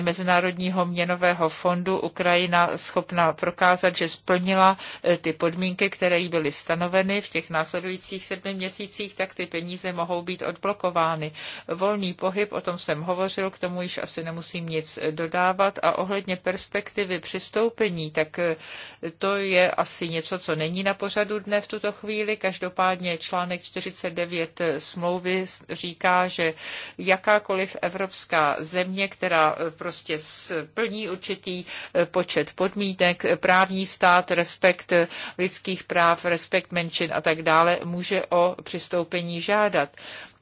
Mezinárodního měnového fondu Ukrajina schopna prokázat, že splnila ty podmínky, které jí byly stanoveny v těch následujících sedmi měsících měsících, tak ty peníze mohou být odblokovány. Volný pohyb, o tom jsem hovořil, k tomu již asi nemusím nic dodávat. A ohledně perspektivy přistoupení, tak eh, to je asi něco, co není na pořadu dne v tuto chvíli. Každopádně článek 49 eh, smlouvy říká, že jakákoliv evropská země, která eh, prostě splní určitý počet podmínek, právní stát, respekt lidských práv, respekt menšin a tak dále, může o přistoupení žádat.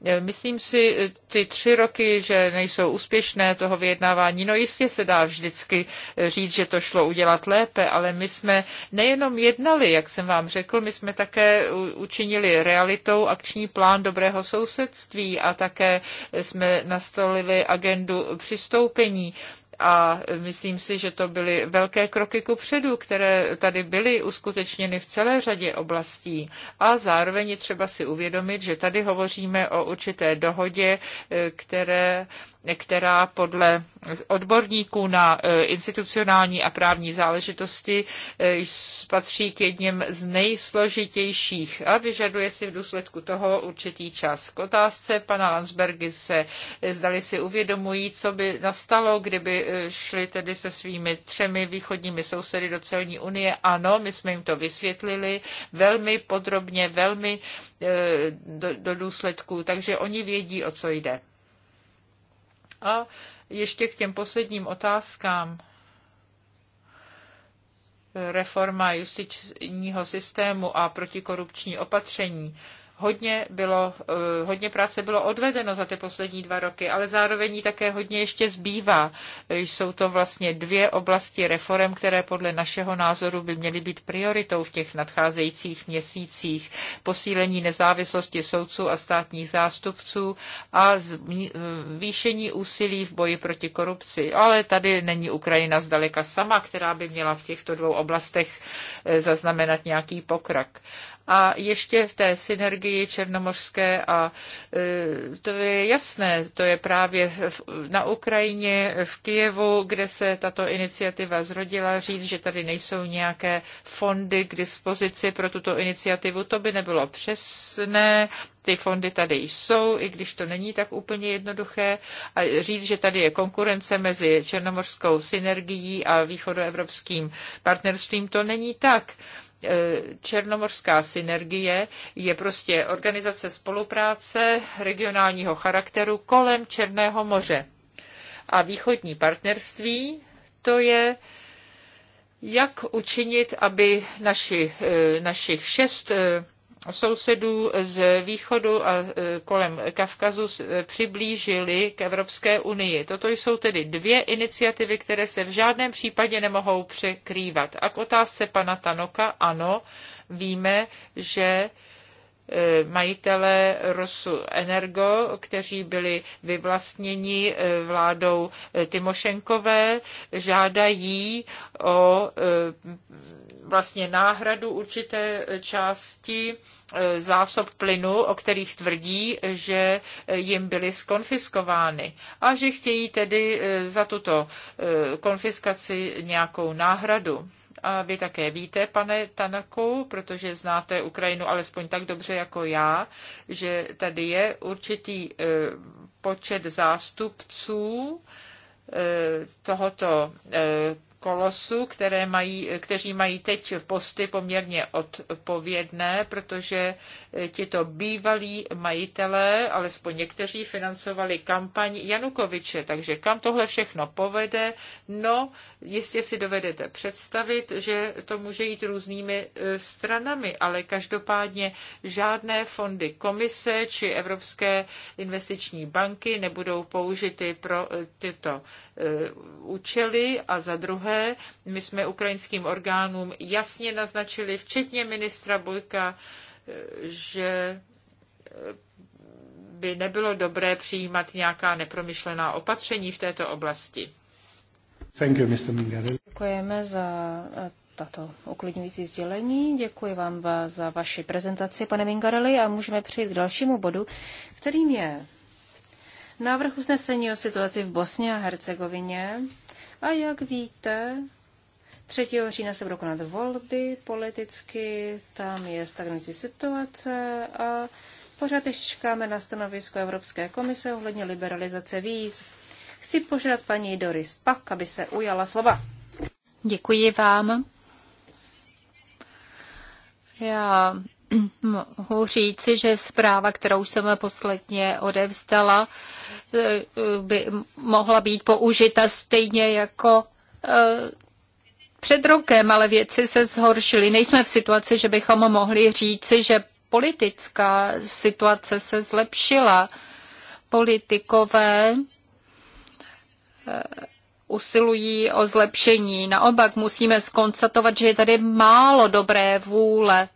E, myslím si, e, ty tři roky, že nejsou úspěšné toho vyjednávání, no jistě se dá vždycky e, říct, že to šlo udělat lépe, ale my jsme nejenom jednali, jak jsem vám řekl, my jsme také učinili realitou akční plán dobrého sousedství a také jsme nastolili agendu přistoupení a myslím si, že to byly velké kroky ku předu, které tady byly uskutečněny v celé řadě oblastí. A zároveň je třeba si uvědomit, že tady hovoříme o určité dohodě, eh, které která podle odborníků na e, institucionální a právní záležitosti e, patří k jedním z nejsložitějších a vyžaduje si v důsledku toho určitý čas. K otázce pana Landsbergy se e, zdali si uvědomují, co by nastalo, kdyby šli tedy se svými třemi východními sousedy do celní unie. Ano, my jsme jim to vysvětlili velmi podrobně, velmi do, do důsledku, takže oni vědí, o co jde. A ještě k těm posledním otázkám. Reforma justičního systému a protikorupční opatření. Hodně, bylo, eh, hodně práce bylo odvedeno za ty poslední dva roky, ale zároveň také hodně ještě zbývá. Jsou to vlastně dvě oblasti reform, které podle našeho názoru by měly být prioritou v těch nadcházejících měsících. Posílení nezávislosti soudců a státních zástupců a eh, zvýšení úsilí v boji proti korupci. Ale tady není Ukrajina zdaleka sama, která by měla v těchto dvou oblastech eh, zaznamenat nějaký pokrok a ještě v té synergii černomořské a e, to je jasné, to je právě na Ukrajině, v Kijevu, kde se tato iniciativa zrodila, říct, že tady nejsou nějaké fondy k dispozici pro tuto iniciativu, to by nebylo přesné, ty fondy tady jsou, i když to není tak úplně jednoduché. A říct, že tady je konkurence mezi černomorskou synergií a východoevropským partnerstvím, to není tak. E, černomorská synergie je prostě organizace spolupráce regionálního charakteru kolem Černého moře. A východní partnerství to je jak učinit, aby naši, e, našich šest e, sousedů z východu a e, kolem Kavkazu e, přiblížili k Evropské unii. Toto jsou tedy dvě iniciativy, které se v žádném případě nemohou překrývat. A k otázce pana Tanoka, ano, víme, že Eh, majitele Rosu Energo, kteří byli vyvlastněni eh, vládou eh, Timošenkové, žádají o vlastně náhradu určité části zásob plynu, o kterých tvrdí, že jim byly skonfiskovány a že chtějí tedy za tuto konfiskaci nějakou náhradu a vy také víte, pane Tanaku, protože znáte Ukrajinu alespoň tak dobře jako já, že tady je určitý e, počet zástupců e, tohoto e, kolosů, které mají, kteří mají teď posty poměrně odpovědné, protože eh, tito bývalí majitelé, alespoň někteří, financovali kampaň Janukoviče. Takže kam tohle všechno povede? No, jistě si dovedete představit, že to může jít různými eh, stranami, ale každopádně žádné fondy komise či Evropské investiční banky nebudou použity pro eh, tyto Eh, účely a za druhé, my jsme ukrajinským orgánům jasně naznačili, včetně ministra Bojka, eh, že eh, by nebylo dobré přijímat nějaká nepromyšlená opatření v této oblasti. Thank you, Mr. Děkujeme za tato uklidňující sdělení. Děkuji vám za vaši prezentaci, pane Mingarelli, a můžeme přijít k dalšímu bodu, kterým je návrh usnesení o situaci v Bosně a Hercegovině. A jak víte, 3. října se budou konat volby politicky, tam je stagnující situace a pořád ještě čekáme na stanovisko Evropské komise ohledně liberalizace víz. Chci požádat paní Doris Pak, aby se ujala slova. Děkuji vám. Já mohu říci, že zpráva, kterou jsem posledně odevzdala, by mohla být použita stejně jako e, před rokem, ale věci se zhoršily. Nejsme v situaci, že bychom mohli říci, že politická situace se zlepšila. Politikové e, usilují o zlepšení. Naopak musíme skonstatovat, že je tady málo dobré vůle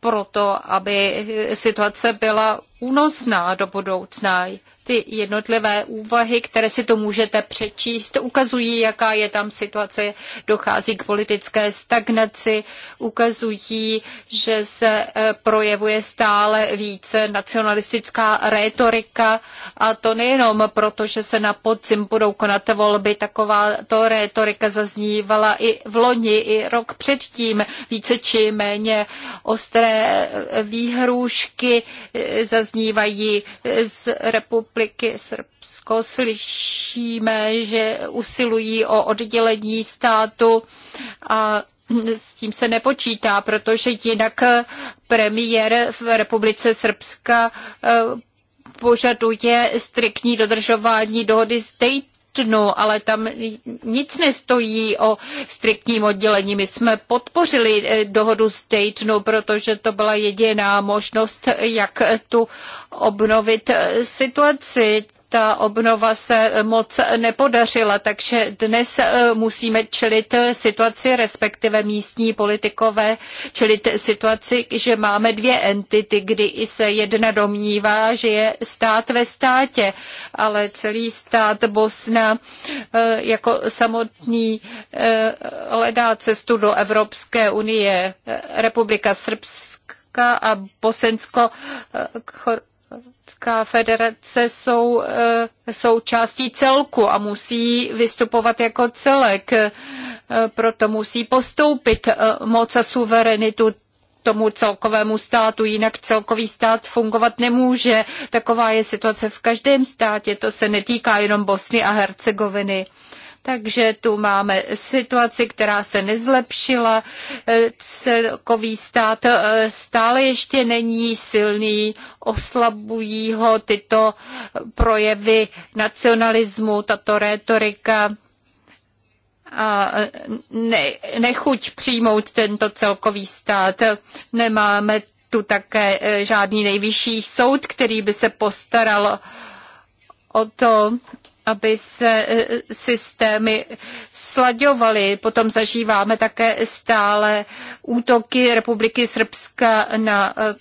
proto aby situace byla únosná do budoucna ty jednotlivé úvahy, které si to můžete přečíst, ukazují, jaká je tam situace, dochází k politické stagnaci, ukazují, že se eh, projevuje stále více nacionalistická rétorika a to nejenom proto, že se na podzim budou konat volby, taková to rétorika zaznívala i v loni, i rok předtím, více či méně ostré eh, výhrůžky eh, zaznívají z republiky republiky Srbsko slyšíme, že usilují o oddělení státu a s tím se nepočítá, protože jinak premiér v republice Srbska eh, požaduje striktní dodržování dohody z Dayton květnu, ale tam nic nestojí o striktním oddělení. My jsme podpořili eh, dohodu s Daytonu, protože to byla jediná možnost, jak tu obnovit eh, situaci ta obnova se moc nepodařila, takže dnes eh, musíme čelit situaci, respektive místní politikové čelit situaci, že máme dvě entity, kdy se jedna domnívá, že je stát ve státě, ale celý stát Bosna eh, jako samotný eh, hledá cestu do Evropské unie. Republika Srbská a Bosensko Ruská federace jsou eh, součástí celku a musí vystupovat jako celek. Eh, proto musí postoupit eh, moc a suverenitu tomu celkovému státu, jinak celkový stát fungovat nemůže. Taková je situace v každém státě, to se netýká jenom Bosny a Hercegoviny. Takže tu máme situaci, která se nezlepšila. Eh, celkový stát eh, stále ještě není silný, oslabují ho tyto projevy nacionalismu, tato rétorika a eh, ne, nechuť přijmout tento celkový stát. Nemáme tu také žádný nejvyšší soud, který by se postaral o to, aby se e, systémy slaďovaly. Potom zažíváme také stále útoky Republiky Srbska na e,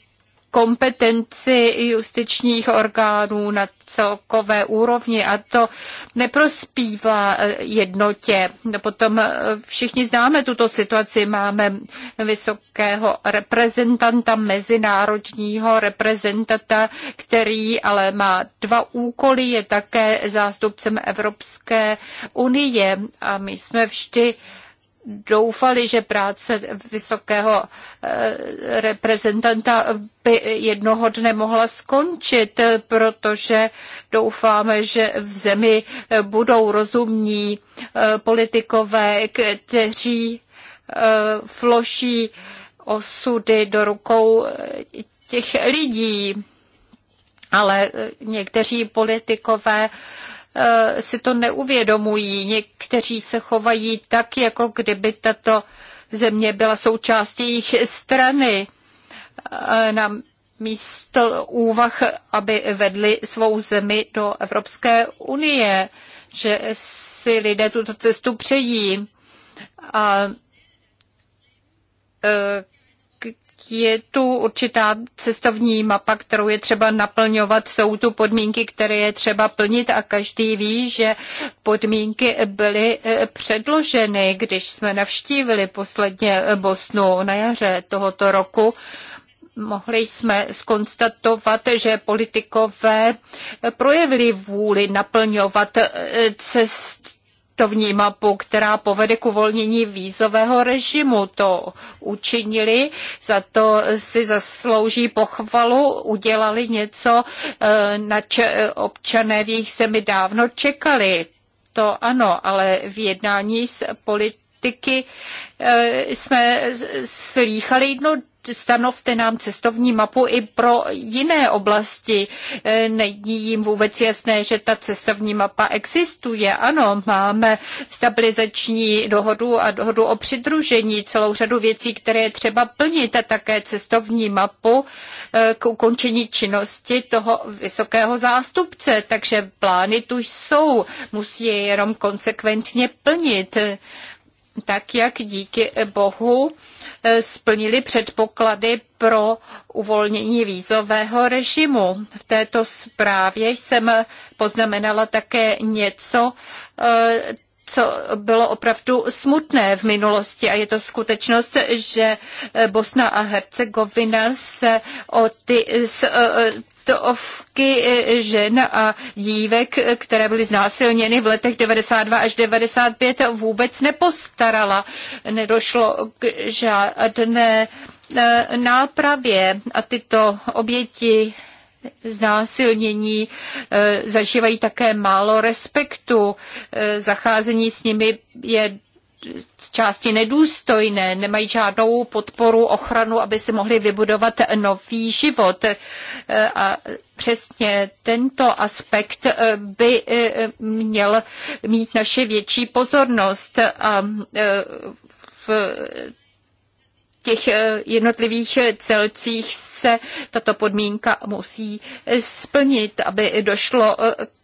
kompetenci justičních orgánů na celkové úrovni a to neprospívá eh, jednotě. No, potom eh, všichni známe tuto situaci, máme vysokého reprezentanta, mezinárodního reprezentanta, který ale má dva úkoly, je také zástupcem Evropské unie a my jsme vždy doufali, že práce vysokého eh, reprezentanta by jednoho dne mohla skončit, protože doufáme, že v zemi budou rozumní eh, politikové, kteří eh, vloží osudy do rukou těch lidí. Ale někteří politikové Eh, si to neuvědomují. Někteří se chovají tak, jako kdyby tato země byla součástí jejich strany. Eh, na místo úvah, aby vedli svou zemi do Evropské unie, že si lidé tuto cestu přejí. A eh, je tu určitá cestovní mapa, kterou je třeba naplňovat. Jsou tu podmínky, které je třeba plnit a každý ví, že podmínky byly eh, předloženy, když jsme navštívili posledně eh, Bosnu na jaře tohoto roku mohli jsme skonstatovat, že politikové eh, projevili vůli naplňovat cest cestovní mapu, která povede k uvolnění vízového režimu. To učinili, za to si zaslouží pochvalu, udělali něco, eh, na če- eh, občané v jejich zemi dávno čekali. To ano, ale v jednání s politiky eh, jsme slýchali jedno stanovte nám cestovní mapu i pro jiné oblasti. E, není jim vůbec jasné, že ta cestovní mapa existuje. Ano, máme stabilizační dohodu a dohodu o přidružení, celou řadu věcí, které je třeba plnit a také cestovní mapu e, k ukončení činnosti toho vysokého zástupce. Takže plány tu jsou, musí je jenom konsekventně plnit. Tak jak díky Bohu Eh, splnili předpoklady pro uvolnění vízového režimu. V této zprávě jsem poznamenala také něco, eh, co bylo opravdu smutné v minulosti a je to skutečnost, že Bosna a Hercegovina se o ty eh, stovky eh, žen a dívek, které byly znásilněny v letech 92 až 95, vůbec nepostarala. Nedošlo k žádné eh, nápravě a tyto oběti znásilnění eh, zažívají také málo respektu. Zacházení s nimi je z části nedůstojné, nemají žádnou podporu, ochranu, aby si mohli vybudovat nový život. E, a přesně tento aspekt e, by e, měl mít naše větší pozornost. A v těch eh, jednotlivých eh, celcích se tato podmínka musí eh, splnit, aby došlo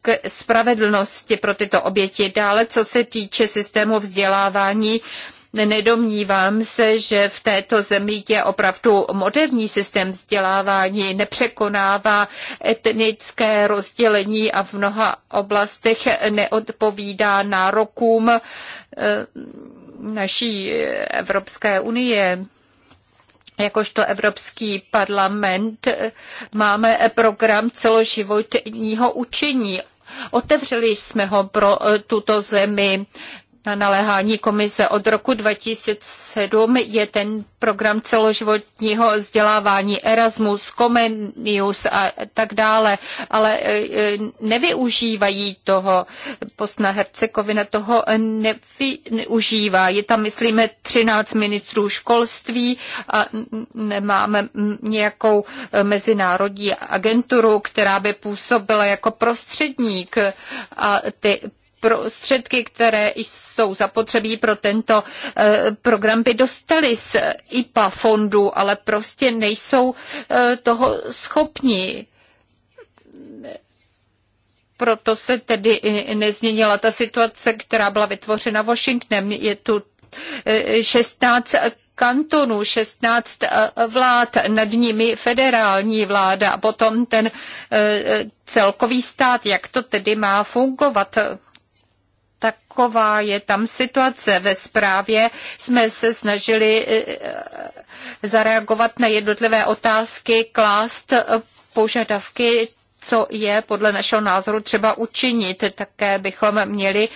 k spravedlnosti pro tyto oběti. Dále, co se týče systému vzdělávání, Nedomnívám se, že v této zemi je opravdu moderní systém vzdělávání, nepřekonává etnické rozdělení a v mnoha oblastech neodpovídá nárokům naší Evropské unie. Jakožto Evropský parlament eh, máme program celoživotního učení. Otevřeli jsme ho pro eh, tuto zemi na naléhání komise od roku 2007 je ten program celoživotního vzdělávání Erasmus, Comenius a tak dále, ale e, e, nevyužívají toho. Bosna Hercegovina toho nevyužívá. Je tam, myslíme, 13 ministrů školství a nemáme nějakou e, mezinárodní agenturu, která by působila jako prostředník a ty prostředky, které jsou zapotřebí pro tento eh, program, by dostali z IPA fondu, ale prostě nejsou eh, toho schopni. Proto se tedy nezměnila ta situace, která byla vytvořena Washingtonem. Je tu 16 eh, kantonů, 16 vlád, nad nimi federální vláda a potom ten celkový stát, jak to tedy má fungovat taková je tam situace. Ve zprávě jsme se snažili eh, eh, zareagovat na jednotlivé otázky, klást požadavky co je podle našeho názoru třeba učinit. Také bychom měli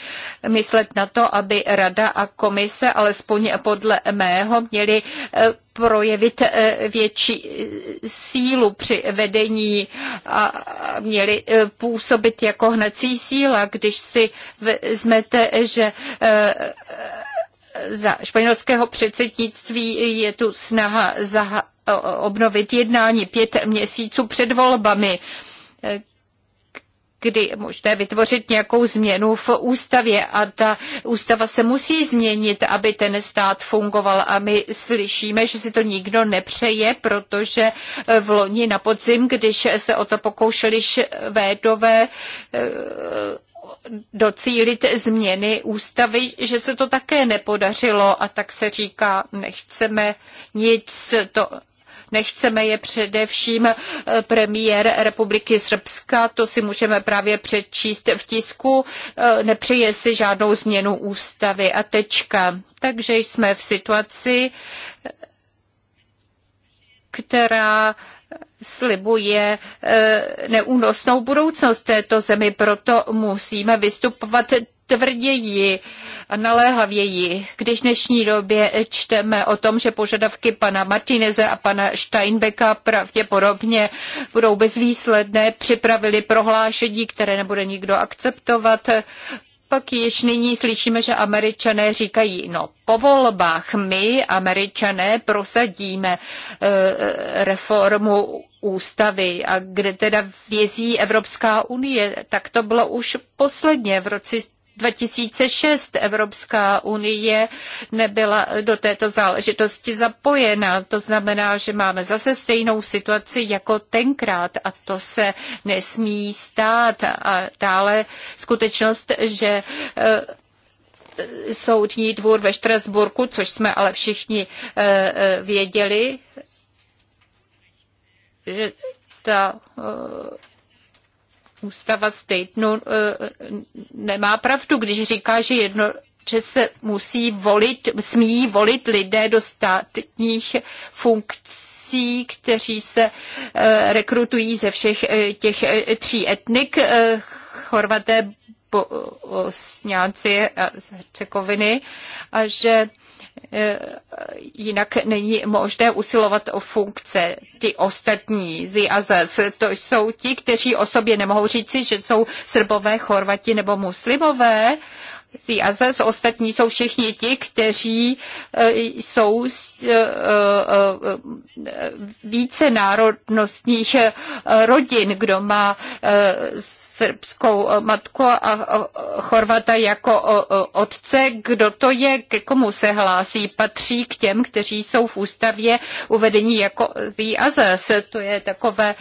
myslet na to, aby Rada a komise, alespoň podle mého, měli eh, projevit eh, větší eh, sílu při vedení a měli působit jako hnací síla, když si vezmete, že za španělského předsednictví je tu snaha obnovit jednání pět měsíců před volbami kdy možné vytvořit nějakou změnu v ústavě a ta ústava se musí změnit, aby ten stát fungoval a my slyšíme, že si to nikdo nepřeje, protože eh, v loni na podzim, když se o to pokoušeli švédové eh, docílit změny ústavy, že se to také nepodařilo a tak se říká, nechceme nic, to Nechceme je především eh, premiér Republiky Srbska, to si můžeme právě přečíst v tisku, eh, nepřeje si žádnou změnu ústavy a tečka. Takže jsme v situaci, která slibuje eh, neúnosnou budoucnost této zemi, proto musíme vystupovat tvrději a naléhavěji, když v dnešní době čteme o tom, že požadavky pana Martineze a pana Steinbecka pravděpodobně budou bezvýsledné, připravili prohlášení, které nebude nikdo akceptovat. Pak již nyní slyšíme, že američané říkají, no po volbách my, američané, prosadíme e, e reformu ústavy a kde teda vězí Evropská unie, tak to bylo už posledně v roce 2006 Evropská unie nebyla do této záležitosti zapojena. To znamená, že máme zase stejnou situaci jako tenkrát a to se nesmí stát. A dále skutečnost, že eh, soudní dvůr ve Štrasburku, což jsme ale všichni eh, eh, věděli, že ta ústava Statenu eh, nemá pravdu, když říká, že jedno že se musí volit, smí volit lidé do státních funkcí, kteří se eh, rekrutují ze všech eh, těch tří etnik, Chorvaté, Bosňáci a Hercegoviny, a že Eh, jinak není možné usilovat o funkce. Ty ostatní, the others, to jsou ti, kteří o sobě nemohou říci, že jsou srbové, chorvati nebo muslimové, The others, ostatní jsou všichni ti, kteří e, jsou z e, e, více národnostních rodin, kdo má srbskou matku a Chorvata jako otce, kdo to je, ke komu se hlásí, patří k těm, kteří jsou v ústavě uvedení jako the others. To je takové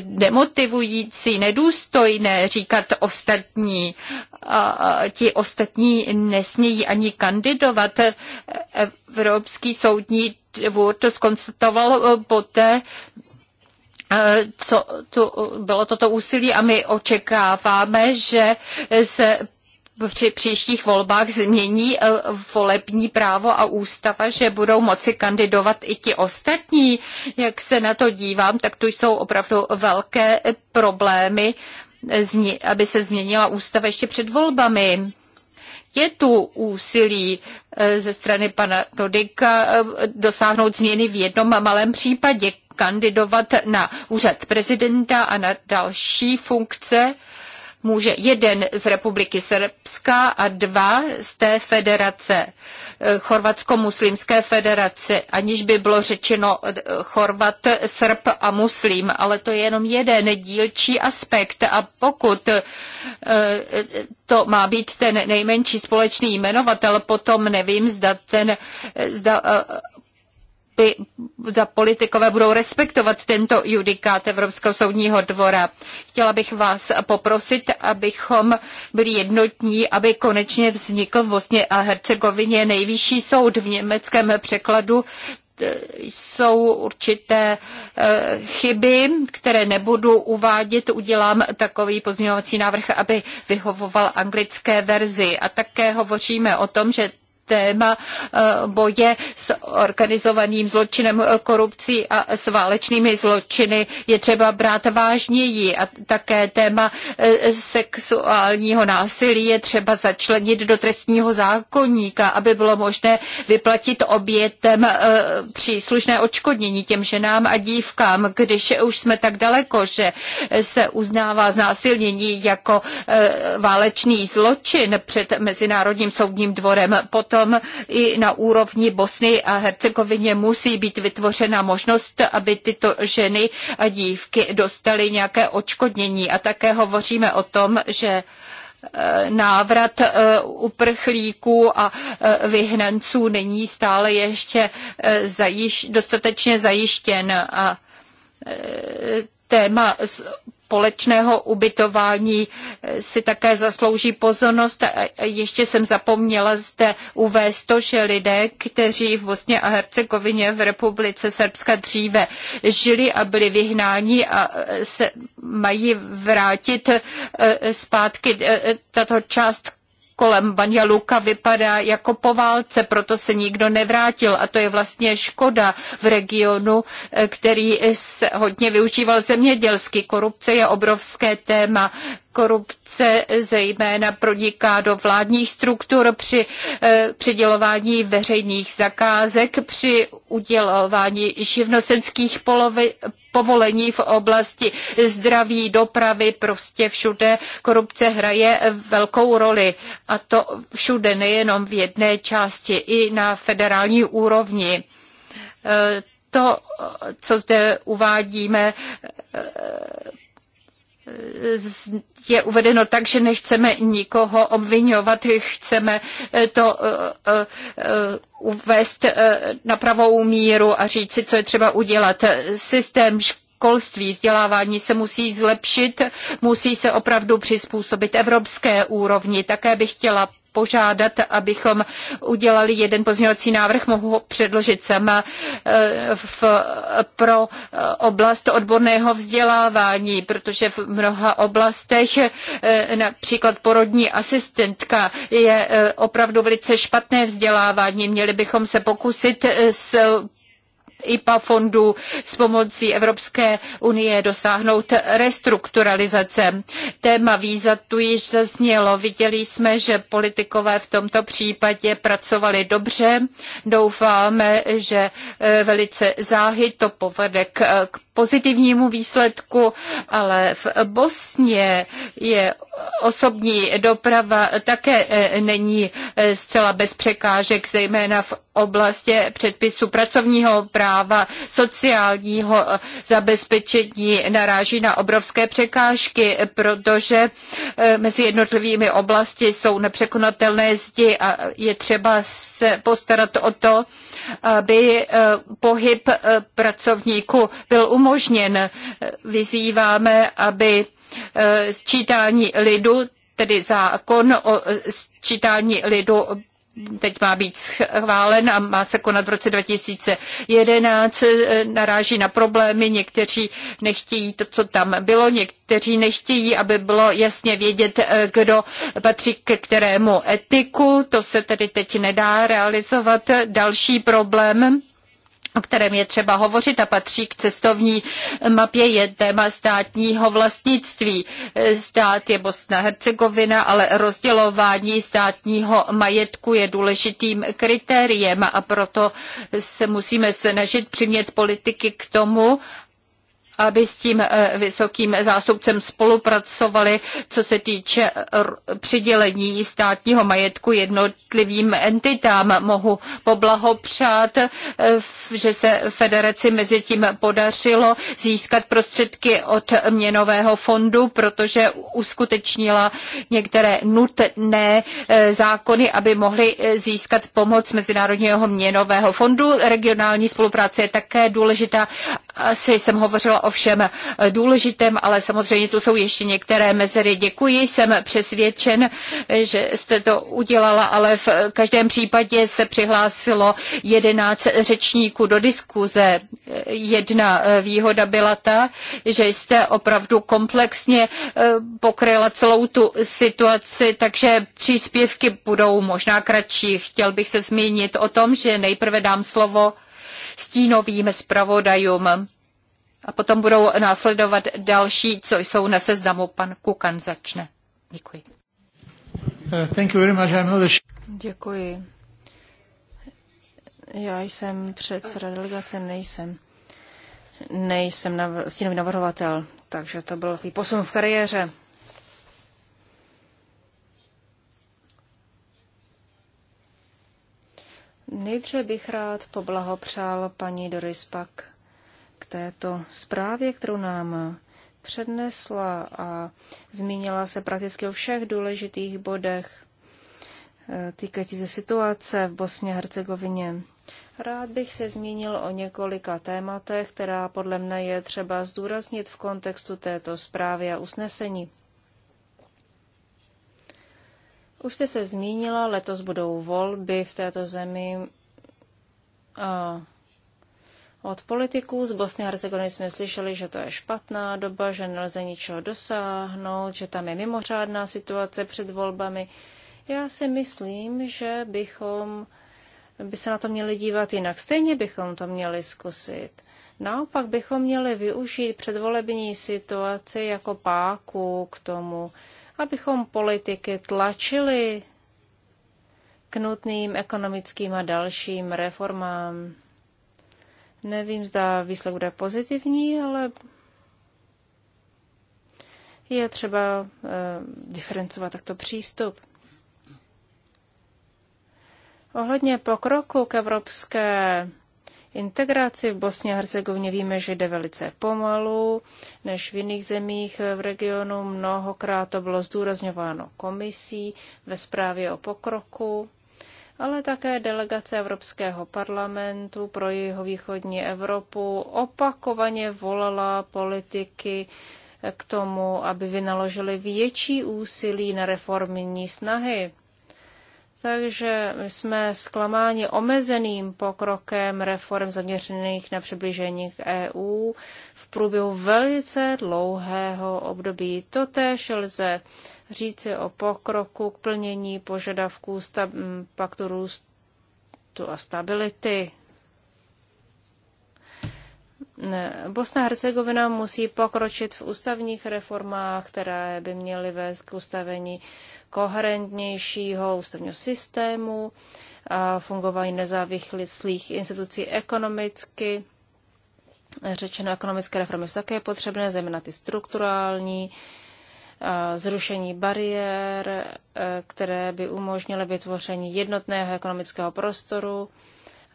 demotivující, nedůstojné říkat ostatní. A ti ostatní ostatní nesmějí ani kandidovat. Evropský soudní dvůr to skonstatoval poté, eh, co tu bylo toto úsilí a my očekáváme, že se při příštích volbách změní eh, volební právo a ústava, že budou moci kandidovat i ti ostatní. Jak se na to dívám, tak tu jsou opravdu velké problémy, aby se změnila ústava ještě před volbami. Je tu úsilí eh, ze strany pana Dodika eh, dosáhnout změny v jednom malém případě, kandidovat na úřad prezidenta a na další funkce může jeden z Republiky Srbska a dva z té federace, eh, Chorvatsko-Muslimské federace, aniž by bylo řečeno eh, Chorvat, Srb a Muslim, ale to je jenom jeden dílčí aspekt a pokud eh, to má být ten nejmenší společný jmenovatel, potom nevím, zda ten zda, by za politikové budou respektovat tento judikát Evropského soudního dvora. Chtěla bych vás poprosit, abychom byli jednotní, aby konečně vznikl v Bosně a Hercegovině nejvyšší soud v německém překladu e, jsou určité e, chyby, které nebudu uvádět. Udělám takový pozměňovací návrh, aby vyhovoval anglické verzi. A také hovoříme o tom, že téma eh, boje s organizovaným zločinem, eh, korupcí a s válečnými zločiny je třeba brát vážněji a také téma eh, sexuálního násilí je třeba začlenit do trestního zákonníka, aby bylo možné vyplatit obětem příslušné očkodnění těm ženám a dívkám, když už jsme tak daleko, že se uznává znásilnění jako válečný zločin před Mezinárodním soudním dvorem. pod potom i na úrovni Bosny a Hercegovině musí být vytvořena možnost, aby tyto ženy a dívky dostaly nějaké očkodnění. A také hovoříme o tom, že e, návrat e, uprchlíků a e, vyhnanců není stále ještě dostatečně zajištěn. A téma společného ubytování eh, si také zaslouží pozornost. Ještě jsem zapomněla zde uvést to, že lidé, kteří v Bosně a Hercegovině v republice Srbska dříve žili a byli vyhnáni a se mají vrátit eh, zpátky. Eh, tato část kolem Banja Luka vypadá jako po válce, proto se nikdo nevrátil a to je vlastně škoda v regionu, eh, který se hodně využíval zemědělsky. Korupce je obrovské téma korupce zejména proniká do vládních struktur při eh, přidělování veřejných zakázek, při udělování živnostenských polovi, povolení v oblasti zdraví, dopravy, prostě všude korupce hraje velkou roli. A to všude, nejenom v jedné části, i na federální úrovni. Eh, to, co zde uvádíme, eh, je uvedeno tak, že nechceme nikoho obvinovat, chceme eh, to eh, eh, uvést na pravou míru a říct si, co je třeba udělat. Systém školství, vzdělávání se musí zlepšit, musí se opravdu přizpůsobit evropské úrovni. Také bych chtěla požádat, abychom udělali jeden pozměňovací návrh, mohu ho předložit sama eh, v, pro eh, oblast odborného vzdělávání, protože v mnoha oblastech eh, například porodní asistentka je opravdu velice špatné vzdělávání. Měli bychom se pokusit s IPA fondu s pomocí Evropské unie dosáhnout restrukturalizace. Téma víza tu již zaznělo. Viděli jsme, že politikové v tomto případě pracovali dobře. Doufáme, že eh, velice záhy to povede k, pozitivnímu výsledku, ale v Bosně je osobní doprava také e, není e, zcela bez překážek, zejména v oblasti předpisu pracovního práva, sociálního e, zabezpečení naráží na obrovské překážky, protože mezi jednotlivými oblasti jsou nepřekonatelné zdi a je třeba se postarat o to, aby pohyb pracovníků byl umožněn umožněn. Vyzýváme, aby eh, sčítání lidu, tedy zákon o eh, sčítání lidu teď má být schválen a má se konat v roce 2011, eh, naráží na problémy, někteří nechtějí to, co tam bylo, někteří nechtějí, aby bylo jasně vědět, kdo patří ke kterému etiku, to se tedy teď nedá realizovat. Další problém o kterém je třeba hovořit a patří k cestovní mapě, je téma státního vlastnictví. Stát je Bosna Hercegovina, ale rozdělování státního majetku je důležitým kritériem a proto se musíme snažit přimět politiky k tomu, aby s tím eh, vysokým zástupcem spolupracovali, co se týče přidělení státního majetku jednotlivým entitám. Mohu poblahopřát, eh, že se federaci mezi tím podařilo získat prostředky od měnového fondu, protože uskutečnila některé nutné eh, zákony, aby mohli získat pomoc Mezinárodního měnového fondu. Regionální spolupráce je také důležitá asi jsem hovořila o všem důležitém, ale samozřejmě tu jsou ještě některé mezery. Děkuji, jsem přesvědčen, že jste to udělala, ale v každém případě se přihlásilo 11 řečníků do diskuze. Jedna výhoda byla ta, že jste opravdu komplexně eh, pokryla celou tu situaci, takže příspěvky budou možná kratší. Chtěl bych se zmínit o tom, že nejprve dám slovo stínovým zpravodajům. A potom budou následovat další, co jsou na seznamu. Pan Kukan začne. Děkuji. Uh, thank you very much. Děkuji. Já jsem předseda delegace, nejsem. Nejsem nav- stínový navrhovatel, takže to byl takový posun v kariéře. Nejdře bych rád poblahopřál paní Doris Pak k této zprávě, kterou nám přednesla a zmínila se prakticky o všech důležitých bodech eh, týkající se situace v Bosně a Hercegovině. Rád bych se zmínil o několika tématech, která podle mne je třeba zdůraznit v kontextu této zprávy a usnesení. Už jste se zmínila, letos budou volby v této zemi. A od politiků z Bosny a Hercegoviny jsme slyšeli, že to je špatná doba, že nelze ničeho dosáhnout, že tam je mimořádná situace před volbami. Já si myslím, že bychom by se na to měli dívat jinak. Stejně bychom to měli zkusit. Naopak bychom měli využít předvolební situaci jako páku k tomu, abychom politiky tlačili k nutným ekonomickým a dalším reformám. Nevím, zda výsledek bude pozitivní, ale je třeba eh, diferencovat takto přístup. Ohledně pokroku k evropské integraci v Bosně a Hercegovině víme, že jde velice pomalu, než v jiných zemích v regionu. Mnohokrát to bylo zdůrazňováno komisí ve zprávě o pokroku, ale také delegace Evropského parlamentu pro jeho východní Evropu opakovaně volala politiky k tomu, aby vynaložili větší úsilí na reformní snahy takže jsme zklamáni omezeným pokrokem reform zaměřených na přiblížení k EU v průběhu velice dlouhého období. Totéž lze říci o pokroku k plnění požadavků paktu růstu a stability. Bosna a Hercegovina musí pokročit v ústavních reformách, které by měly vést k ustavení koherentnějšího ústavního systému, a fungování nezávislých institucí ekonomicky. Řečeno ekonomické reformy jsou také potřebné, zejména ty strukturální, zrušení bariér, e, které by umožnily vytvoření jednotného ekonomického prostoru,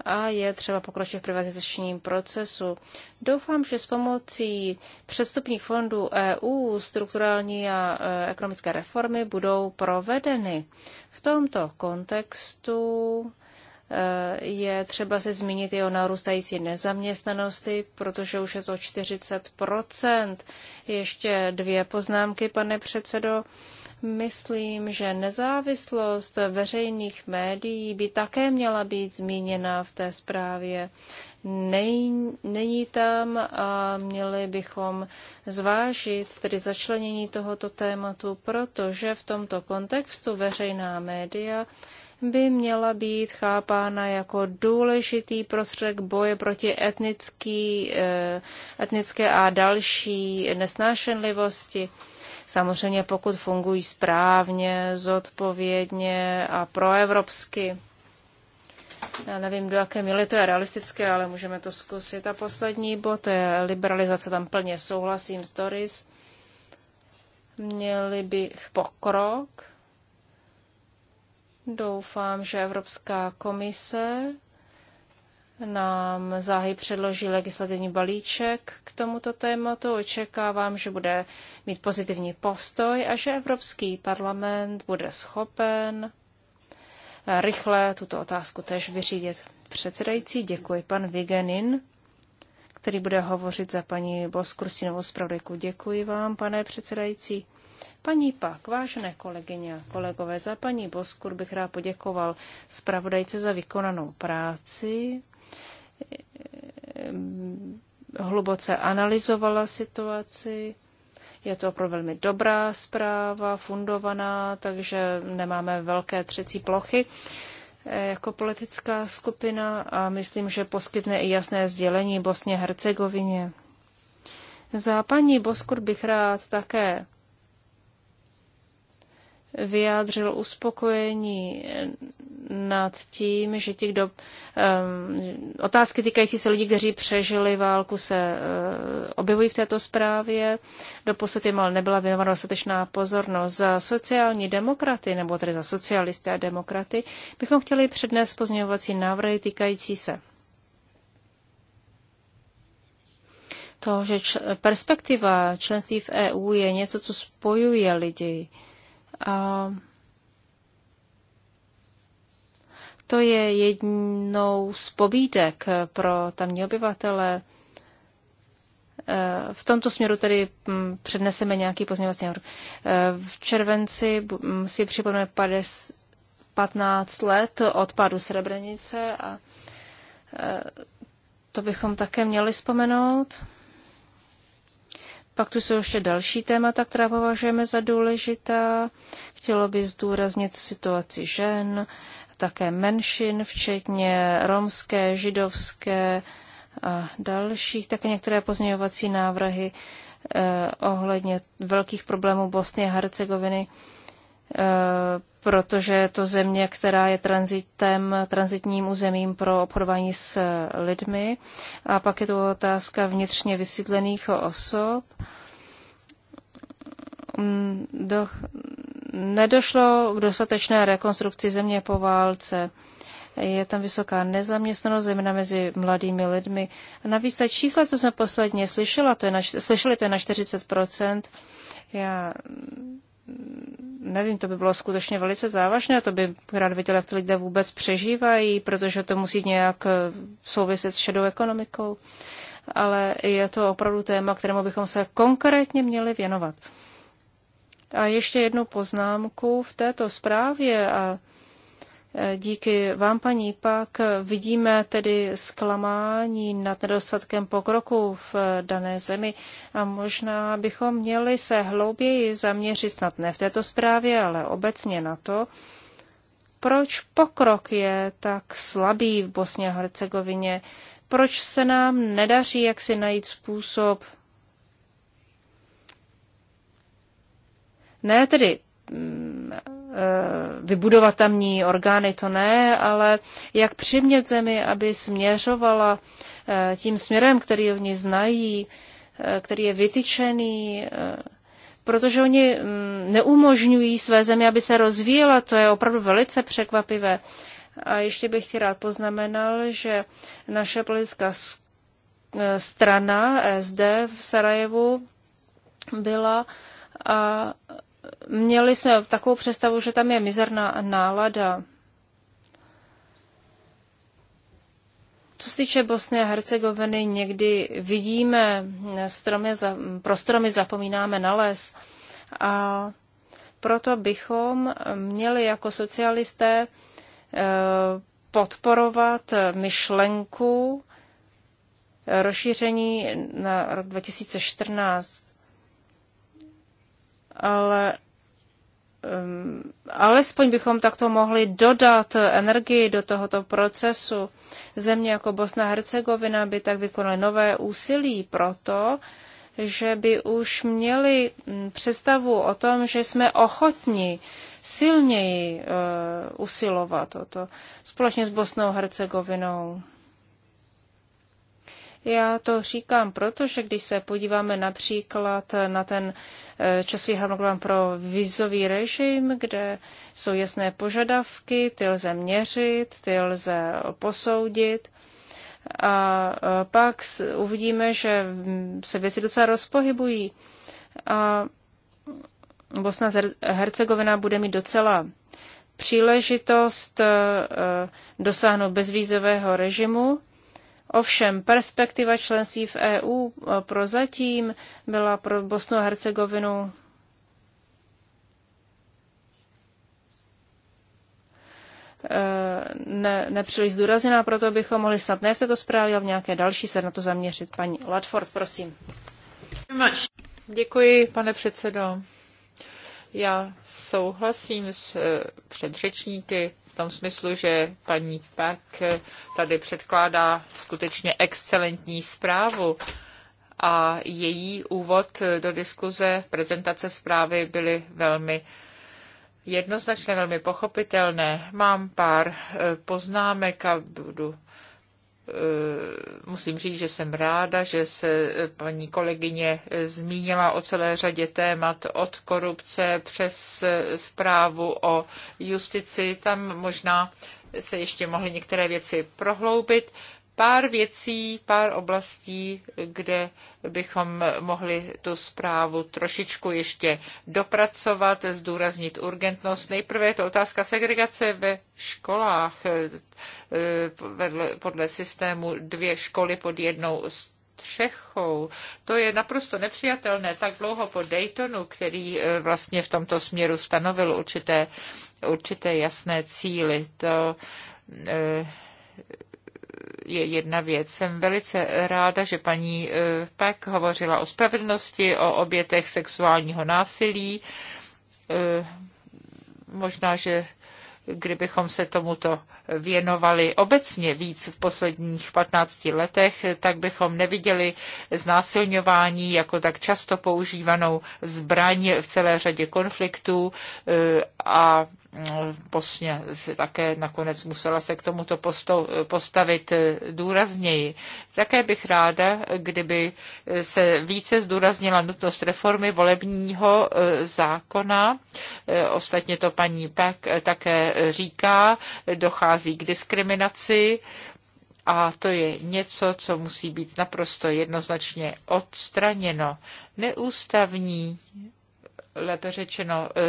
a je třeba pokročit v privatizačním procesu. Doufám, že s pomocí předstupních fondů EU strukturální a e, ekonomické reformy budou provedeny. V tomto kontextu e, je třeba se zmínit i o narůstající nezaměstnanosti, protože už je to 40 Ještě dvě poznámky, pane předsedo. Myslím, že nezávislost veřejných médií by také měla být zmíněna v té zprávě. není tam a měli bychom zvážit tedy začlenění tohoto tématu, protože v tomto kontextu veřejná média by měla být chápána jako důležitý prostředek boje proti etnický, eh, etnické a další nesnášenlivosti. Samozřejmě pokud fungují správně, zodpovědně a proevropsky. Já nevím, do jaké míry to je realistické, ale můžeme to zkusit. A poslední bod to je liberalizace, tam plně souhlasím s Doris. Měli bych pokrok. Doufám, že Evropská komise nám záhy předloží legislativní balíček k tomuto tématu. Očekávám, že bude mít pozitivní postoj a že Evropský parlament bude schopen rychle tuto otázku tež vyřídit. Předsedající, děkuji pan Vigenin, který bude hovořit za paní Boskursinovou zpravodajku. Děkuji vám, pane předsedající. Paní Pak, vážené kolegyně a kolegové, za paní Boskur bych rád poděkoval zpravodajce za vykonanou práci hluboce analyzovala situaci. Je to opravdu velmi dobrá zpráva, fundovaná, takže nemáme velké třecí plochy eh, jako politická skupina a myslím, že poskytne i jasné sdělení Bosně Hercegovině. Za paní Boskur bych rád také vyjádřil uspokojení nad tím, že ti, kdo um, otázky týkající se lidí, kteří přežili válku, se uh, objevují v této zprávě. Doposud jim ale nebyla věnována dostatečná pozornost. Za sociální demokraty, nebo tedy za socialisty a demokraty, bychom chtěli přednést pozměňovací návrhy týkající se toho, že perspektiva členství v EU je něco, co spojuje lidi. A to je jednou z pobídek pro tamní obyvatele. E, v tomto směru tedy mm, předneseme nějaký pozměňovací návrh. E, v červenci mm, si připomeneme 15 let od pádu Srebrenice a e, to bychom také měli vzpomenout. Pak tu jsou ještě další témata, která považujeme za důležitá. Chtělo by zdůraznit situaci žen, také menšin, včetně romské, židovské a dalších, také některé pozměňovací návrhy eh, ohledně velkých problémů Bosny a Hercegoviny. Eh, Eh, protože je to země, která je transitem, transitním územím pro obchodování s eh, lidmi. A pak je to otázka vnitřně vysídlených osob. Mm, do, nedošlo k dostatečné rekonstrukci země po válce. Je tam vysoká nezaměstnanost, zejména mezi mladými lidmi. navíc ta čísla, co jsem posledně slyšela, to je na, slyšeli, to je na 40%. Já nevím, to by bylo skutečně velice závažné, to by rád viděl, jak ty lidé vůbec přežívají, protože to musí nějak eh, souviset s šedou ekonomikou. Ale je to opravdu téma, kterému bychom se konkrétně měli věnovat. A ještě jednu poznámku v této zprávě a Díky vám, paní, pak vidíme tedy zklamání nad nedostatkem pokroku v dané zemi a možná bychom měli se hlouběji zaměřit snad ne v této zprávě, ale obecně na to, proč pokrok je tak slabý v Bosně a Hercegovině, proč se nám nedaří jak si najít způsob, ne tedy mm, Eh, vybudovat tamní orgány, to ne, ale jak přimět zemi, aby směřovala eh, tím směrem, který oni znají, eh, který je vytyčený, protože oni mm, neumožňují své zemi, aby se rozvíjela, to je opravdu velice překvapivé. A ještě bych ti rád poznamenal, že naše politická strana SD v Sarajevu byla a měli jsme takovou představu, že tam je mizerná nálada. Co se týče Bosny a Hercegoviny, někdy vidíme stromy, za, pro stromy zapomínáme na les. A proto bychom měli jako socialisté eh, podporovat myšlenku eh, rozšíření na rok 2014 ale um, alespoň bychom takto mohli dodat energii do tohoto procesu. Země jako Bosna a Hercegovina by tak vykonaly nové úsilí proto, že by už měli mm, představu o tom, že jsme ochotni silněji uh, usilovat o to společně s Bosnou a Hercegovinou. Já to říkám, protože když se podíváme například na ten eh, časový harmonogram pro vizový režim, kde jsou jasné požadavky, ty lze měřit, ty lze posoudit, a eh, pak uvidíme, že mm, se věci docela rozpohybují. A Bosna Hercegovina bude mít docela příležitost eh, dosáhnout bezvízového režimu Ovšem perspektiva členství v EU e, prozatím byla pro Bosnu a Hercegovinu e, ne, nepříliš zdůrazněná, proto bychom mohli snad ne v této zprávě, ale v nějaké další se na to zaměřit. Paní Ladford, prosím. Děkuji, pane předsedo. Já souhlasím s e, předřečníky tom smyslu, že paní Pak tady předkládá skutečně excelentní zprávu a její úvod do diskuze, prezentace zprávy byly velmi jednoznačně velmi pochopitelné. Mám pár eh, poznámek a budu Eh, musím říct, že jsem ráda, že se eh, paní kolegyně eh, zmínila o celé řadě témat od korupce přes zprávu o justici. Tam možná se ještě mohly některé věci prohloubit pár věcí, pár oblastí, kde bychom mohli tu zprávu trošičku ještě dopracovat, zdůraznit urgentnost. Nejprve je to otázka segregace ve školách e, podle systému dvě školy pod jednou střechou. To je naprosto nepřijatelné tak dlouho po Daytonu, který e, vlastně v tomto směru stanovil určité, určité jasné cíly. To, e, je jedna věc. Jsem velice ráda, že paní eh, Peck hovořila o spravedlnosti, o obětech sexuálního násilí. Eh, možná, že kdybychom se tomuto věnovali obecně víc v posledních 15 letech, tak bychom neviděli znásilňování jako tak často používanou zbraň v celé řadě konfliktů eh, a v Bosně se také nakonec musela se k tomuto postavit eh, důrazněji. Také bych ráda, kdyby eh, se více zdůraznila nutnost reformy volebního eh, zákona. Ostatně to paní Peck také říká, dochází k diskriminaci a to je něco, co musí být naprosto jednoznačně odstraněno. Neústavní lépe řečeno, e,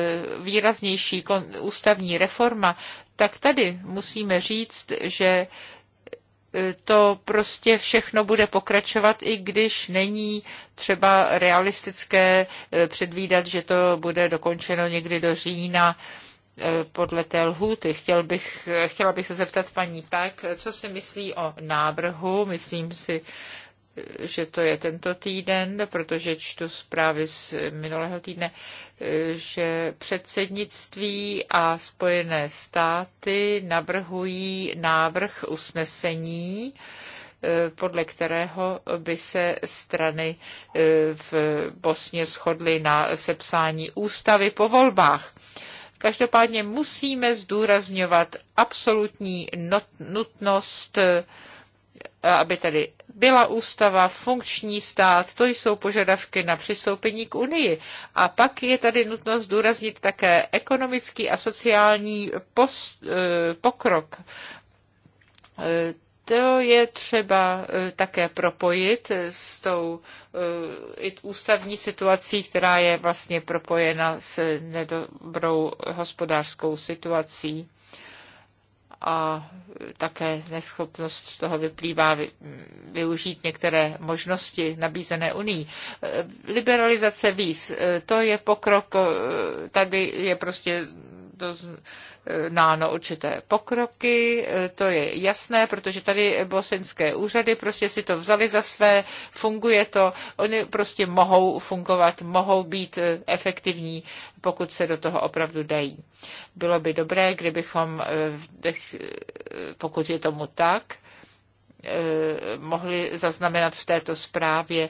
výraznější ústavní reforma, tak tady musíme říct, že e, to prostě všechno bude pokračovat, i když není třeba realistické e, předvídat, že to bude dokončeno někdy do října podle té lhůty. Chtěl bych, chtěla bych se zeptat paní Pek, co si myslí o návrhu. Myslím si, že to je tento týden, protože čtu zprávy z minulého týdne, že předsednictví a Spojené státy navrhují návrh usnesení, podle kterého by se strany eh, v Bosně shodly na sepsání ústavy po volbách. Každopádně musíme zdůrazňovat absolutní nutnost, eh, aby tedy byla ústava, funkční stát, to jsou požadavky na přistoupení k Unii. A pak je tady nutno zdůraznit také ekonomický a sociální post, eh, pokrok. Eh, to je třeba eh, také propojit s tou ústavní situací, která je vlastně propojena s nedobrou hospodářskou situací a také neschopnost z toho vyplývá využít některé možnosti nabízené Unii. Liberalizace víz, to je pokrok, eh, tady je prostě doznáno určité pokroky, to je jasné, protože tady bosenské úřady prostě si to vzali za své, funguje to, oni prostě mohou fungovat, mohou být efektivní, pokud se do toho opravdu dají. Bylo by dobré, kdybychom, eh, eh, pokud je tomu tak, eh, mohli zaznamenat v této zprávě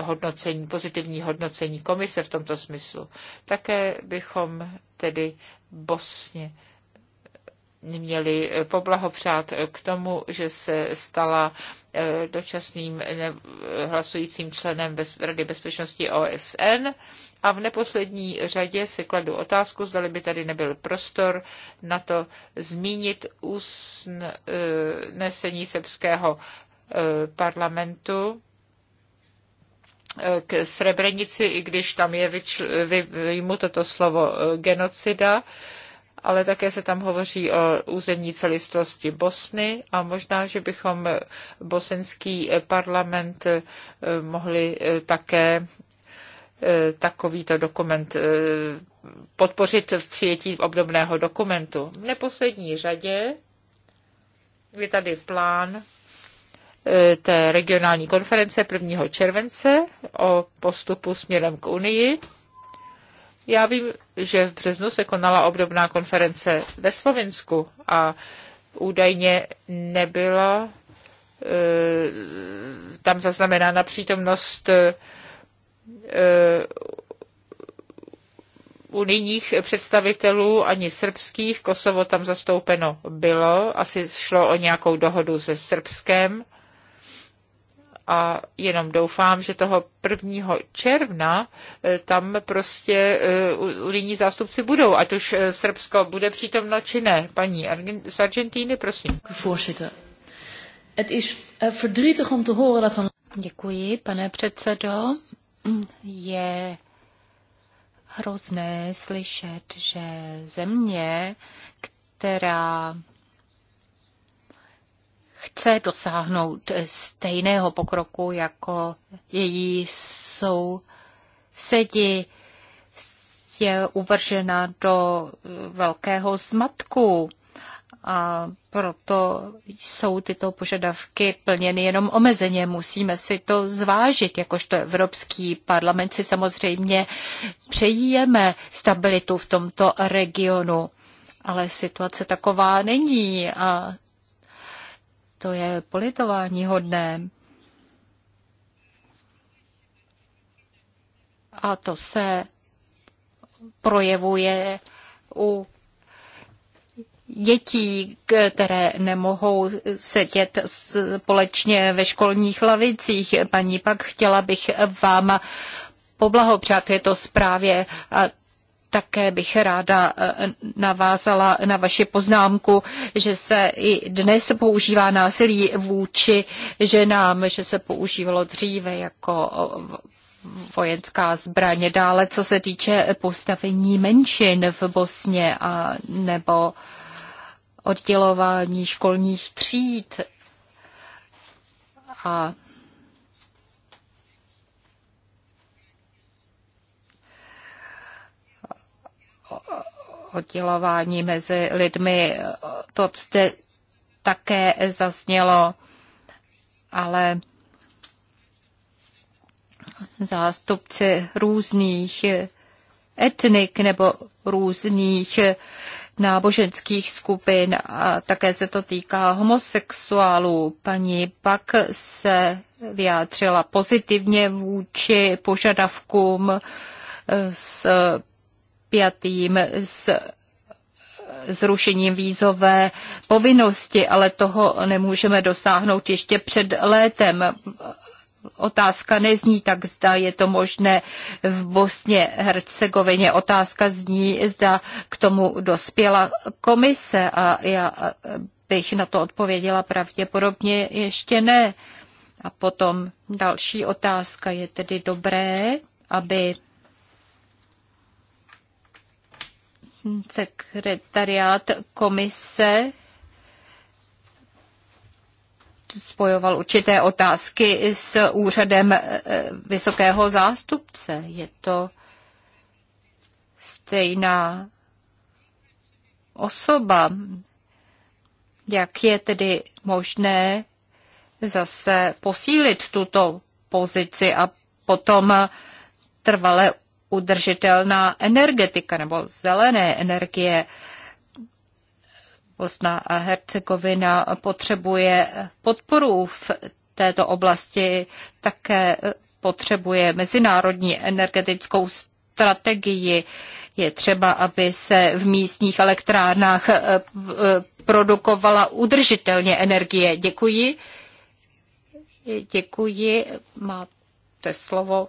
hodnocení, pozitivní hodnocení komise v tomto smyslu. Také bychom tedy Bosně měli poblahopřát k tomu, že se stala eh, dočasným hlasujícím členem Bez, Rady bezpečnosti OSN. A v neposlední řadě si kladu otázku, zda by tady nebyl prostor na to zmínit usnesení srbského eh, parlamentu k Srebrenici, i když tam je vyjmu toto slovo eh, genocida, ale také se tam hovoří o územní celistvosti Bosny a možná, že bychom eh, bosenský eh, parlament mohli také takovýto dokument podpořit v přijetí obdobného dokumentu. V neposlední řadě je tady plán E, té regionální konference 1. července o postupu směrem k Unii. Já vím, že v březnu se konala obdobná konference ve Slovensku a údajně nebyla e, tam zaznamenána přítomnost e, unijních představitelů, ani srbských. Kosovo tam zastoupeno bylo, asi šlo o nějakou dohodu se Srbskem a jenom doufám, že toho 1. června eh, tam prostě líní eh, zástupci budou, ať už eh, Srbsko bude přítomno či ne. Paní z Argentíny, prosím. Děkuji, pane předsedo. Je hrozné slyšet, že země, která chce dosáhnout stejného pokroku jako její jsou sedí je uvržena do velkého zmatku a proto jsou tyto požadavky plněny jenom omezeně. Musíme si to zvážit, jakožto Evropský parlament si samozřejmě přejíme stabilitu v tomto regionu, ale situace taková není a to je politování hodné. A to se projevuje u dětí, které nemohou sedět společně ve školních lavicích. Paní, pak chtěla bych vám poblahopřát této zprávě a také bych ráda eh, navázala na vaši poznámku, že se i dnes používá násilí vůči ženám, že se používalo dříve jako vojenská zbraně. Dále, co se týče postavení menšin v Bosně a nebo oddělování školních tříd a oddělování mezi lidmi. To zde také zaznělo, ale zástupci různých etnik nebo různých náboženských skupin a také se to týká homosexuálů. Paní pak se vyjádřila pozitivně vůči požadavkům z spjatým s zrušením vízové povinnosti, ale toho nemůžeme dosáhnout ještě před létem. Otázka nezní tak, zda je to možné v Bosně Hercegovině. Otázka zní, zda k tomu dospěla komise a já bych na to odpověděla pravděpodobně ještě ne. A potom další otázka je tedy dobré, aby sekretariát komise spojoval určité otázky s úřadem eh, vysokého zástupce. Je to stejná osoba. Jak je tedy možné zase posílit tuto pozici a potom trvale udržitelná energetika nebo zelené energie. Bosna a Hercegovina potřebuje podporu v této oblasti, také potřebuje mezinárodní energetickou strategii. Je třeba, aby se v místních elektrárnách eh, eh, produkovala udržitelně energie. Děkuji. Děkuji. Máte slovo.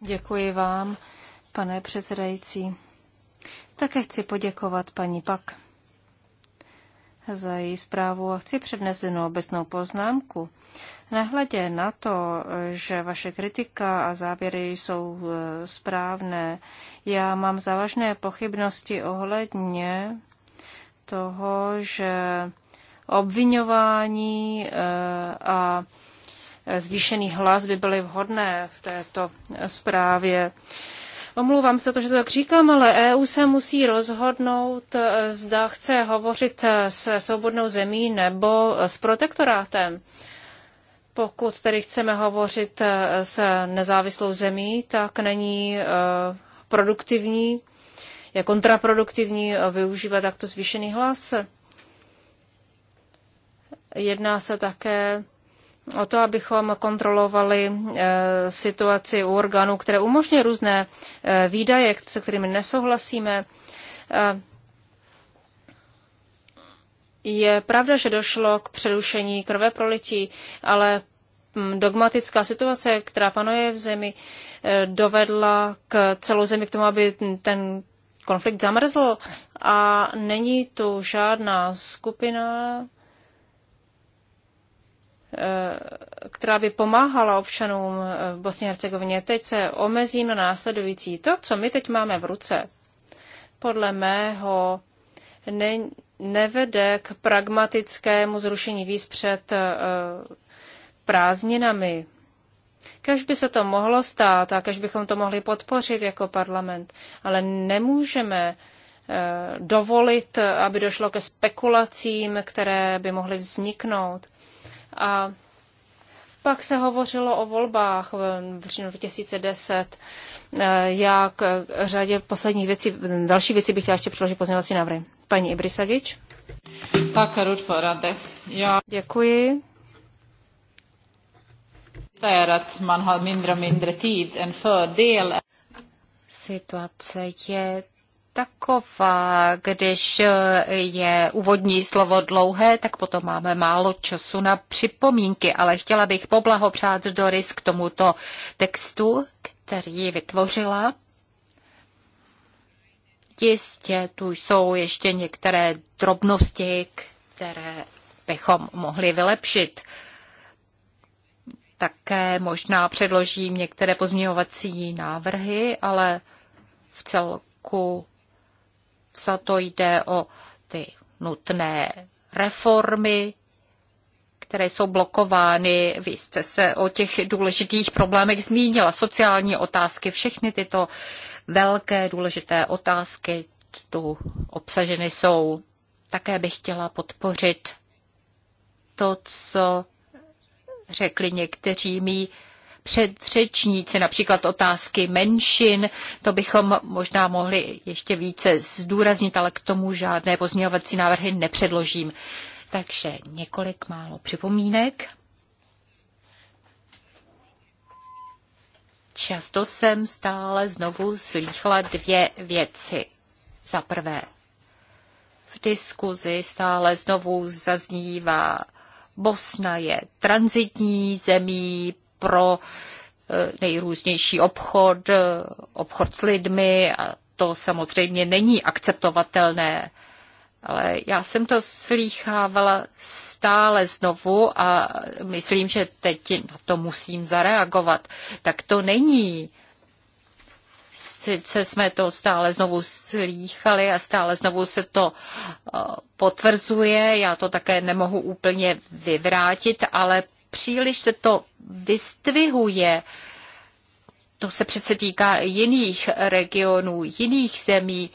Děkuji vám, pane předsedající. Také chci poděkovat paní Pak za její zprávu a chci přednést jednu obecnou poznámku. Nehledě na to, že vaše kritika a záběry jsou eh, správné, já mám závažné pochybnosti ohledně toho, že obvinování eh, a zvýšený hlas by byly vhodné v této zprávě. Omlouvám se to, že to tak říkám, ale EU se musí rozhodnout, zda chce hovořit se svobodnou zemí nebo s protektorátem. Pokud tedy chceme hovořit s nezávislou zemí, tak není eh, produktivní, je kontraproduktivní eh, využívat takto zvýšený hlas. Jedná se také o to, abychom kontrolovali eh, situaci u orgánů, které umožňují různé eh, výdaje, se kterými nesouhlasíme. Eh, je pravda, že došlo k přerušení krve prolití, ale hm, dogmatická situace, která panuje v zemi, dovedla k celou zemi k tomu, aby ten konflikt zamrzl a není tu žádná skupina Eh, která by pomáhala občanům eh, v Bosně a Hercegovině. Teď se omezím na následující. To, co my teď máme v ruce, podle mého ne, nevede k pragmatickému zrušení víz před eh, prázdninami. Kaž by se to mohlo stát a kaž bychom to mohli podpořit jako parlament, ale nemůžeme dovolit, aby došlo ke spekulacím, které by mohly vzniknout. A pak se hovořilo o volbách v říjnu 2010. Eh, jak řadě posledních věcí, další věci bych chtěla ještě přiložit pozměňovací návrhy. Paní Ibrisagič. Tak, rade. Já... Děkuji. Situace je taková, když eh, je úvodní slovo dlouhé, tak potom máme málo času na připomínky, ale chtěla bych poblahopřát Doris k tomuto textu, který vytvořila. Jistě tu jsou ještě některé drobnosti, které bychom mohli vylepšit. Také možná předložím některé pozměňovací návrhy, ale v celku za to jde o ty nutné reformy, které jsou blokovány. Vy jste se o těch důležitých problémech zmínila. Sociální otázky, všechny tyto velké důležité otázky tu obsaženy jsou. Také bych chtěla podpořit to, co řekli někteří mý předřečníci, například otázky menšin, to bychom možná mohli ještě více zdůraznit, ale k tomu žádné pozměňovací návrhy nepředložím. Takže několik málo připomínek. Často jsem stále znovu slychla dvě věci. Za prvé, v diskuzi stále znovu zaznívá, Bosna je transitní zemí pro eh, nejrůznější obchod, eh, obchod s lidmi a to samozřejmě není akceptovatelné. Ale já jsem to slýchávala stále znovu a myslím, že teď na to musím zareagovat. Tak to není. Sice jsme to stále znovu slýchali a stále znovu se to eh, potvrzuje, já to také nemohu úplně vyvrátit, ale příliš se to vystvihuje. To se přece týká jiných regionů, jiných zemí,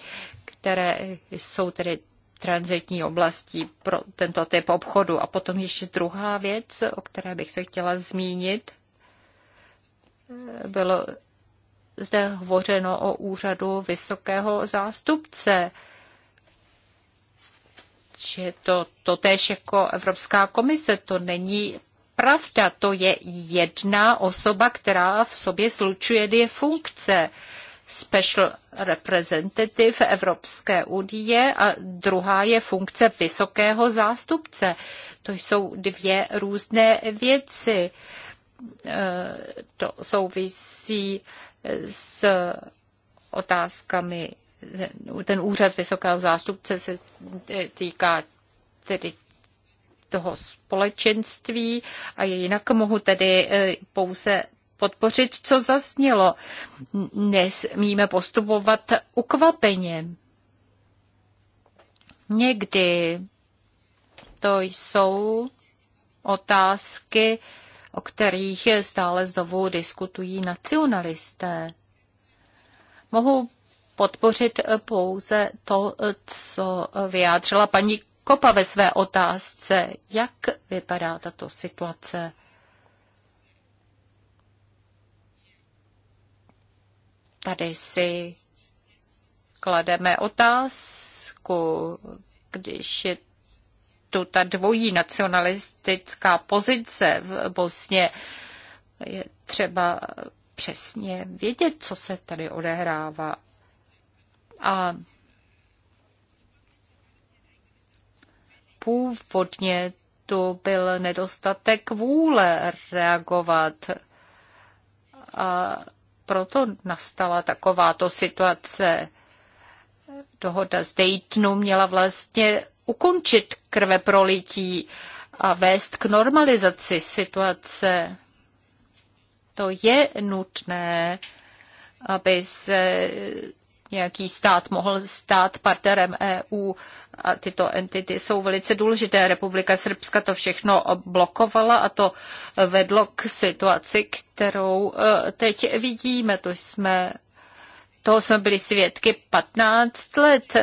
které jsou tedy transitní oblastí pro tento typ obchodu. A potom ještě druhá věc, o které bych se chtěla zmínit, bylo zde hovořeno o úřadu vysokého zástupce. Že to, to též jako Evropská komise, to není pravda. To je jedna osoba, která v sobě slučuje dvě funkce. Special Representative Evropské unie a druhá je funkce vysokého zástupce. To jsou dvě různé věci. E, to souvisí s otázkami. Ten úřad vysokého zástupce se týká tedy toho společenství a jinak mohu tedy e, pouze podpořit, co zaznělo. Nesmíme postupovat ukvapeně. Někdy to jsou otázky, o kterých stále znovu diskutují nacionalisté. Mohu podpořit pouze to, co vyjádřila paní Kopa ve své otázce, jak vypadá tato situace. Tady si klademe otázku, když je tu ta dvojí nacionalistická pozice v Bosně. Je třeba přesně vědět, co se tady odehrává. A Původně tu byl nedostatek vůle reagovat. A proto nastala takováto situace. Dohoda z Daytonu měla vlastně ukončit krve prolití a vést k normalizaci situace. To je nutné, aby se nějaký stát mohl stát partnerem EU. A tyto entity jsou velice důležité. Republika Srbska to všechno blokovala a to vedlo k situaci, kterou e, teď vidíme. To jsme, toho jsme byli svědky 15 let.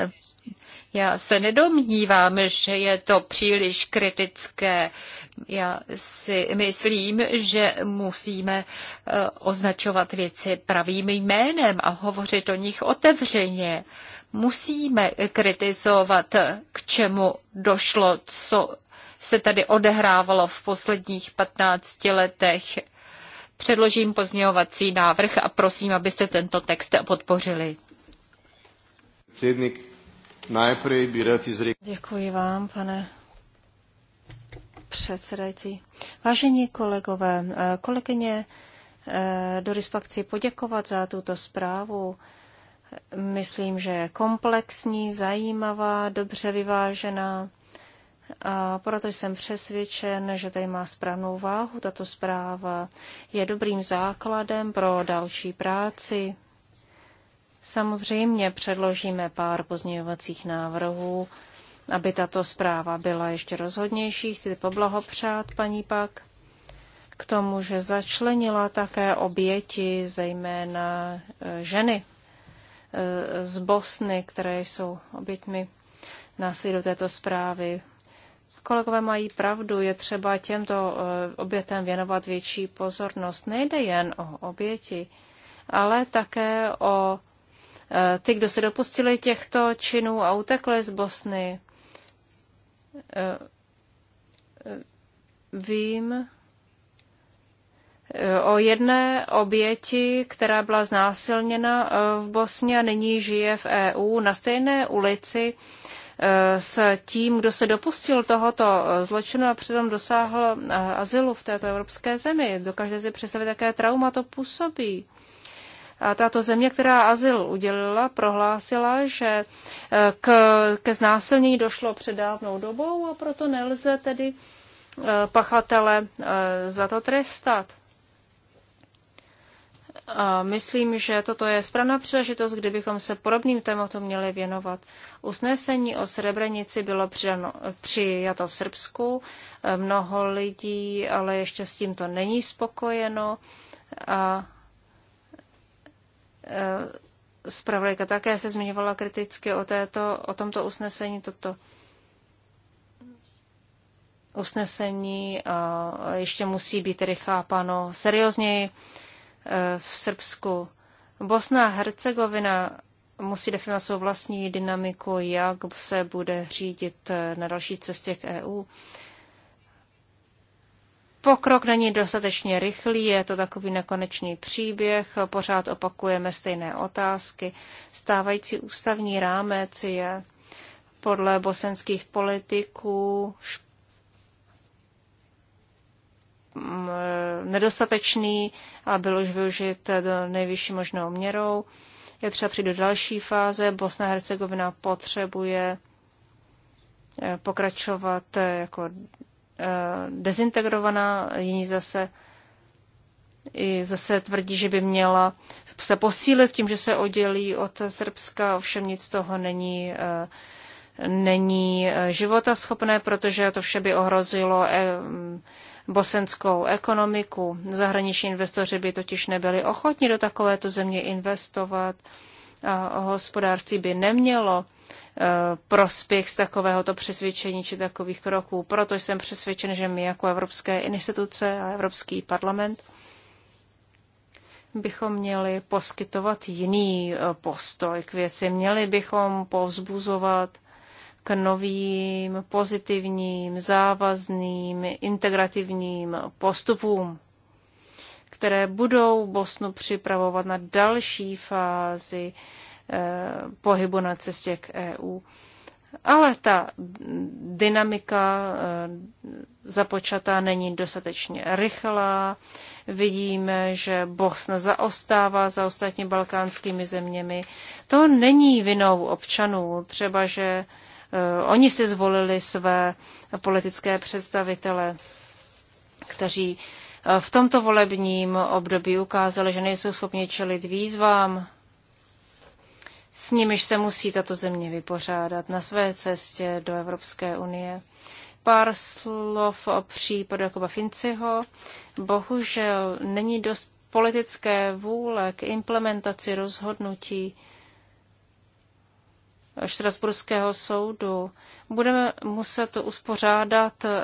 Já se nedomnívám, že je to příliš kritické. Já si myslím, že musíme eh, označovat věci pravým jménem a hovořit o nich otevřeně. Musíme kritizovat, k čemu došlo, co se tady odehrávalo v posledních 15 letech. Předložím pozměňovací návrh a prosím, abyste tento text podpořili. Cidnik. Najprej by rád Děkuji vám, pane předsedající. Vážení kolegové, kolegyně eh, Doris pak chci poděkovat za tuto zprávu. Myslím, že je komplexní, zajímavá, dobře vyvážená. A proto jsem přesvědčen, že tady má správnou váhu. Tato zpráva je dobrým základem pro další práci. Samozřejmě předložíme pár pozměňovacích návrhů, aby tato zpráva byla ještě rozhodnější. Chci poblahopřát paní Pak k tomu, že začlenila také oběti, zejména e, ženy e, z Bosny, které jsou oběťmi násilí do této zprávy. Kolegové mají pravdu, je třeba těmto e, obětem věnovat větší pozornost. Nejde jen o oběti, ale také o Eh, ty, kdo se dopustili těchto činů a utekli z Bosny, eh, eh, vím o jedné oběti, která byla znásilněna v Bosně a nyní žije v EU na stejné ulici s tím, kdo se dopustil tohoto zločinu a přitom dosáhl azylu v této evropské zemi. Dokážete si představit, jaké trauma to působí. A tato země, která azyl udělila, prohlásila, že e, k, ke znásilnění došlo před dávnou dobou a proto nelze tedy e, pachatele e, za to trestat. A myslím, že toto je správná příležitost, kdybychom se podobným tématům měli věnovat. Usnesení o Srebrenici bylo přijano, přijato v Srbsku, mnoho lidí, ale ještě s tím to není spokojeno. A Eh, zpravodajka také se zmiňovala kriticky o, této, o tomto usnesení. Toto usnesení ještě musí být tedy chápano seriózněji eh, v Srbsku. Bosna a Hercegovina musí definovat svou vlastní dynamiku, jak se bude řídit eh, na další cestě k EU. Pokrok není dostatečně rychlý, je to takový nekonečný příběh, pořád opakujeme stejné otázky. Stávající ústavní rámec je podle bosenských politiků nedostatečný a byl už využit do nejvyšší možnou měrou. Je třeba přijít do další fáze. Bosna a Hercegovina potřebuje eh, pokračovat eh, jako Eh, dezintegrovaná, jiní zase i zase tvrdí, že by měla se posílit tím, že se oddělí od Srbska, ovšem nic z toho není, eh, není eh, života schopné, protože to vše by ohrozilo bosenskou ekonomiku. Zahraniční investoři by totiž nebyli ochotni do takovéto země investovat a hospodářství by nemělo prospěch z takovéhoto přesvědčení či takových kroků. Proto jsem přesvědčen, že my jako evropské instituce a Evropský parlament bychom měli poskytovat jiný eh, postoj k věci. Měli bychom povzbuzovat k novým, pozitivním, závazným, integrativním postupům, které budou Bosnu připravovat na další fázi Eh, pohybu na cestě k EU. Ale ta dynamika eh, započatá není dostatečně rychlá. Vidíme, že Bosna zaostává za ostatní balkánskými zeměmi. To není vinou občanů. Třeba, že eh, oni si zvolili své politické představitele, kteří v tomto volebním období ukázali, že nejsou schopni čelit výzvám, s nimiž se musí tato země vypořádat na své cestě do Evropské unie. Pár slov o případu Jakuba Finciho. Bohužel není dost politické vůle k implementaci rozhodnutí Štrasburského soudu. Budeme muset uspořádat eh,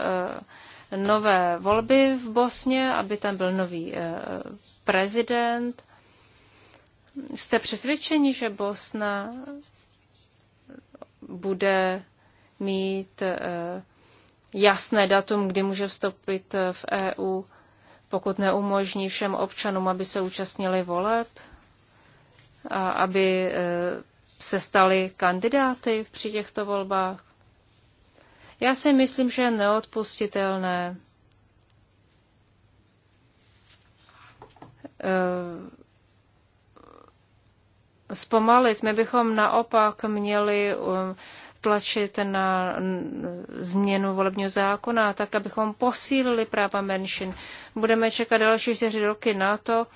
nové volby v Bosně, aby tam byl nový eh, prezident Jste přesvědčeni, že Bosna bude mít eh, jasné datum, kdy může vstoupit eh, v EU, pokud neumožní všem občanům, aby se účastnili voleb a aby eh, se stali kandidáty při těchto volbách? Já si myslím, že je neodpustitelné zpomalit. My bychom naopak měli um, tlačit na změnu volebního zákona, tak abychom posílili práva menšin. Budeme čekat další čtyři roky na to,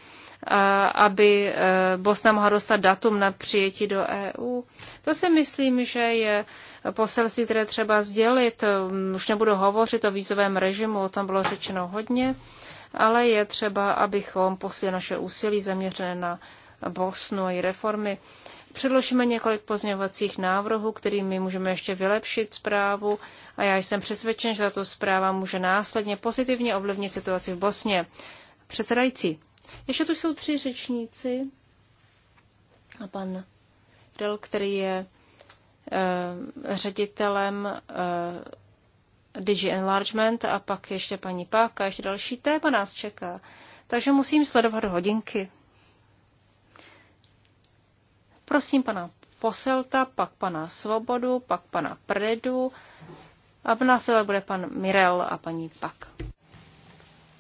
aby eh, Bosna mohla dostat datum na přijetí do EU. To si myslím, že je poselství, které třeba sdělit. Um, už nebudu hovořit o vízovém režimu, o tom bylo řečeno hodně, ale je třeba, abychom posílili naše úsilí zaměřené na Bosnu a její reformy. Předložíme několik pozměňovacích návrhů, kterými můžeme ještě vylepšit zprávu a já jsem přesvědčen, že tato zpráva může následně pozitivně ovlivnit situaci v Bosně. Předsedající, ještě tu jsou tři řečníci a pan Rel, který je e, ředitelem e, Digi Enlargement a pak ještě paní Páka, ještě další téma nás čeká. Takže musím sledovat hodinky. Prosím pana Poselta, pak pana Svobodu, pak pana Predu a následovat bude pan Mirel a paní Pak.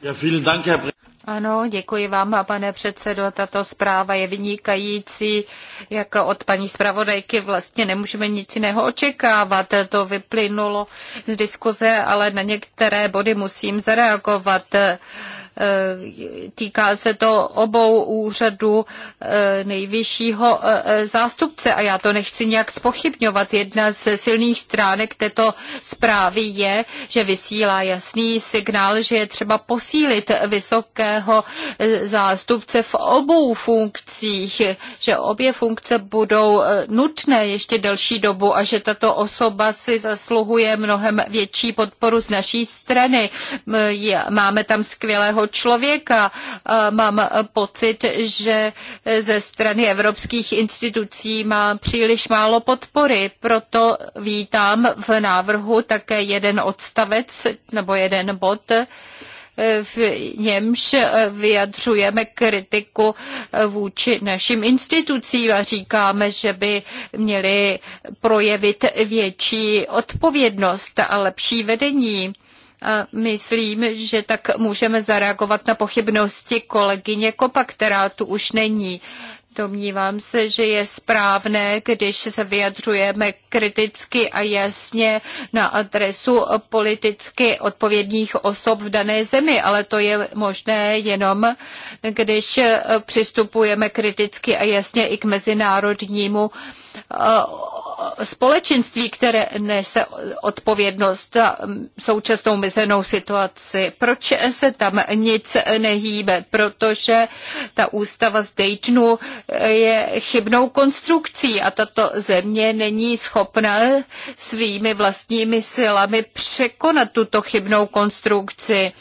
Ja, vielen Dank, Herr ano, děkuji vám, pane předsedo. Tato zpráva je vynikající. Jak od paní zpravodajky vlastně nemůžeme nic jiného očekávat. To vyplynulo z diskuze, ale na některé body musím zareagovat. Eh, týká se to obou úřadů eh, nejvyššího eh, zástupce a já to nechci nějak spochybňovat. Jedna z silných stránek této zprávy je, že vysílá jasný signál, že je třeba posílit vysokého zástupce v obou funkcích, že obě funkce budou nutné ještě delší dobu a že tato osoba si zasluhuje mnohem větší podporu z naší strany. Máme tam skvělého člověka. Mám pocit, že ze strany evropských institucí má příliš málo podpory, proto vítám v návrhu také jeden odstavec nebo jeden bod, v němž vyjadřujeme kritiku vůči našim institucím a říkáme, že by měli projevit větší odpovědnost a lepší vedení. Myslím, že tak můžeme zareagovat na pochybnosti kolegyně Kopa, která tu už není. Domnívám se, že je správné, když se vyjadřujeme kriticky a jasně na adresu politicky odpovědných osob v dané zemi, ale to je možné jenom, když přistupujeme kriticky a jasně i k mezinárodnímu společenství, které nese odpovědnost za současnou mizenou situaci. Proč se tam nic nehýbe? Protože ta ústava z Daytonu eh, je chybnou konstrukcí a tato země není schopna svými vlastními silami překonat tuto chybnou konstrukci.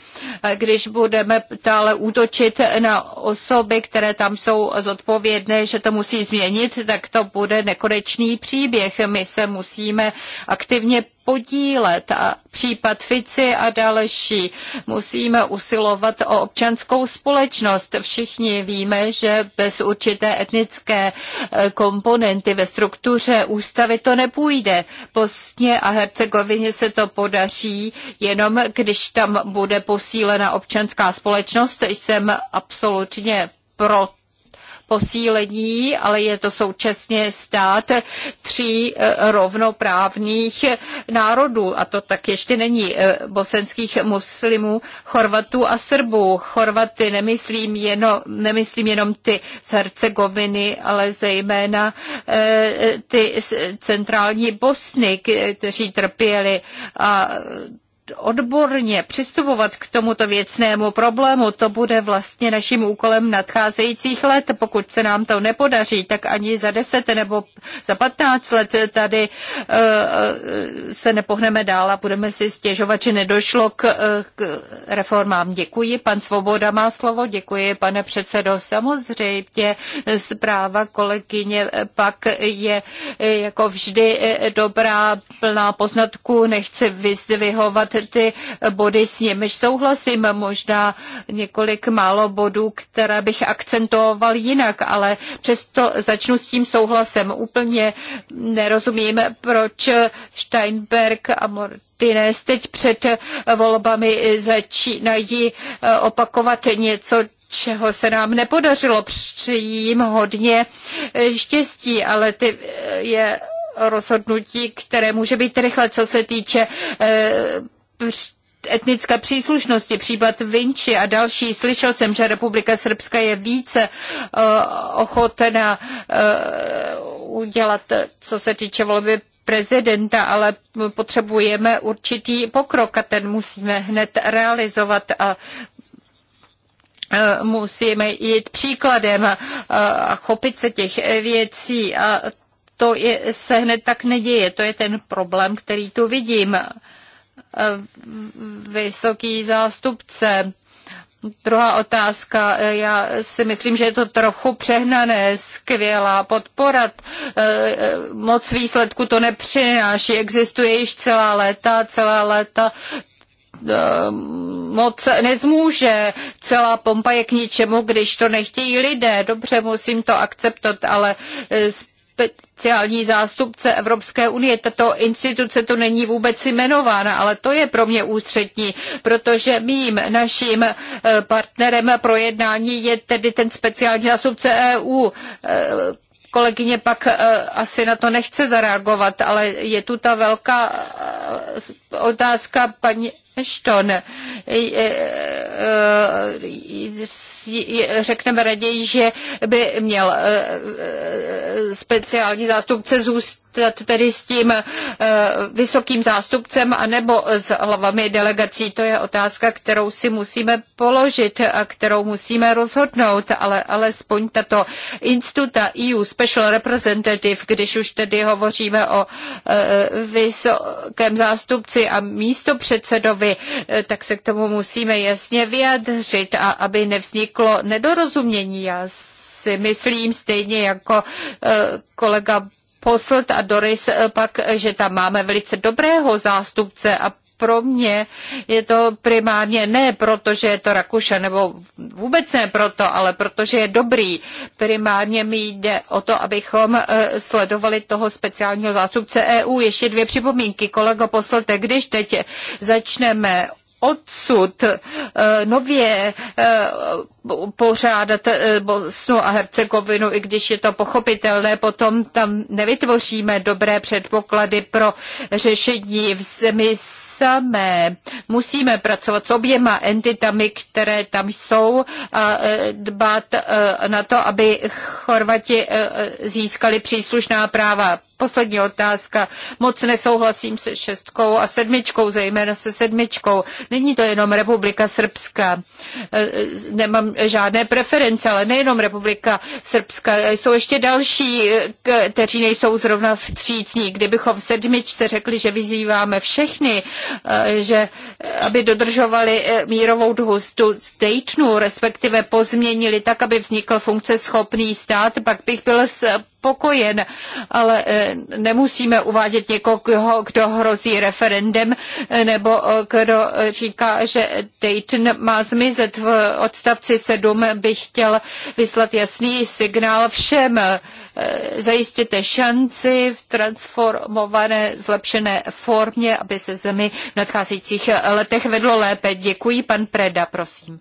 Eh, když budeme dále útočit na osoby, které tam jsou zodpovědné, že to musí změnit, tak to bude nekonečný příběh nich. My se musíme aktivně podílet a případ Fici a další. Musíme usilovat o občanskou společnost. Všichni víme, že bez určité etnické eh, komponenty ve struktuře ústavy to nepůjde. Bosně a Hercegovině se to podaří, jenom když tam bude posílena občanská společnost. Jsem absolutně pro posílení, ale je to současně stát tří eh, rovnoprávných eh, národů, a to tak ještě není eh, bosenských muslimů, Chorvatů a Srbů. Chorvaty nemyslím, jeno, nemyslím jenom ty z Hercegoviny, ale zejména ty centrální Bosny, kteří trpěli a odborně přistupovat k tomuto věcnému problému. To bude vlastně naším úkolem nadcházejících let. Pokud se nám to nepodaří, tak ani za deset nebo za patnáct let tady eh, eh, se nepohneme dál a budeme si stěžovat, že nedošlo k, eh, k reformám. Děkuji. Pan Svoboda má slovo. Děkuji, pane předsedo. Samozřejmě zpráva kolegyně pak je jako vždy dobrá, plná poznatků. Nechci vyzdvihovat ty body, s nimiž souhlasím, možná několik málo bodů, které bych akcentoval jinak, ale přesto začnu s tím souhlasem. Úplně nerozumím, proč Steinberg a Mort Martinez teď před volbami začínají eh, opakovat něco, čeho se nám nepodařilo. Přejím hodně eh, štěstí, ale ty eh, je rozhodnutí, které může být rychle, co se týče etnické příslušnosti, případ Vinči a další. Slyšel jsem, že Republika Srbska je více uh, eh, ochotena uh, udělat, co se týče volby prezidenta, ale potřebujeme určitý pokrok a ten musíme hned realizovat a eh, musíme jít příkladem eh, a chopit se těch věcí a to je, se hned tak neděje. To je ten problém, který tu vidím. Eh, vysoký zástupce. Druhá otázka. Eh, já si myslím, že je to trochu přehnané, skvělá podpora. Eh, moc výsledku to nepřináší. Existuje již celá léta, celá léta moc nezmůže. Celá pompa je k ničemu, když to nechtějí lidé. Dobře, musím to akceptovat, ale speciální zástupce Evropské unie. Tato instituce to není vůbec jmenována, ale to je pro mě ústřední, protože mým naším eh, partnerem pro jednání je tedy ten speciální zástupce EU. Eh, kolegyně pak eh, asi na to nechce zareagovat, ale je tu ta velká otázka paní Ashton. E, e, e, řekneme raději, že by měl speciální zástupce zůstat tedy s tím vysokým zástupcem anebo s hlavami delegací. To je otázka, kterou si musíme položit a kterou musíme rozhodnout, ale alespoň tato instituta EU Special Representative, když už tedy hovoříme o vysokém zástupci a místo předsedovi volby, eh, tak se k tomu musíme jasně vyjadřit a aby nevzniklo nedorozumění. Já si myslím stejně jako eh, kolega Poslt a Doris eh, pak, že tam máme velice dobrého zástupce a pro mě je to primárně ne proto, že je to Rakuša, nebo vůbec ne proto, ale protože je dobrý. Primárně mi jde o to, abychom eh, sledovali toho speciálního zástupce EU. Ještě dvě připomínky, kolego poslete, když teď začneme odsud eh, nově eh, pořádat eh, Bosnu a Hercegovinu, i když je to pochopitelné, potom tam nevytvoříme dobré předpoklady pro řešení v zemi samé. Musíme pracovat s oběma entitami, které tam jsou a dbát na to, aby Chorvati získali příslušná práva poslední otázka. Moc nesouhlasím se šestkou a sedmičkou, zejména se sedmičkou. Není to jenom Republika Srbská. E, e, nemám žádné preference, ale nejenom Republika Srbská. Jsou ještě další, e, kteří nejsou zrovna vstřícní. Kdybychom v sedmičce řekli, že vyzýváme všechny, že aby dodržovali mírovou dohodu z Daytonu, respektive pozměnili tak, aby vznikl funkce schopný stát, pak bych byl spokojen, ale eh, nemusíme uvádět někoho, kdo hrozí referendem eh, nebo eh, kdo říká, že Dayton má zmizet. V odstavci 7 bych chtěl vyslat jasný signál všem. Zajistěte šanci v transformované, zlepšené formě, aby se zemi v nadcházejících letech vedlo lépe. Děkuji, pan Preda, prosím.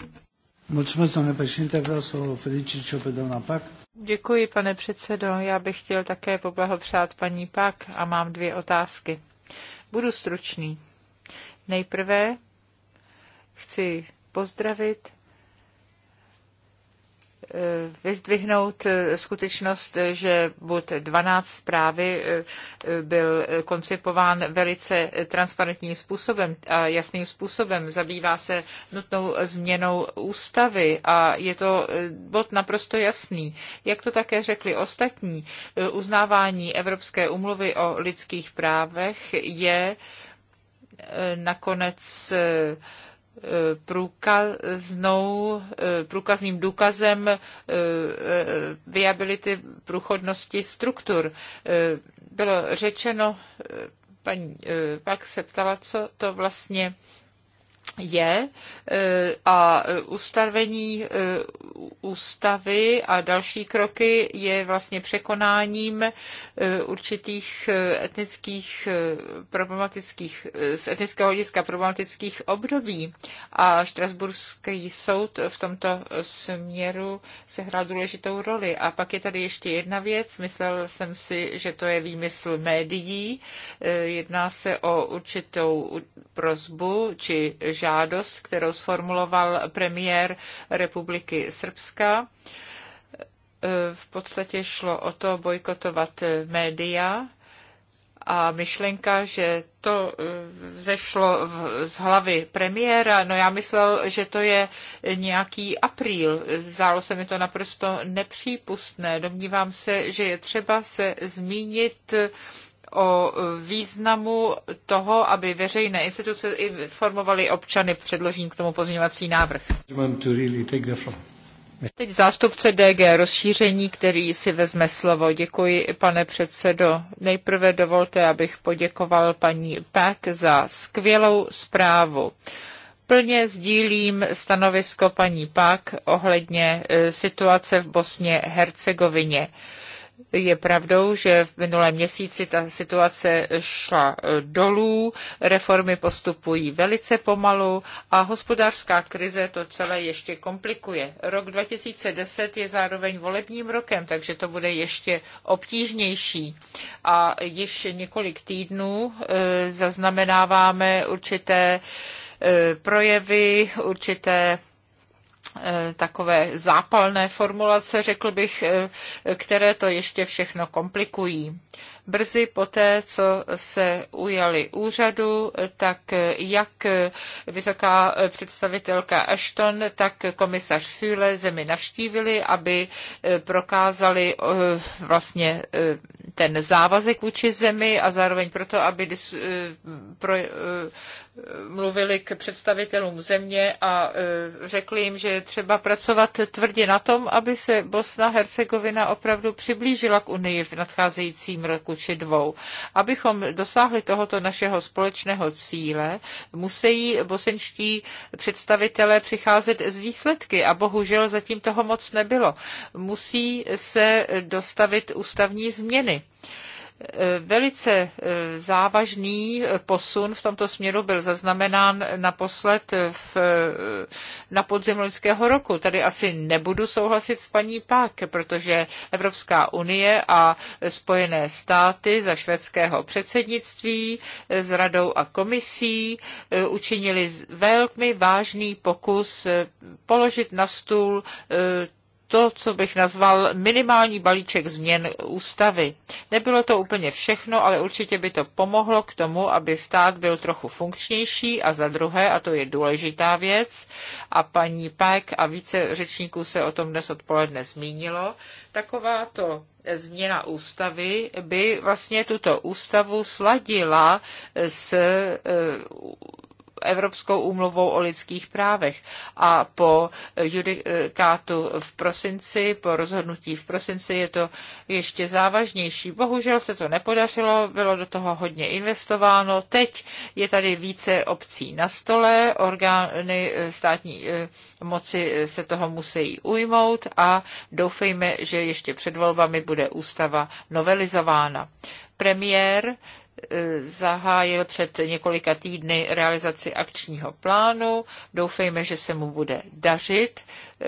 Mulțumesc, domnule președinte. Vreau să o felicit și eu pe doamna Pac. Děkuji, pane předsedo. Já bych chtěl také poblahopřát paní Pak a mám dvě otázky. Budu stručný. Nejprve chci pozdravit Eh, vyzdvihnout eh, skutečnost, že bod 12 zprávy eh, byl koncipován velice transparentním způsobem a jasným způsobem. Zabývá se nutnou změnou ústavy a je to bod naprosto jasný. Jak to také řekli ostatní, uznávání Evropské umluvy o lidských právech je nakonec průkaznou, průkazným důkazem eh, eh, viability průchodnosti struktur. Eh, bylo řečeno, paní pak se ptala, co to vlastně je eh, a ustavení eh, ústavy a další kroky je vlastně překonáním eh, určitých etnických problematických, z etnického hlediska problematických období. A Štrasburský soud v tomto směru se sehrál důležitou roli. A pak je tady ještě jedna věc. Myslel jsem si, že to je výmysl médií. Jedná se o určitou prozbu či žádost žádost, kterou sformuloval premiér Republiky Srbska. V podstatě šlo o to bojkotovat média a myšlenka, že to eh, vzešlo z hlavy premiéra. No já myslel, že to je nějaký apríl. Zdálo se mi to naprosto nepřípustné. Domnívám se, že je třeba se zmínit eh, o významu toho, aby veřejné instituce informovaly občany. Předložím k tomu pozměňovací návrh. Teď zástupce DG rozšíření, který si vezme slovo. Děkuji, pane předsedo. Nejprve dovolte, abych poděkoval paní Pack za skvělou zprávu. Plně sdílím stanovisko paní Pak ohledně eh, situace v Bosně-Hercegovině je pravdou, že v minulém měsíci ta situace šla e, dolů, reformy postupují velice pomalu a hospodářská krize to celé ještě komplikuje. Rok 2010 je zároveň volebním rokem, takže to bude ještě obtížnější. A ještě několik týdnů e, zaznamenáváme určité e, projevy, určité Eh, takové zápalné formulace, řekl bych, eh, které to ještě všechno komplikují brzy poté, co se ujali úřadu, tak jak vysoká představitelka Ashton, tak komisař Füle zemi navštívili, aby eh, prokázali eh, vlastně eh, ten závazek vůči zemi a zároveň proto, aby dis, pro, mluvili k představitelům země a řekli jim, že je třeba pracovat tvrdě na tom, aby se Bosna Hercegovina opravdu přiblížila k Unii v nadcházejícím roku, či dvou. Abychom dosáhli tohoto našeho společného cíle, musí bosenští představitelé přicházet z výsledky a bohužel zatím toho moc nebylo. Musí se dostavit ústavní změny. Velice eh, závažný posun v tomto směru byl zaznamenán naposled v, eh, na podzim loňského roku. Tady asi nebudu souhlasit s paní Pak, protože Evropská unie a Spojené státy za švédského předsednictví eh, s radou a komisí učinili velmi vážný pokus položit na stůl to, co bych nazval minimální balíček změn ústavy. Nebylo to úplně všechno, ale určitě by to pomohlo k tomu, aby stát byl trochu funkčnější a za druhé, a to je důležitá věc, a paní Pek a více řečníků se o tom dnes odpoledne zmínilo, takováto změna ústavy by vlastně tuto ústavu sladila s eh, Evropskou úmluvou o lidských právech. A po judikátu v prosinci, po rozhodnutí v prosinci je to ještě závažnější. Bohužel se to nepodařilo, bylo do toho hodně investováno. Teď je tady více obcí na stole, orgány eh, státní eh, moci eh, se toho musí ujmout a doufejme, že ještě před volbami bude ústava novelizována. Premiér zahájil před několika týdny realizaci akčního plánu. Doufejme, že se mu bude dařit.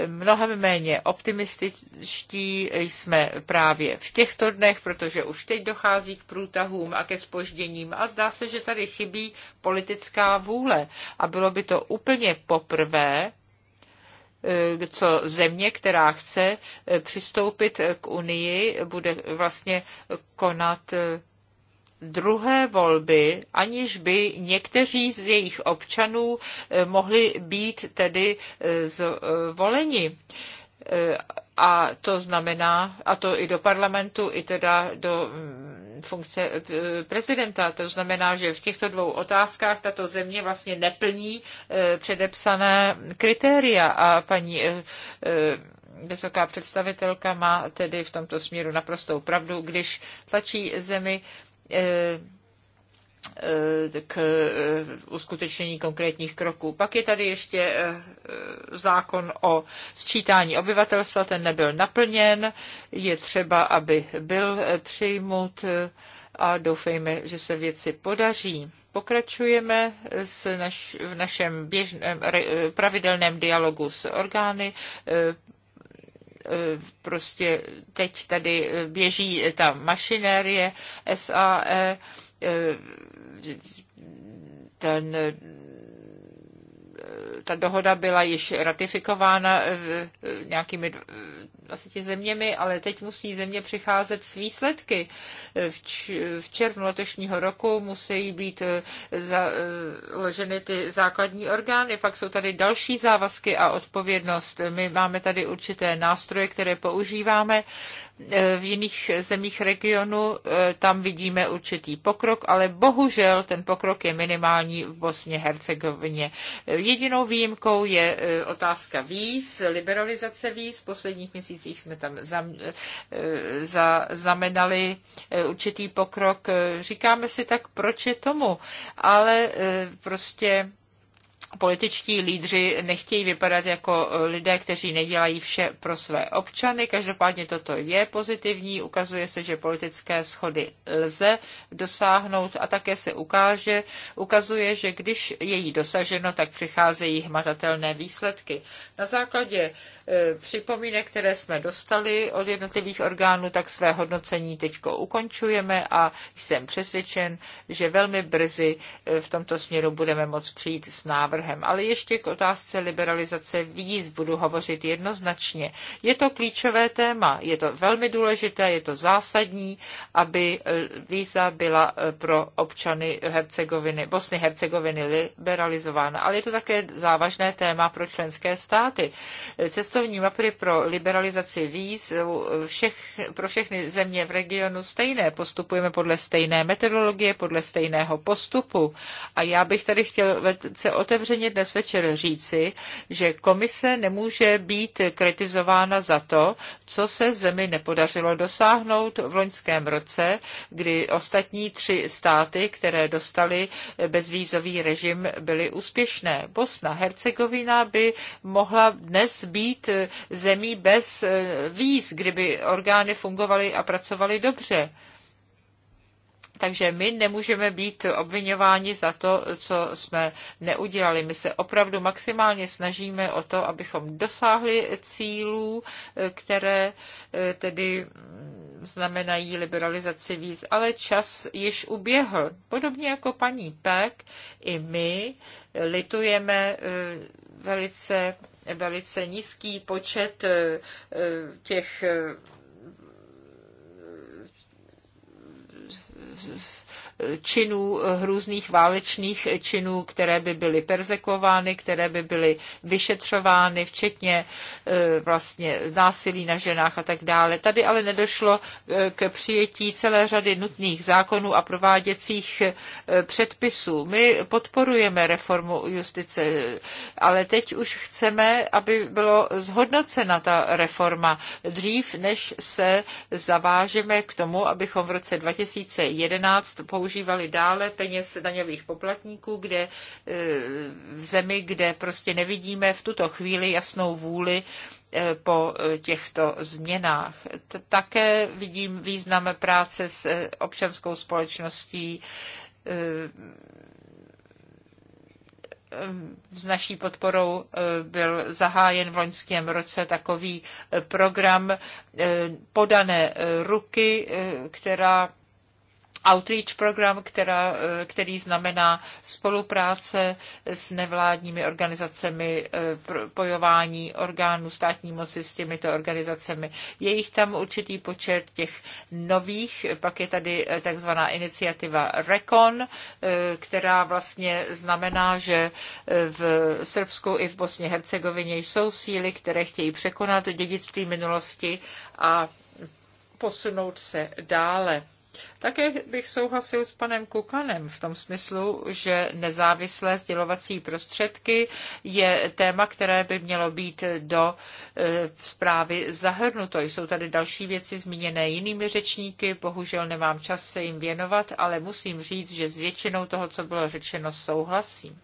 Mnohem méně optimističtí jsme právě v těchto dnech, protože už teď dochází k průtahům a ke spožděním a zdá se, že tady chybí politická vůle. A bylo by to úplně poprvé, eh, co země, která chce eh, přistoupit k Unii, bude vlastně konat eh, druhé volby, aniž by někteří z jejich občanů eh, mohli být tedy eh, zvoleni. Eh, a to znamená, a to i do parlamentu, i teda do mm, funkce prezidenta. To znamená, že v těchto dvou otázkách tato země vlastně neplní předepsané kritéria. A paní vysoká představitelka má tedy v tomto směru naprostou pravdu, když tlačí zemi Eh, eh, k eh, uskutečnění konkrétních kroků. Pak je tady ještě zákon o sčítání obyvatelstva, ten nebyl naplněn, je třeba, aby byl přijmut a doufejme, že se věci podaří. Pokračujeme s naš, v našem běžném pravidelném dialogu s orgány prostě teď tady eh, běží ta mašinérie SAE, eh, ten ta dohoda byla již ratifikována nějakými 20 zeměmi, ale teď musí země přicházet s výsledky. V červnu letošního roku musí být e, založeny e, ty základní orgány, pak jsou tady další závazky a odpovědnost. My máme tady určité nástroje, které používáme E, v jiných zemích regionu e, tam vidíme určitý pokrok, ale bohužel ten pokrok je minimální v Bosně Hercegovině. E, jedinou výjimkou je otázka víz, liberalizace víz. V posledních měsících jsme tam zaznamenali určitý pokrok. Říkáme si tak, proč je tomu, ale prostě političtí lídři nechtějí vypadat jako lidé, kteří nedělají vše pro své občany. Každopádně toto je pozitivní. Ukazuje se, že politické schody lze dosáhnout a také se ukáže, ukazuje, že když je jí dosaženo, tak přicházejí hmatatelné výsledky. Na základě E, připomínek, které jsme dostali od jednotlivých orgánů, tak své hodnocení teď ukončujeme a jsem přesvědčen, že velmi brzy e, v tomto směru budeme moct přijít s návrhem. Ale ještě k otázce liberalizace víz budu hovořit jednoznačně. Je to klíčové téma, je to velmi důležité, je to zásadní, aby e, víza byla pro občany Hercegoviny, Bosny Hercegoviny liberalizována. Ale je to také závažné téma pro členské státy. Cesto cestovní mapy pro liberalizaci víz všech, pro všechny země v regionu stejné. Postupujeme podle stejné metodologie, podle stejného postupu. A já bych tady chtěl se otevřeně dnes večer říci, že komise nemůže být kritizována za to, co se zemi nepodařilo dosáhnout v loňském roce, kdy ostatní tři státy, které dostali bezvízový režim, byly úspěšné. Bosna, Hercegovina by mohla dnes být Eh, zemí bez eh, víz, kdyby orgány fungovaly a pracovaly dobře. Takže my nemůžeme být obvinováni za to, co jsme neudělali. My se opravdu maximálně snažíme o to, abychom dosáhli cílů, eh, které tedy mm, znamenají liberalizaci víc, Ale čas již uběhl. Podobně jako paní Peck, i my litujeme velice velice nízký počet eh, eh, těch eh, činů, hrůzných válečných činů, které by byly perzekovány, které by byly vyšetřovány, včetně e, vlastně násilí na ženách a tak dále. Tady ale nedošlo e, k přijetí celé řady nutných zákonů a prováděcích e, předpisů. My podporujeme reformu justice, ale teď už chceme, aby bylo zhodnocena ta reforma dřív, než se zavážeme k tomu, abychom v roce 2011 použili používali dále peněz daňových poplatníků, kde e, v zemi, kde prostě nevidíme v tuto chvíli jasnou vůli e, po e, těchto změnách. Také vidím význam práce s občanskou společností, s naší podporou byl zahájen v loňském roce takový program podané ruky, která outreach program, která, eh, který znamená spolupráce s nevládními organizacemi, eh, pojování orgánů státní moci s těmito organizacemi. Je jich tam určitý počet těch nových, pak je tady eh, takzvaná iniciativa RECON, která vlastně znamená, že v Srbsku i v Bosně Hercegovině jsou síly, které chtějí překonat dědictví minulosti a posunout se dále také bych souhlasil s panem Kukanem v tom smyslu, že nezávislé sdělovací prostředky je téma, které by mělo být do e, zprávy zahrnuto. Jsou tady další věci zmíněné jinými řečníky, bohužel nemám čas se jim věnovat, ale musím říct, že s většinou toho, co bylo řečeno, souhlasím.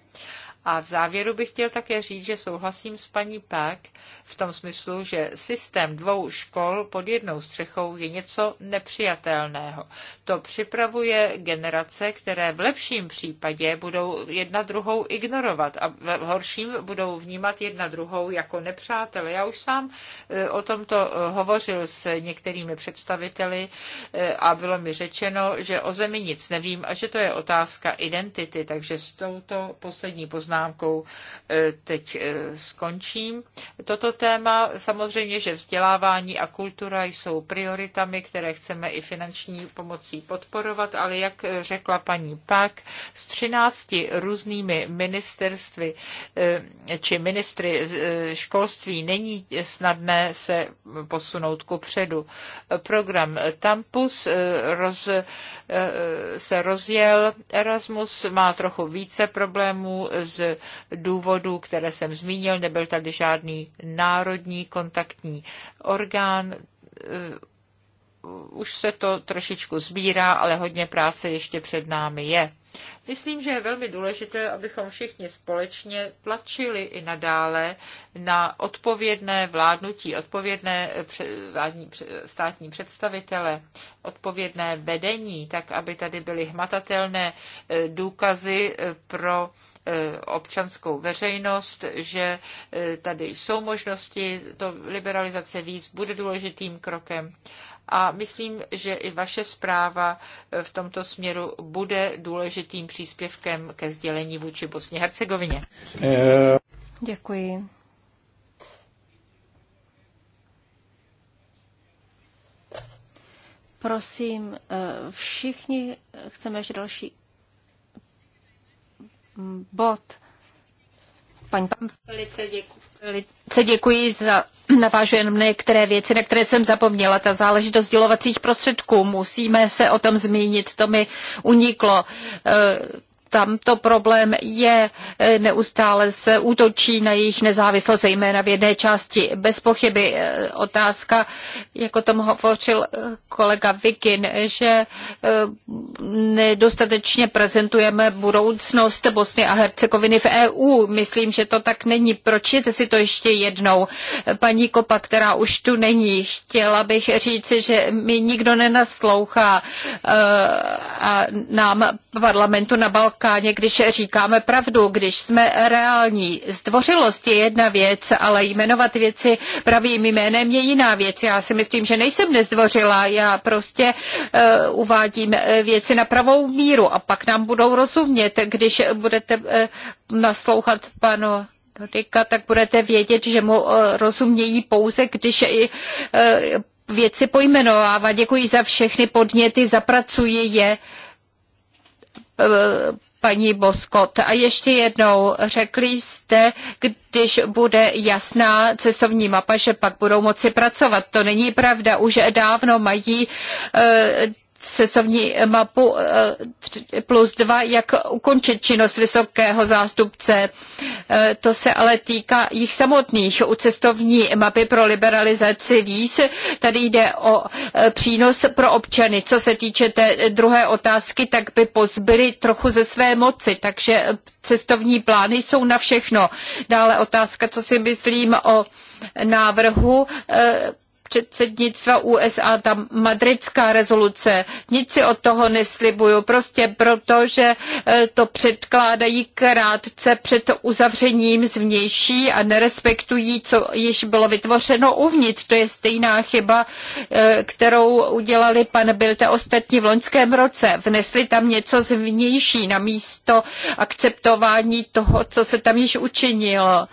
A v závěru bych chtěl také říct, že souhlasím s paní Pak v tom smyslu, že systém dvou škol pod jednou střechou je něco nepřijatelného. To připravuje generace, které v lepším případě budou jedna druhou ignorovat a v horším budou vnímat jedna druhou jako nepřátele. Já už sám e, o tomto e, hovořil s některými představiteli e, a bylo mi řečeno, že o zemi nic nevím a že to je otázka identity. Takže s touto poslední poznámkou poznámkou e, teď e, skončím. Toto téma samozřejmě, že vzdělávání a kultura jsou prioritami, které chceme i finanční pomocí podporovat, ale jak řekla paní Pak, s 13 různými ministerstvy e, či ministry školství není snadné se posunout ku předu. Program Tampus roz, se rozjel, Erasmus má trochu více problémů s důvodů, které jsem zmínil. Nebyl tady žádný národní kontaktní orgán eh, už se to trošičku sbírá, ale hodně práce ještě před námi je. Myslím, že je velmi důležité, abychom všichni společně tlačili i nadále na odpovědné vládnutí, odpovědné vládní, státní představitele, odpovědné vedení, tak aby tady byly hmatatelné e, důkazy e, pro e, občanskou veřejnost, že tady jsou možnosti, to liberalizace víc bude důležitým krokem a myslím, že i vaše zpráva v tomto směru bude důležitá důležitým příspěvkem ke sdělení vůči Bosně Hercegovině. Děkuji. Prosím, eh, všichni chceme ještě další mm, bod. Paní Pam, velice děkuji. Velice děkuji za navážu jenom některé věci, na které jsem zapomněla. Ta záležitost dělovacích prostředků, musíme se o tom zmínit, to mi uniklo. Eh, tam to problém je, e, neustále se útočí na jejich nezávislost, zejména v jedné části. Bez pochyby e, otázka, jako tomu hovořil e, kolega Vikin, že nedostatečně prezentujeme budoucnost Bosny a Hercegoviny v EU. Myslím, že to tak není. Pročtěte si to ještě jednou. Paní Kopa, která už tu není, chtěla bych říci, že mi nikdo nenaslouchá a nám parlamentu na Balkán zakáně, když říkáme pravdu, když jsme reální. Zdvořilost je jedna věc, ale jmenovat věci pravým jménem je jiná věc. Já si myslím, že nejsem nezdvořila, já prostě uh, uvádím eh, věci na pravou míru a pak nám budou rozumět. Když budete uh, naslouchat panu Dodika, tak budete vědět, že mu rozumějí pouze, když i věci pojmenovává. Děkuji za všechny podněty, zapracuji je paní Boskot. A ještě jednou, řekli jste, když bude jasná cestovní mapa, že pak budou moci pracovat. To není pravda, už dávno mají eh, cestovní mapu eh, plus dva, jak ukončit činnost vysokého zástupce. Eh, to se ale týká jich samotných. U cestovní mapy pro liberalizaci víz tady jde o eh, přínos pro občany. Co se týče té druhé otázky, tak by pozbyli trochu ze své moci, takže cestovní plány jsou na všechno. Dále otázka, co si myslím o návrhu předsednictva USA, ta madridská rezoluce. Nic si od toho neslibuju, prostě proto, že e, to předkládají krátce před uzavřením zvnější a nerespektují, co již bylo vytvořeno uvnitř. To je stejná chyba, e, kterou udělali pan Bilte ostatní v loňském roce. Vnesli tam něco zvnější na místo akceptování toho, co se tam již učinilo.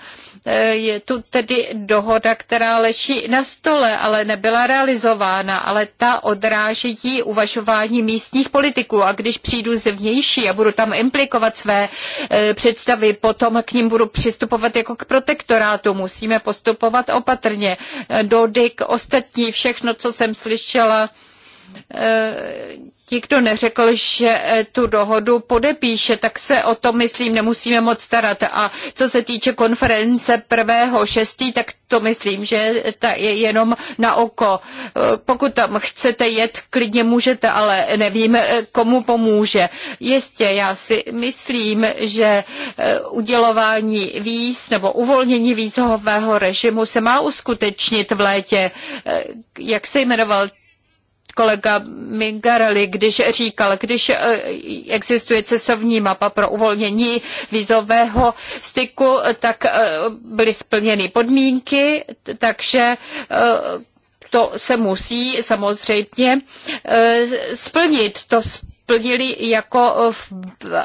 Eh, je tu tedy dohoda, která leží na stole, ale nebyla realizována, ale ta odráží uvažování místních politiků. A když přijdu zevnější a budu tam implikovat své eh, představy, potom k ním budu přistupovat jako k protektorátu. Musíme postupovat opatrně. Eh, Dodik, ostatní, všechno, co jsem slyšela, nikdo neřekl, že eh, tu dohodu podepíše, tak se o to, myslím, nemusíme moc starat. A co se týče konference prvého šestý, tak to myslím, že ta je jenom na oko. Eh, pokud tam chcete jet, klidně můžete, ale nevím, eh, komu pomůže. Jistě, já si myslím, že udělování víz nebo uvolnění vízového režimu se má uskutečnit v létě. Jak se jmenoval kolega Mingarelli, když říkal, když eh, existuje cestovní mapa pro uvolnění vízového styku, tak eh, byly splněny podmínky, takže eh, to se musí samozřejmě splnit. To splnili jako v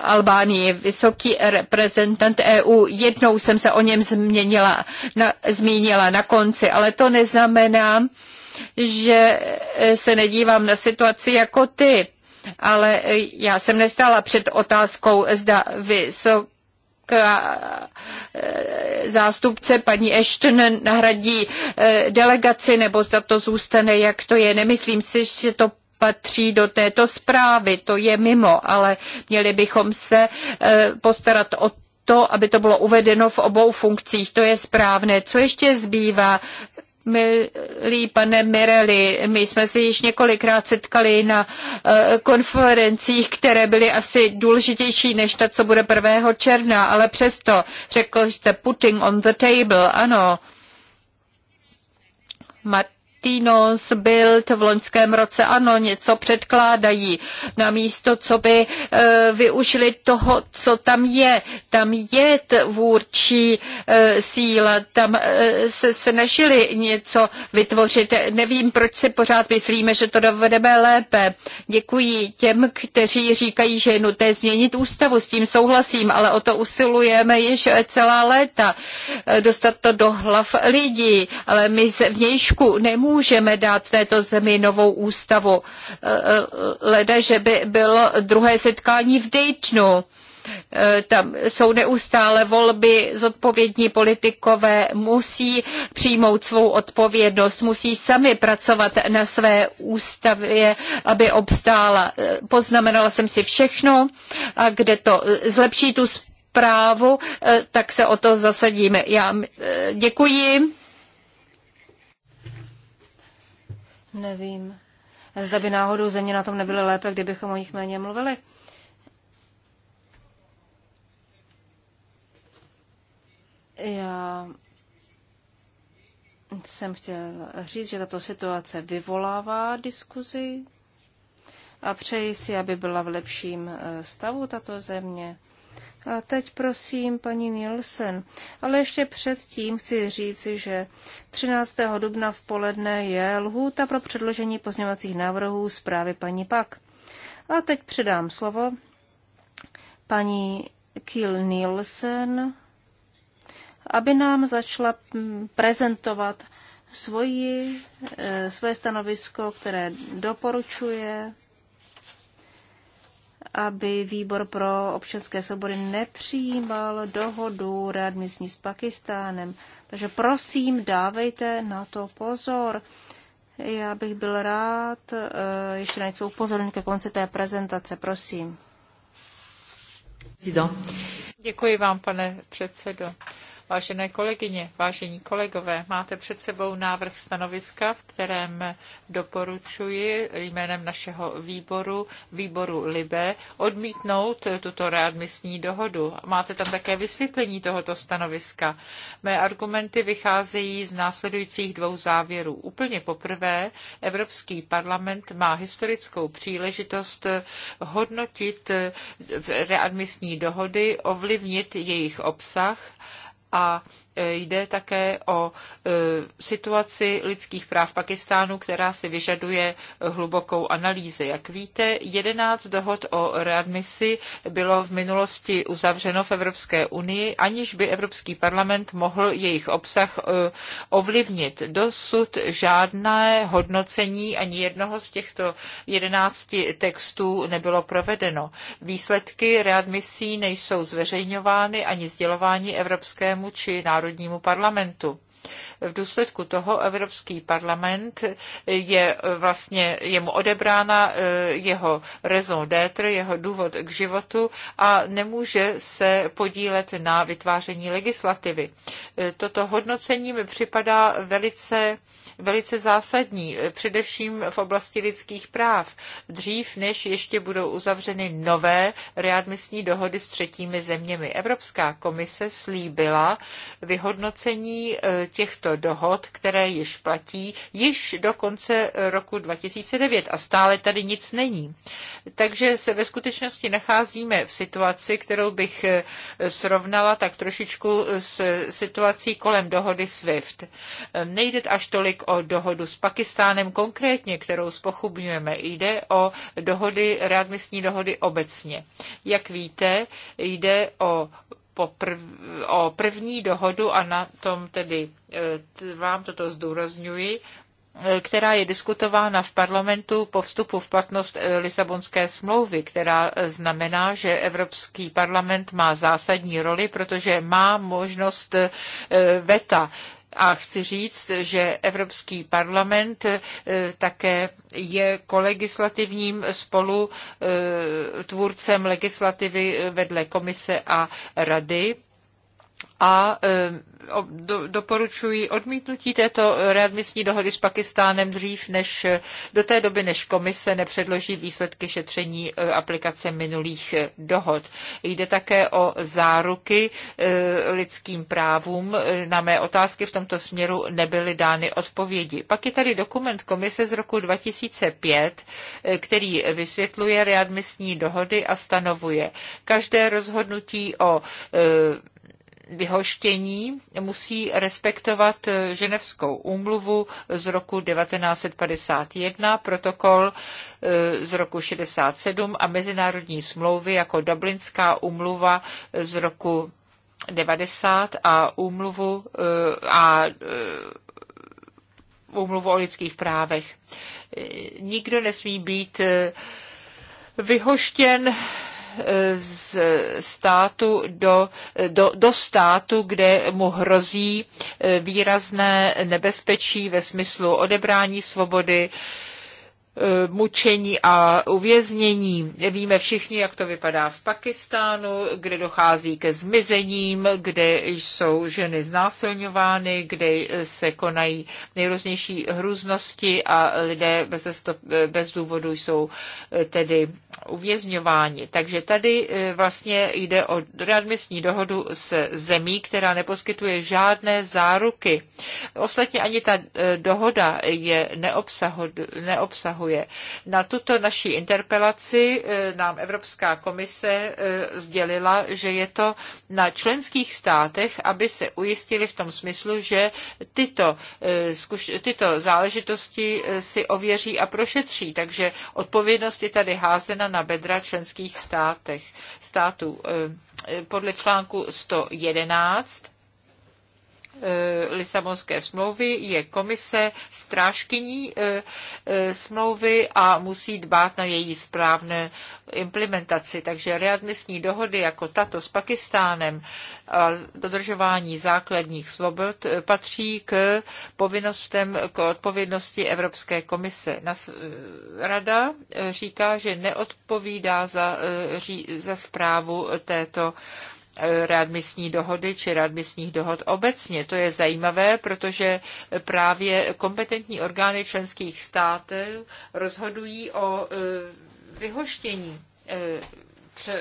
Albánii. Vysoký reprezentant EU, jednou jsem se o něm změnila, na, zmínila na konci, ale to neznamená, že eh, se nedívám na situaci jako ty, ale eh, já jsem nestála před otázkou, zda vy, eh, zástupce paní Ashton nahradí delegaci, nebo zda to zůstane, jak to je. Nemyslím si, že to patří do této zprávy, to je mimo, ale měli bychom se postarat o to, aby to bylo uvedeno v obou funkcích, to je správné. Co ještě zbývá? Milý pane Mireli, my jsme se již několikrát setkali na eh, konferencích, které byly asi důležitější než ta, co bude 1. června, ale přesto řekl jste putting on the table, ano. Mat- Tinos Bild v loňském roce, ano, něco předkládají, na místo, co by e, využili toho, co tam je. Tam je tvůrčí e, síla, tam e, se snažili něco vytvořit. Nevím, proč si pořád myslíme, že to dovedeme lépe. Děkuji těm, kteří říkají, že je nuté změnit ústavu, s tím souhlasím, ale o to usilujeme již celá léta. Dostat to do hlav lidí, ale my z vnějšku nemůžeme nemůžeme dát této zemi novou ústavu. Eh, eh, leda, že by bylo druhé setkání v Dejtnu. Eh, tam jsou neustále volby, zodpovědní politikové musí přijmout svou odpovědnost, musí sami pracovat na své ústavě, aby obstála. Poznamenala jsem si všechno a kde to zlepší tu zprávu, tak se o to zasadíme. Já děkuji. Nevím. Zda by náhodou země na tom nebyly lépe, kdybychom o nich méně mluvili. Já jsem chtěl říct, že tato situace vyvolává diskuzi a přeji si, aby byla v lepším eh, stavu tato země. A teď prosím paní Nielsen. Ale ještě předtím chci říci, že 13. dubna v poledne je lhůta pro předložení pozněvacích návrhů zprávy paní Pak. A teď předám slovo paní Kil Nielsen, aby nám začala prezentovat svoji, eh, svoje stanovisko, které doporučuje aby výbor pro občanské svobody nepřijímal dohodu readmisní s Pakistánem. Takže prosím, dávejte na to pozor. Já bych byl rád, eh, ještě na něco upozornit ke konci té prezentace, prosím. Děkuji vám, pane předsedo. Vážené kolegyně, vážení kolegové, máte před sebou návrh stanoviska, v kterém doporučuji jménem našeho výboru, výboru LIBE, odmítnout tuto readmisní dohodu. Máte tam také vysvětlení tohoto stanoviska. Mé argumenty vycházejí z následujících dvou závěrů. Úplně poprvé, Evropský parlament má historickou příležitost hodnotit readmisní dohody, ovlivnit jejich obsah, a jde také o e, situaci lidských práv Pakistánu, která si vyžaduje hlubokou analýzu. Jak víte, 11 dohod o readmisi bylo v minulosti uzavřeno v Evropské unii, aniž by Evropský parlament mohl jejich obsah e, ovlivnit. Dosud žádné hodnocení ani jednoho z těchto 11 textů nebylo provedeno. Výsledky readmisí nejsou zveřejňovány ani sdělování Evropskému či národnímu Národnímu parlamentu. V důsledku toho Evropský parlament je vlastně jemu odebrána eh, jeho raison d'être, jeho důvod k životu a nemůže se podílet na vytváření legislativy. Eh, toto hodnocení mi připadá velice velice zásadní, eh, především v oblasti lidských práv, dřív než ještě budou uzavřeny nové readmisní dohody s třetími zeměmi. Evropská komise slíbila vyhodnocení těchto dohod, které již platí, již do konce roku 2009 a stále tady nic není. Takže se ve skutečnosti nacházíme v situaci, kterou bych eh, srovnala tak trošičku s situací kolem dohody SWIFT. Ehm, nejde až tolik o dohodu s Pakistánem konkrétně, kterou spochubňujeme. Jde o dohody, readmisní dohody obecně. Jak víte, jde o poprv, o první dohodu a na tom tedy e, vám toto zdůrazňuji, e, která je diskutována v parlamentu po vstupu v platnost e, Lisabonské smlouvy, která znamená, že Evropský parlament má zásadní roli, protože má možnost veta a chci říct, že Evropský parlament eh, také je kolegislativním spolu eh, tvůrcem legislativy eh, vedle komise a rady a eh, do, doporučují odmítnutí této readmisní dohody s Pakistánem dřív než eh, do té doby, než komise nepředloží výsledky šetření eh, aplikace minulých dohod. Jde také o záruky lidským právům. Na mé otázky v tomto směru nebyly dány odpovědi. Pak je tady dokument komise z roku 2005, který vysvětluje readmisní dohody a stanovuje každé rozhodnutí o vyhoštění musí respektovat eh, ženevskou úmluvu z roku 1951, protokol eh, z roku 67 a mezinárodní smlouvy jako Dublinská úmluva eh, z roku 90 a úmluvu a úmluvu o lidských právech. Nikdo nesmí být vyhoštěn z státu do, do, do státu, kde mu hrozí eh, výrazné nebezpečí ve smyslu odebrání svobody, Eh, mučení a uvěznění. Víme všichni, jak to vypadá v Pakistánu, kde dochází ke zmizením, kde jsou ženy znásilňovány, kde se konají nejrůznější hrůznosti a lidé bez, stop, bez důvodu jsou eh, tedy uvězňováni. Takže tady eh, vlastně jde o readmisní dohodu s zemí, která neposkytuje žádné záruky. Ostatně ani ta dohoda je neobsahuje neobsahu obsahuje. Na tuto naší interpelaci eh, nám Evropská komise eh, sdělila, že je to na členských státech, aby se ujistili v tom smyslu, že tyto, eh, tyto záležitosti si ověří a prošetří. Takže odpovědnost je tady házena na bedra členských státech, států. Podle článku 111 Eh, Lisabonské smlouvy je komise strážkyní eh, eh, smlouvy a musí dbát na její správné implementaci. Takže readmisní dohody jako tato s Pakistánem a dodržování základních svobod patří k povinnostem, k odpovědnosti Evropské komise. Rada říká, že neodpovídá za, za zprávu této readmisní dohody či readmisních dohod obecně. To je zajímavé, protože právě kompetentní orgány členských států rozhodují o e, vyhoštění e, e,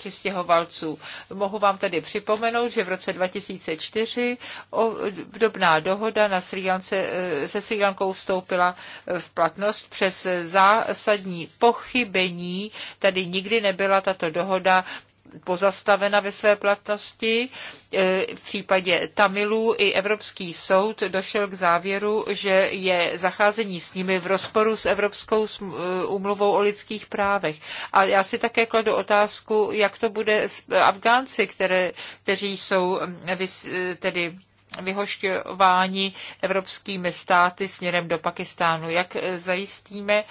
přistěhovalců. Mohu vám tedy připomenout, že v roce 2004 obdobná dohoda na Sri Lance, eh, se Sri Lankou vstoupila eh, v platnost přes zásadní pochybení. Tady nikdy nebyla tato dohoda pozastavena ve své platnosti. E, v případě Tamilů i Evropský soud došel k závěru, že je zacházení s nimi v rozporu s Evropskou e, úmluvou o lidských právech. A já si také kladu otázku, jak to bude s Afgánci, které, kteří jsou e, tedy vyhošťováni evropskými státy směrem do Pakistánu. Jak zajistíme,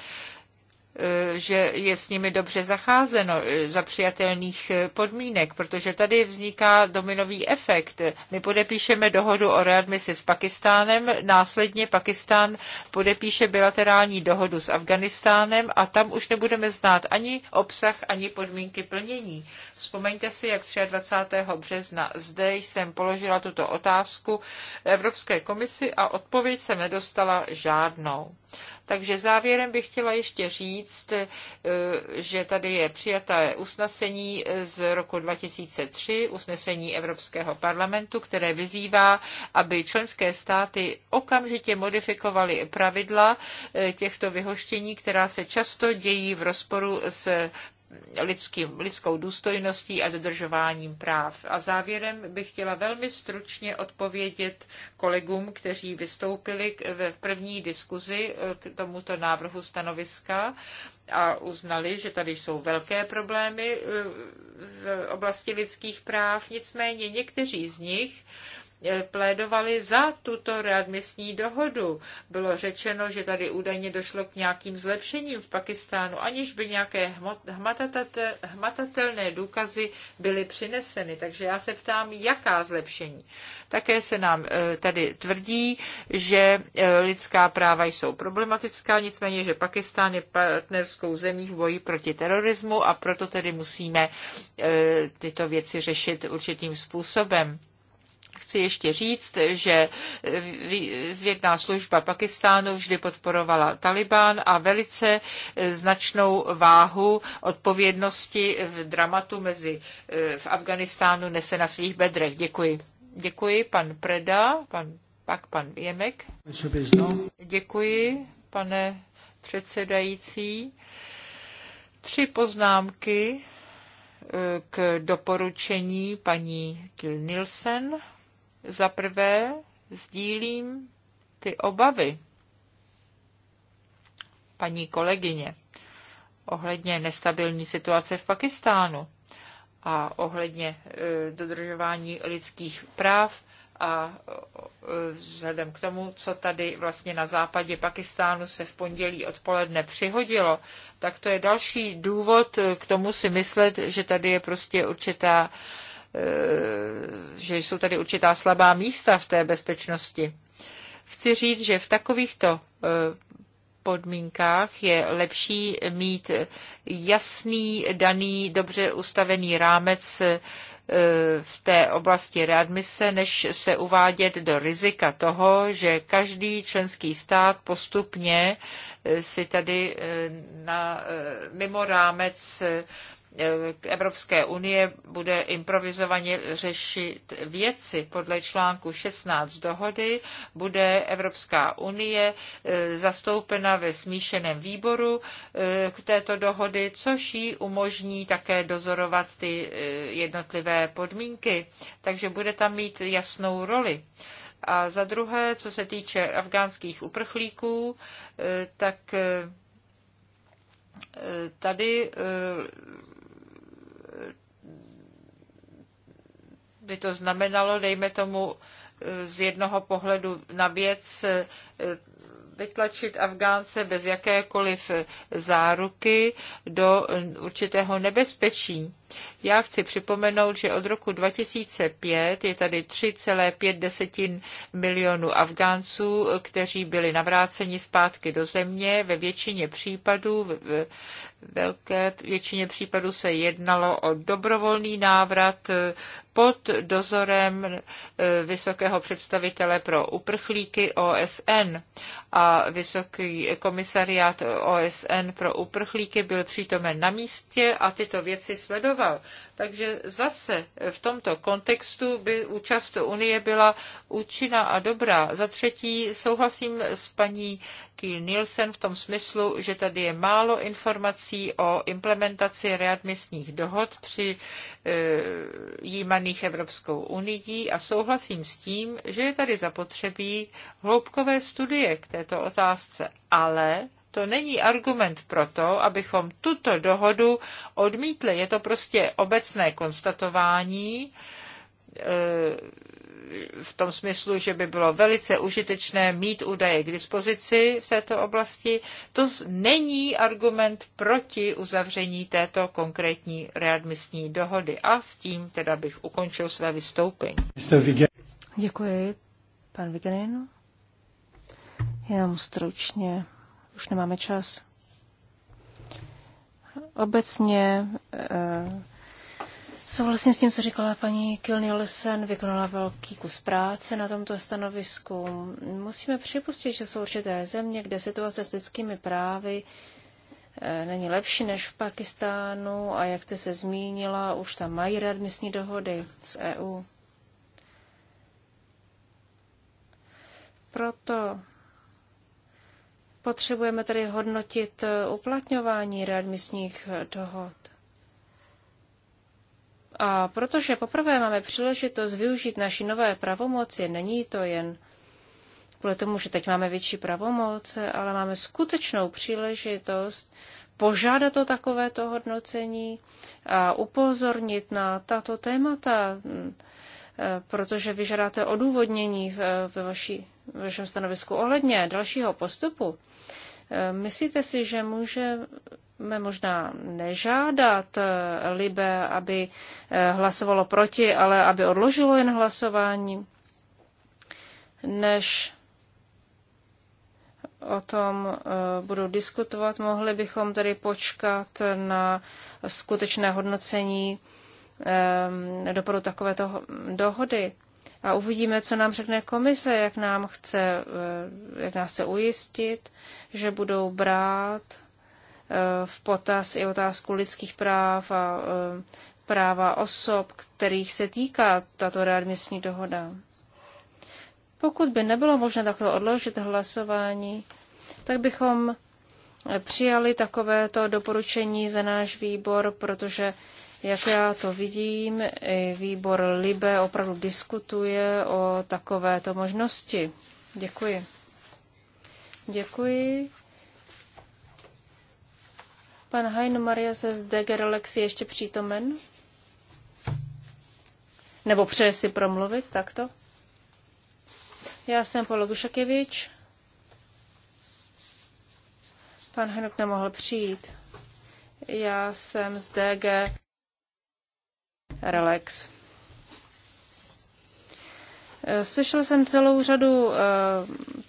Eh, že je s nimi dobře zacházeno eh, za přijatelných eh, podmínek, protože tady vzniká dominový efekt. My podepíšeme dohodu o readmisi s Pakistánem, následně Pakistán podepíše bilaterální dohodu s Afganistánem a tam už nebudeme znát ani obsah, ani podmínky plnění. Vzpomeňte si, jak 23. března zde jsem položila tuto otázku Evropské komisi a odpověď jsem nedostala žádnou. Takže závěrem bych chtěla ještě říct, eh, že tady je přijaté usnesení z roku 2003, usnesení Evropského parlamentu, které vyzývá, aby členské státy okamžitě modifikovaly pravidla eh, těchto vyhoštění, která se často dějí v rozporu s lidskou důstojností a dodržováním práv. A závěrem bych chtěla velmi stručně odpovědět kolegům, kteří vystoupili v první diskuzi eh, k tomuto návrhu stanoviska a uznali, že tady jsou velké problémy v eh, oblasti lidských práv. Nicméně někteří z nich Eh, plédovali za tuto readmisní dohodu. Bylo řečeno, že tady údajně došlo k nějakým zlepšením v Pakistánu, aniž by nějaké hmatatelné důkazy byly přineseny. Takže já se ptám, jaká zlepšení. Také se nám eh, tady tvrdí, že eh, lidská práva jsou problematická, nicméně, že Pakistán je partnerskou zemí v boji proti terorismu a proto tedy musíme tyto věci řešit určitým způsobem chci ještě říct, že eh, zvědná služba Pakistánu vždy podporovala Taliban a velice eh, značnou váhu odpovědnosti v dramatu mezi eh, v Afganistánu nese na svých bedrech. Děkuji. Děkuji, pan Preda, pan, pak pan Jemek. Děkuji, pane předsedající. Tři poznámky k doporučení paní Nilsen. Za prvé sdílím ty obavy paní kolegyně ohledně nestabilní situace v Pakistánu a ohledně e, dodržování lidských práv a e, vzhledem k tomu, co tady vlastně na západě Pakistánu se v pondělí odpoledne přihodilo, tak to je další důvod e, k tomu si myslet, že tady je prostě určitá Eh, že jsou tady určitá slabá místa v té bezpečnosti. Chci říct, že v takovýchto eh, podmínkách je lepší mít jasný, daný, dobře ustavený rámec eh, v té oblasti readmise, než se uvádět do rizika toho, že každý členský stát postupně si tady na, mimo rámec Evropské unie bude improvizovaně řešit věci podle článku 16 dohody, bude Evropská unie e, zastoupena ve smíšeném výboru e, k této dohody, což jí umožní také dozorovat ty e, jednotlivé podmínky. Takže bude tam mít jasnou roli. A za druhé, co se týče afgánských uprchlíků, tak tady by to znamenalo, dejme tomu, z jednoho pohledu na věc eh, vytlačit Afgánce bez jakékoliv eh, záruky do eh, určitého nebezpečí. Já chci připomenout, že od roku 2005 je tady 3,5 milionů Afgánců, kteří byli navráceni zpátky do země. Ve většině případů, v velké většině případů se jednalo o dobrovolný návrat pod dozorem eh, vysokého představitele pro uprchlíky OSN a vysoký komisariát OSN pro uprchlíky byl přítomen na místě a tyto věci sledoval trval. Takže zase v tomto kontextu by účast Unie byla účinná a dobrá. Za třetí souhlasím s paní Kiel Nielsen v tom smyslu, že tady je málo informací o implementaci readmisních dohod při e, jímaných Evropskou unii a souhlasím s tím, že je tady zapotřebí hloubkové studie k této otázce. Ale to není argument pro to, abychom tuto dohodu odmítli. Je to prostě obecné konstatování eh, v tom smyslu, že by bylo velice užitečné mít údaje k dispozici v této oblasti. To není argument proti uzavření této konkrétní readmisní dohody. A s tím teda bych ukončil své vystoupení. Děkuji. Pan Vigenin? Jenom stručně už nemáme čas. Obecně eh, souhlasím s tím, co říkala paní Kilnielsen, vykonala velký kus práce na tomto stanovisku. Musíme připustit, že jsou určité země, kde situace s lidskými právy eh, není lepší než v Pakistánu a jak jste se zmínila, už tam mají readmisní dohody s EU. Proto Potřebujeme tedy hodnotit eh, uplatňování readmisních eh, dohod. A protože poprvé máme příležitost využít naši nové pravomoci, není to jen kvůli tomu, že teď máme větší pravomoce, ale máme skutečnou příležitost požádat o takovéto hodnocení a upozornit na tato témata, mm, eh, protože vyžadáte odůvodnění ve vaší v našem stanovisku ohledně dalšího postupu, eh, myslíte si, že můžeme možná nežádat eh, Libe, aby eh, hlasovalo proti, ale aby odložilo jen hlasování, než o tom budou diskutovat. Mohli bychom tedy počkat na skutečné hodnocení dopadu takovéto dohody a uvidíme, co nám řekne komise, jak, nám chce, eh, jak nás chce ujistit, že budou brát eh, v potaz i otázku lidských práv a eh, práva osob, kterých se týká tato readmisní dohoda. Pokud by nebylo možné takto odložit hlasování, tak bychom přijali takovéto doporučení za náš výbor, protože jak já to vidím, výbor Libe opravdu diskutuje o takovéto možnosti. Děkuji. Děkuji. Pan Hein Maria ze Zdegerlex je ještě přítomen? Nebo přeje si promluvit takto? Já jsem Polo Dušakevič. Pan Henok nemohl přijít. Já jsem z DG Relax. Eh, slyšel jsem celou řadu eh,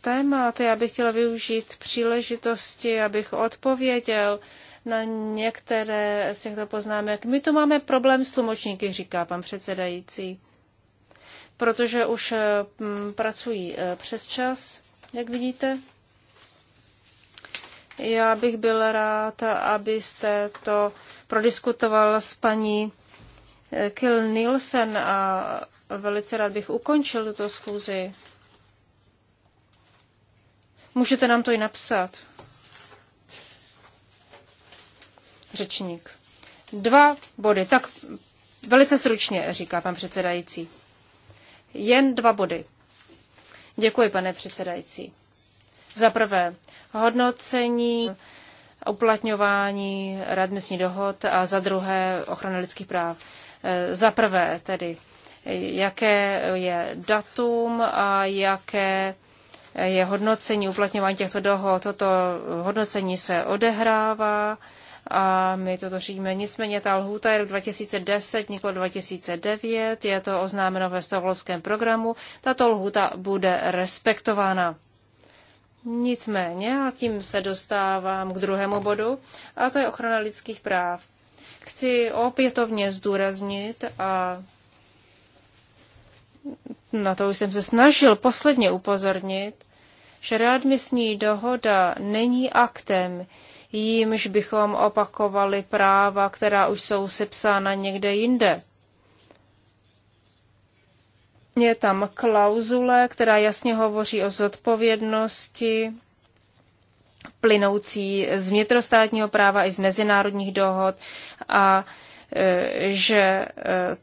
témat. Já bych chtěla využít příležitosti, abych odpověděl na některé z těchto poznámek. My tu máme problém s tlumočníky, říká pan předsedající, protože už eh, pracují přes čas, jak vidíte. Já bych byl rád, abyste to prodiskutoval s paní Kill Nielsen a velice rád bych ukončil tuto schůzi. Můžete nám to i napsat. Řečník. Dva body. Tak velice stručně, říká pan předsedající. Jen dva body. Děkuji, pane předsedající. Za prvé, hodnocení uplatňování radmyslní dohod a za druhé ochrana lidských práv. Eh, za prvé tedy, jaké je datum a jaké je hodnocení uplatňování těchto dohod. Toto hodnocení se odehrává a my toto řídíme. Nicméně ta lhůta je rok 2010, nikoli 2009, je to oznámeno ve stavolovském programu. Tato lhůta bude respektována. Nicméně, a tím se dostávám k druhému bodu, a to je ochrana lidských práv chci opětovně zdůraznit a na to už jsem se snažil posledně upozornit, že readmisní dohoda není aktem, jímž bychom opakovali práva, která už jsou sepsána někde jinde. Je tam klauzule, která jasně hovoří o zodpovědnosti plynoucí z vnitrostátního práva i z mezinárodních dohod a e, že e,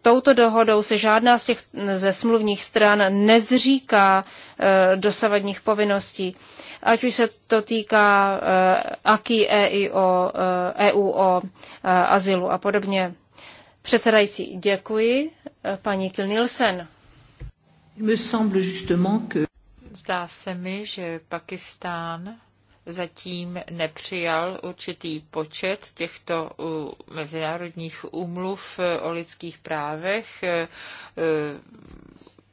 touto dohodou se žádná z těch ze smluvních stran nezříká e, dosavadních povinností. Ať už se to týká AKI, EIO, EU o azylu a podobně. Předsedající, děkuji. Paní Kilnilsen. Zdá se mi, že Pakistán zatím nepřijal určitý počet těchto mezinárodních úmluv eh, o lidských právech, eh, eh,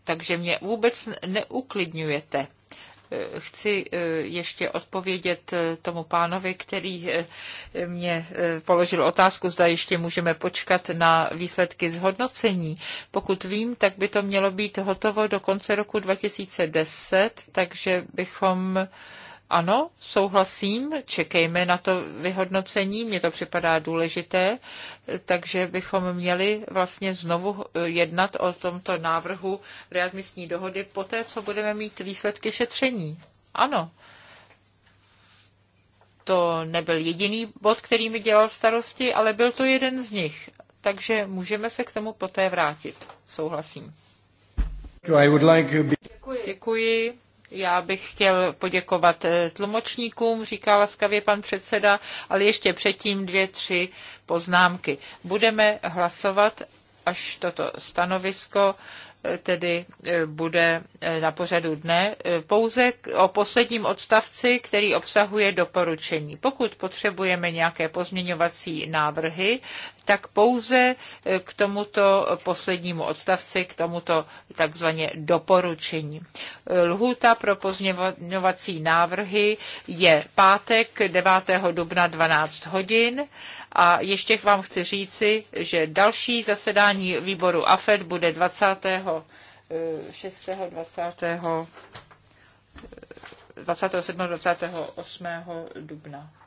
takže mě vůbec neuklidňujete chci ještě odpovědět tomu pánovi, který mě položil otázku, zda ještě můžeme počkat na výsledky zhodnocení. Pokud vím, tak by to mělo být hotovo do konce roku 2010, takže bychom ano, souhlasím, čekejme na to vyhodnocení, mně to připadá důležité, takže bychom měli vlastně znovu eh, jednat o tomto návrhu readmisní dohody poté, co budeme mít výsledky šetření. Ano. To nebyl jediný bod, který mi dělal starosti, ale byl to jeden z nich. Takže můžeme se k tomu poté vrátit. Souhlasím. Děkuji. Děkuji. Já bych chtěl poděkovat eh, tlumočníkům, říká laskavě pan předseda, ale ještě předtím dvě, tři poznámky. Budeme hlasovat, až toto stanovisko eh, tedy eh, bude na pořadu dne, pouze o posledním odstavci, který obsahuje doporučení. Pokud potřebujeme nějaké pozměňovací návrhy, tak pouze eh, k tomuto poslednímu odstavci, k tomuto takzvaně doporučení. Eh, Lhůta pro pozměňovací návrhy je pátek 9. dubna 12 hodin a ještě vám chci říci, že další zasedání výboru AFED bude 6. 20. 27. 28. dubna.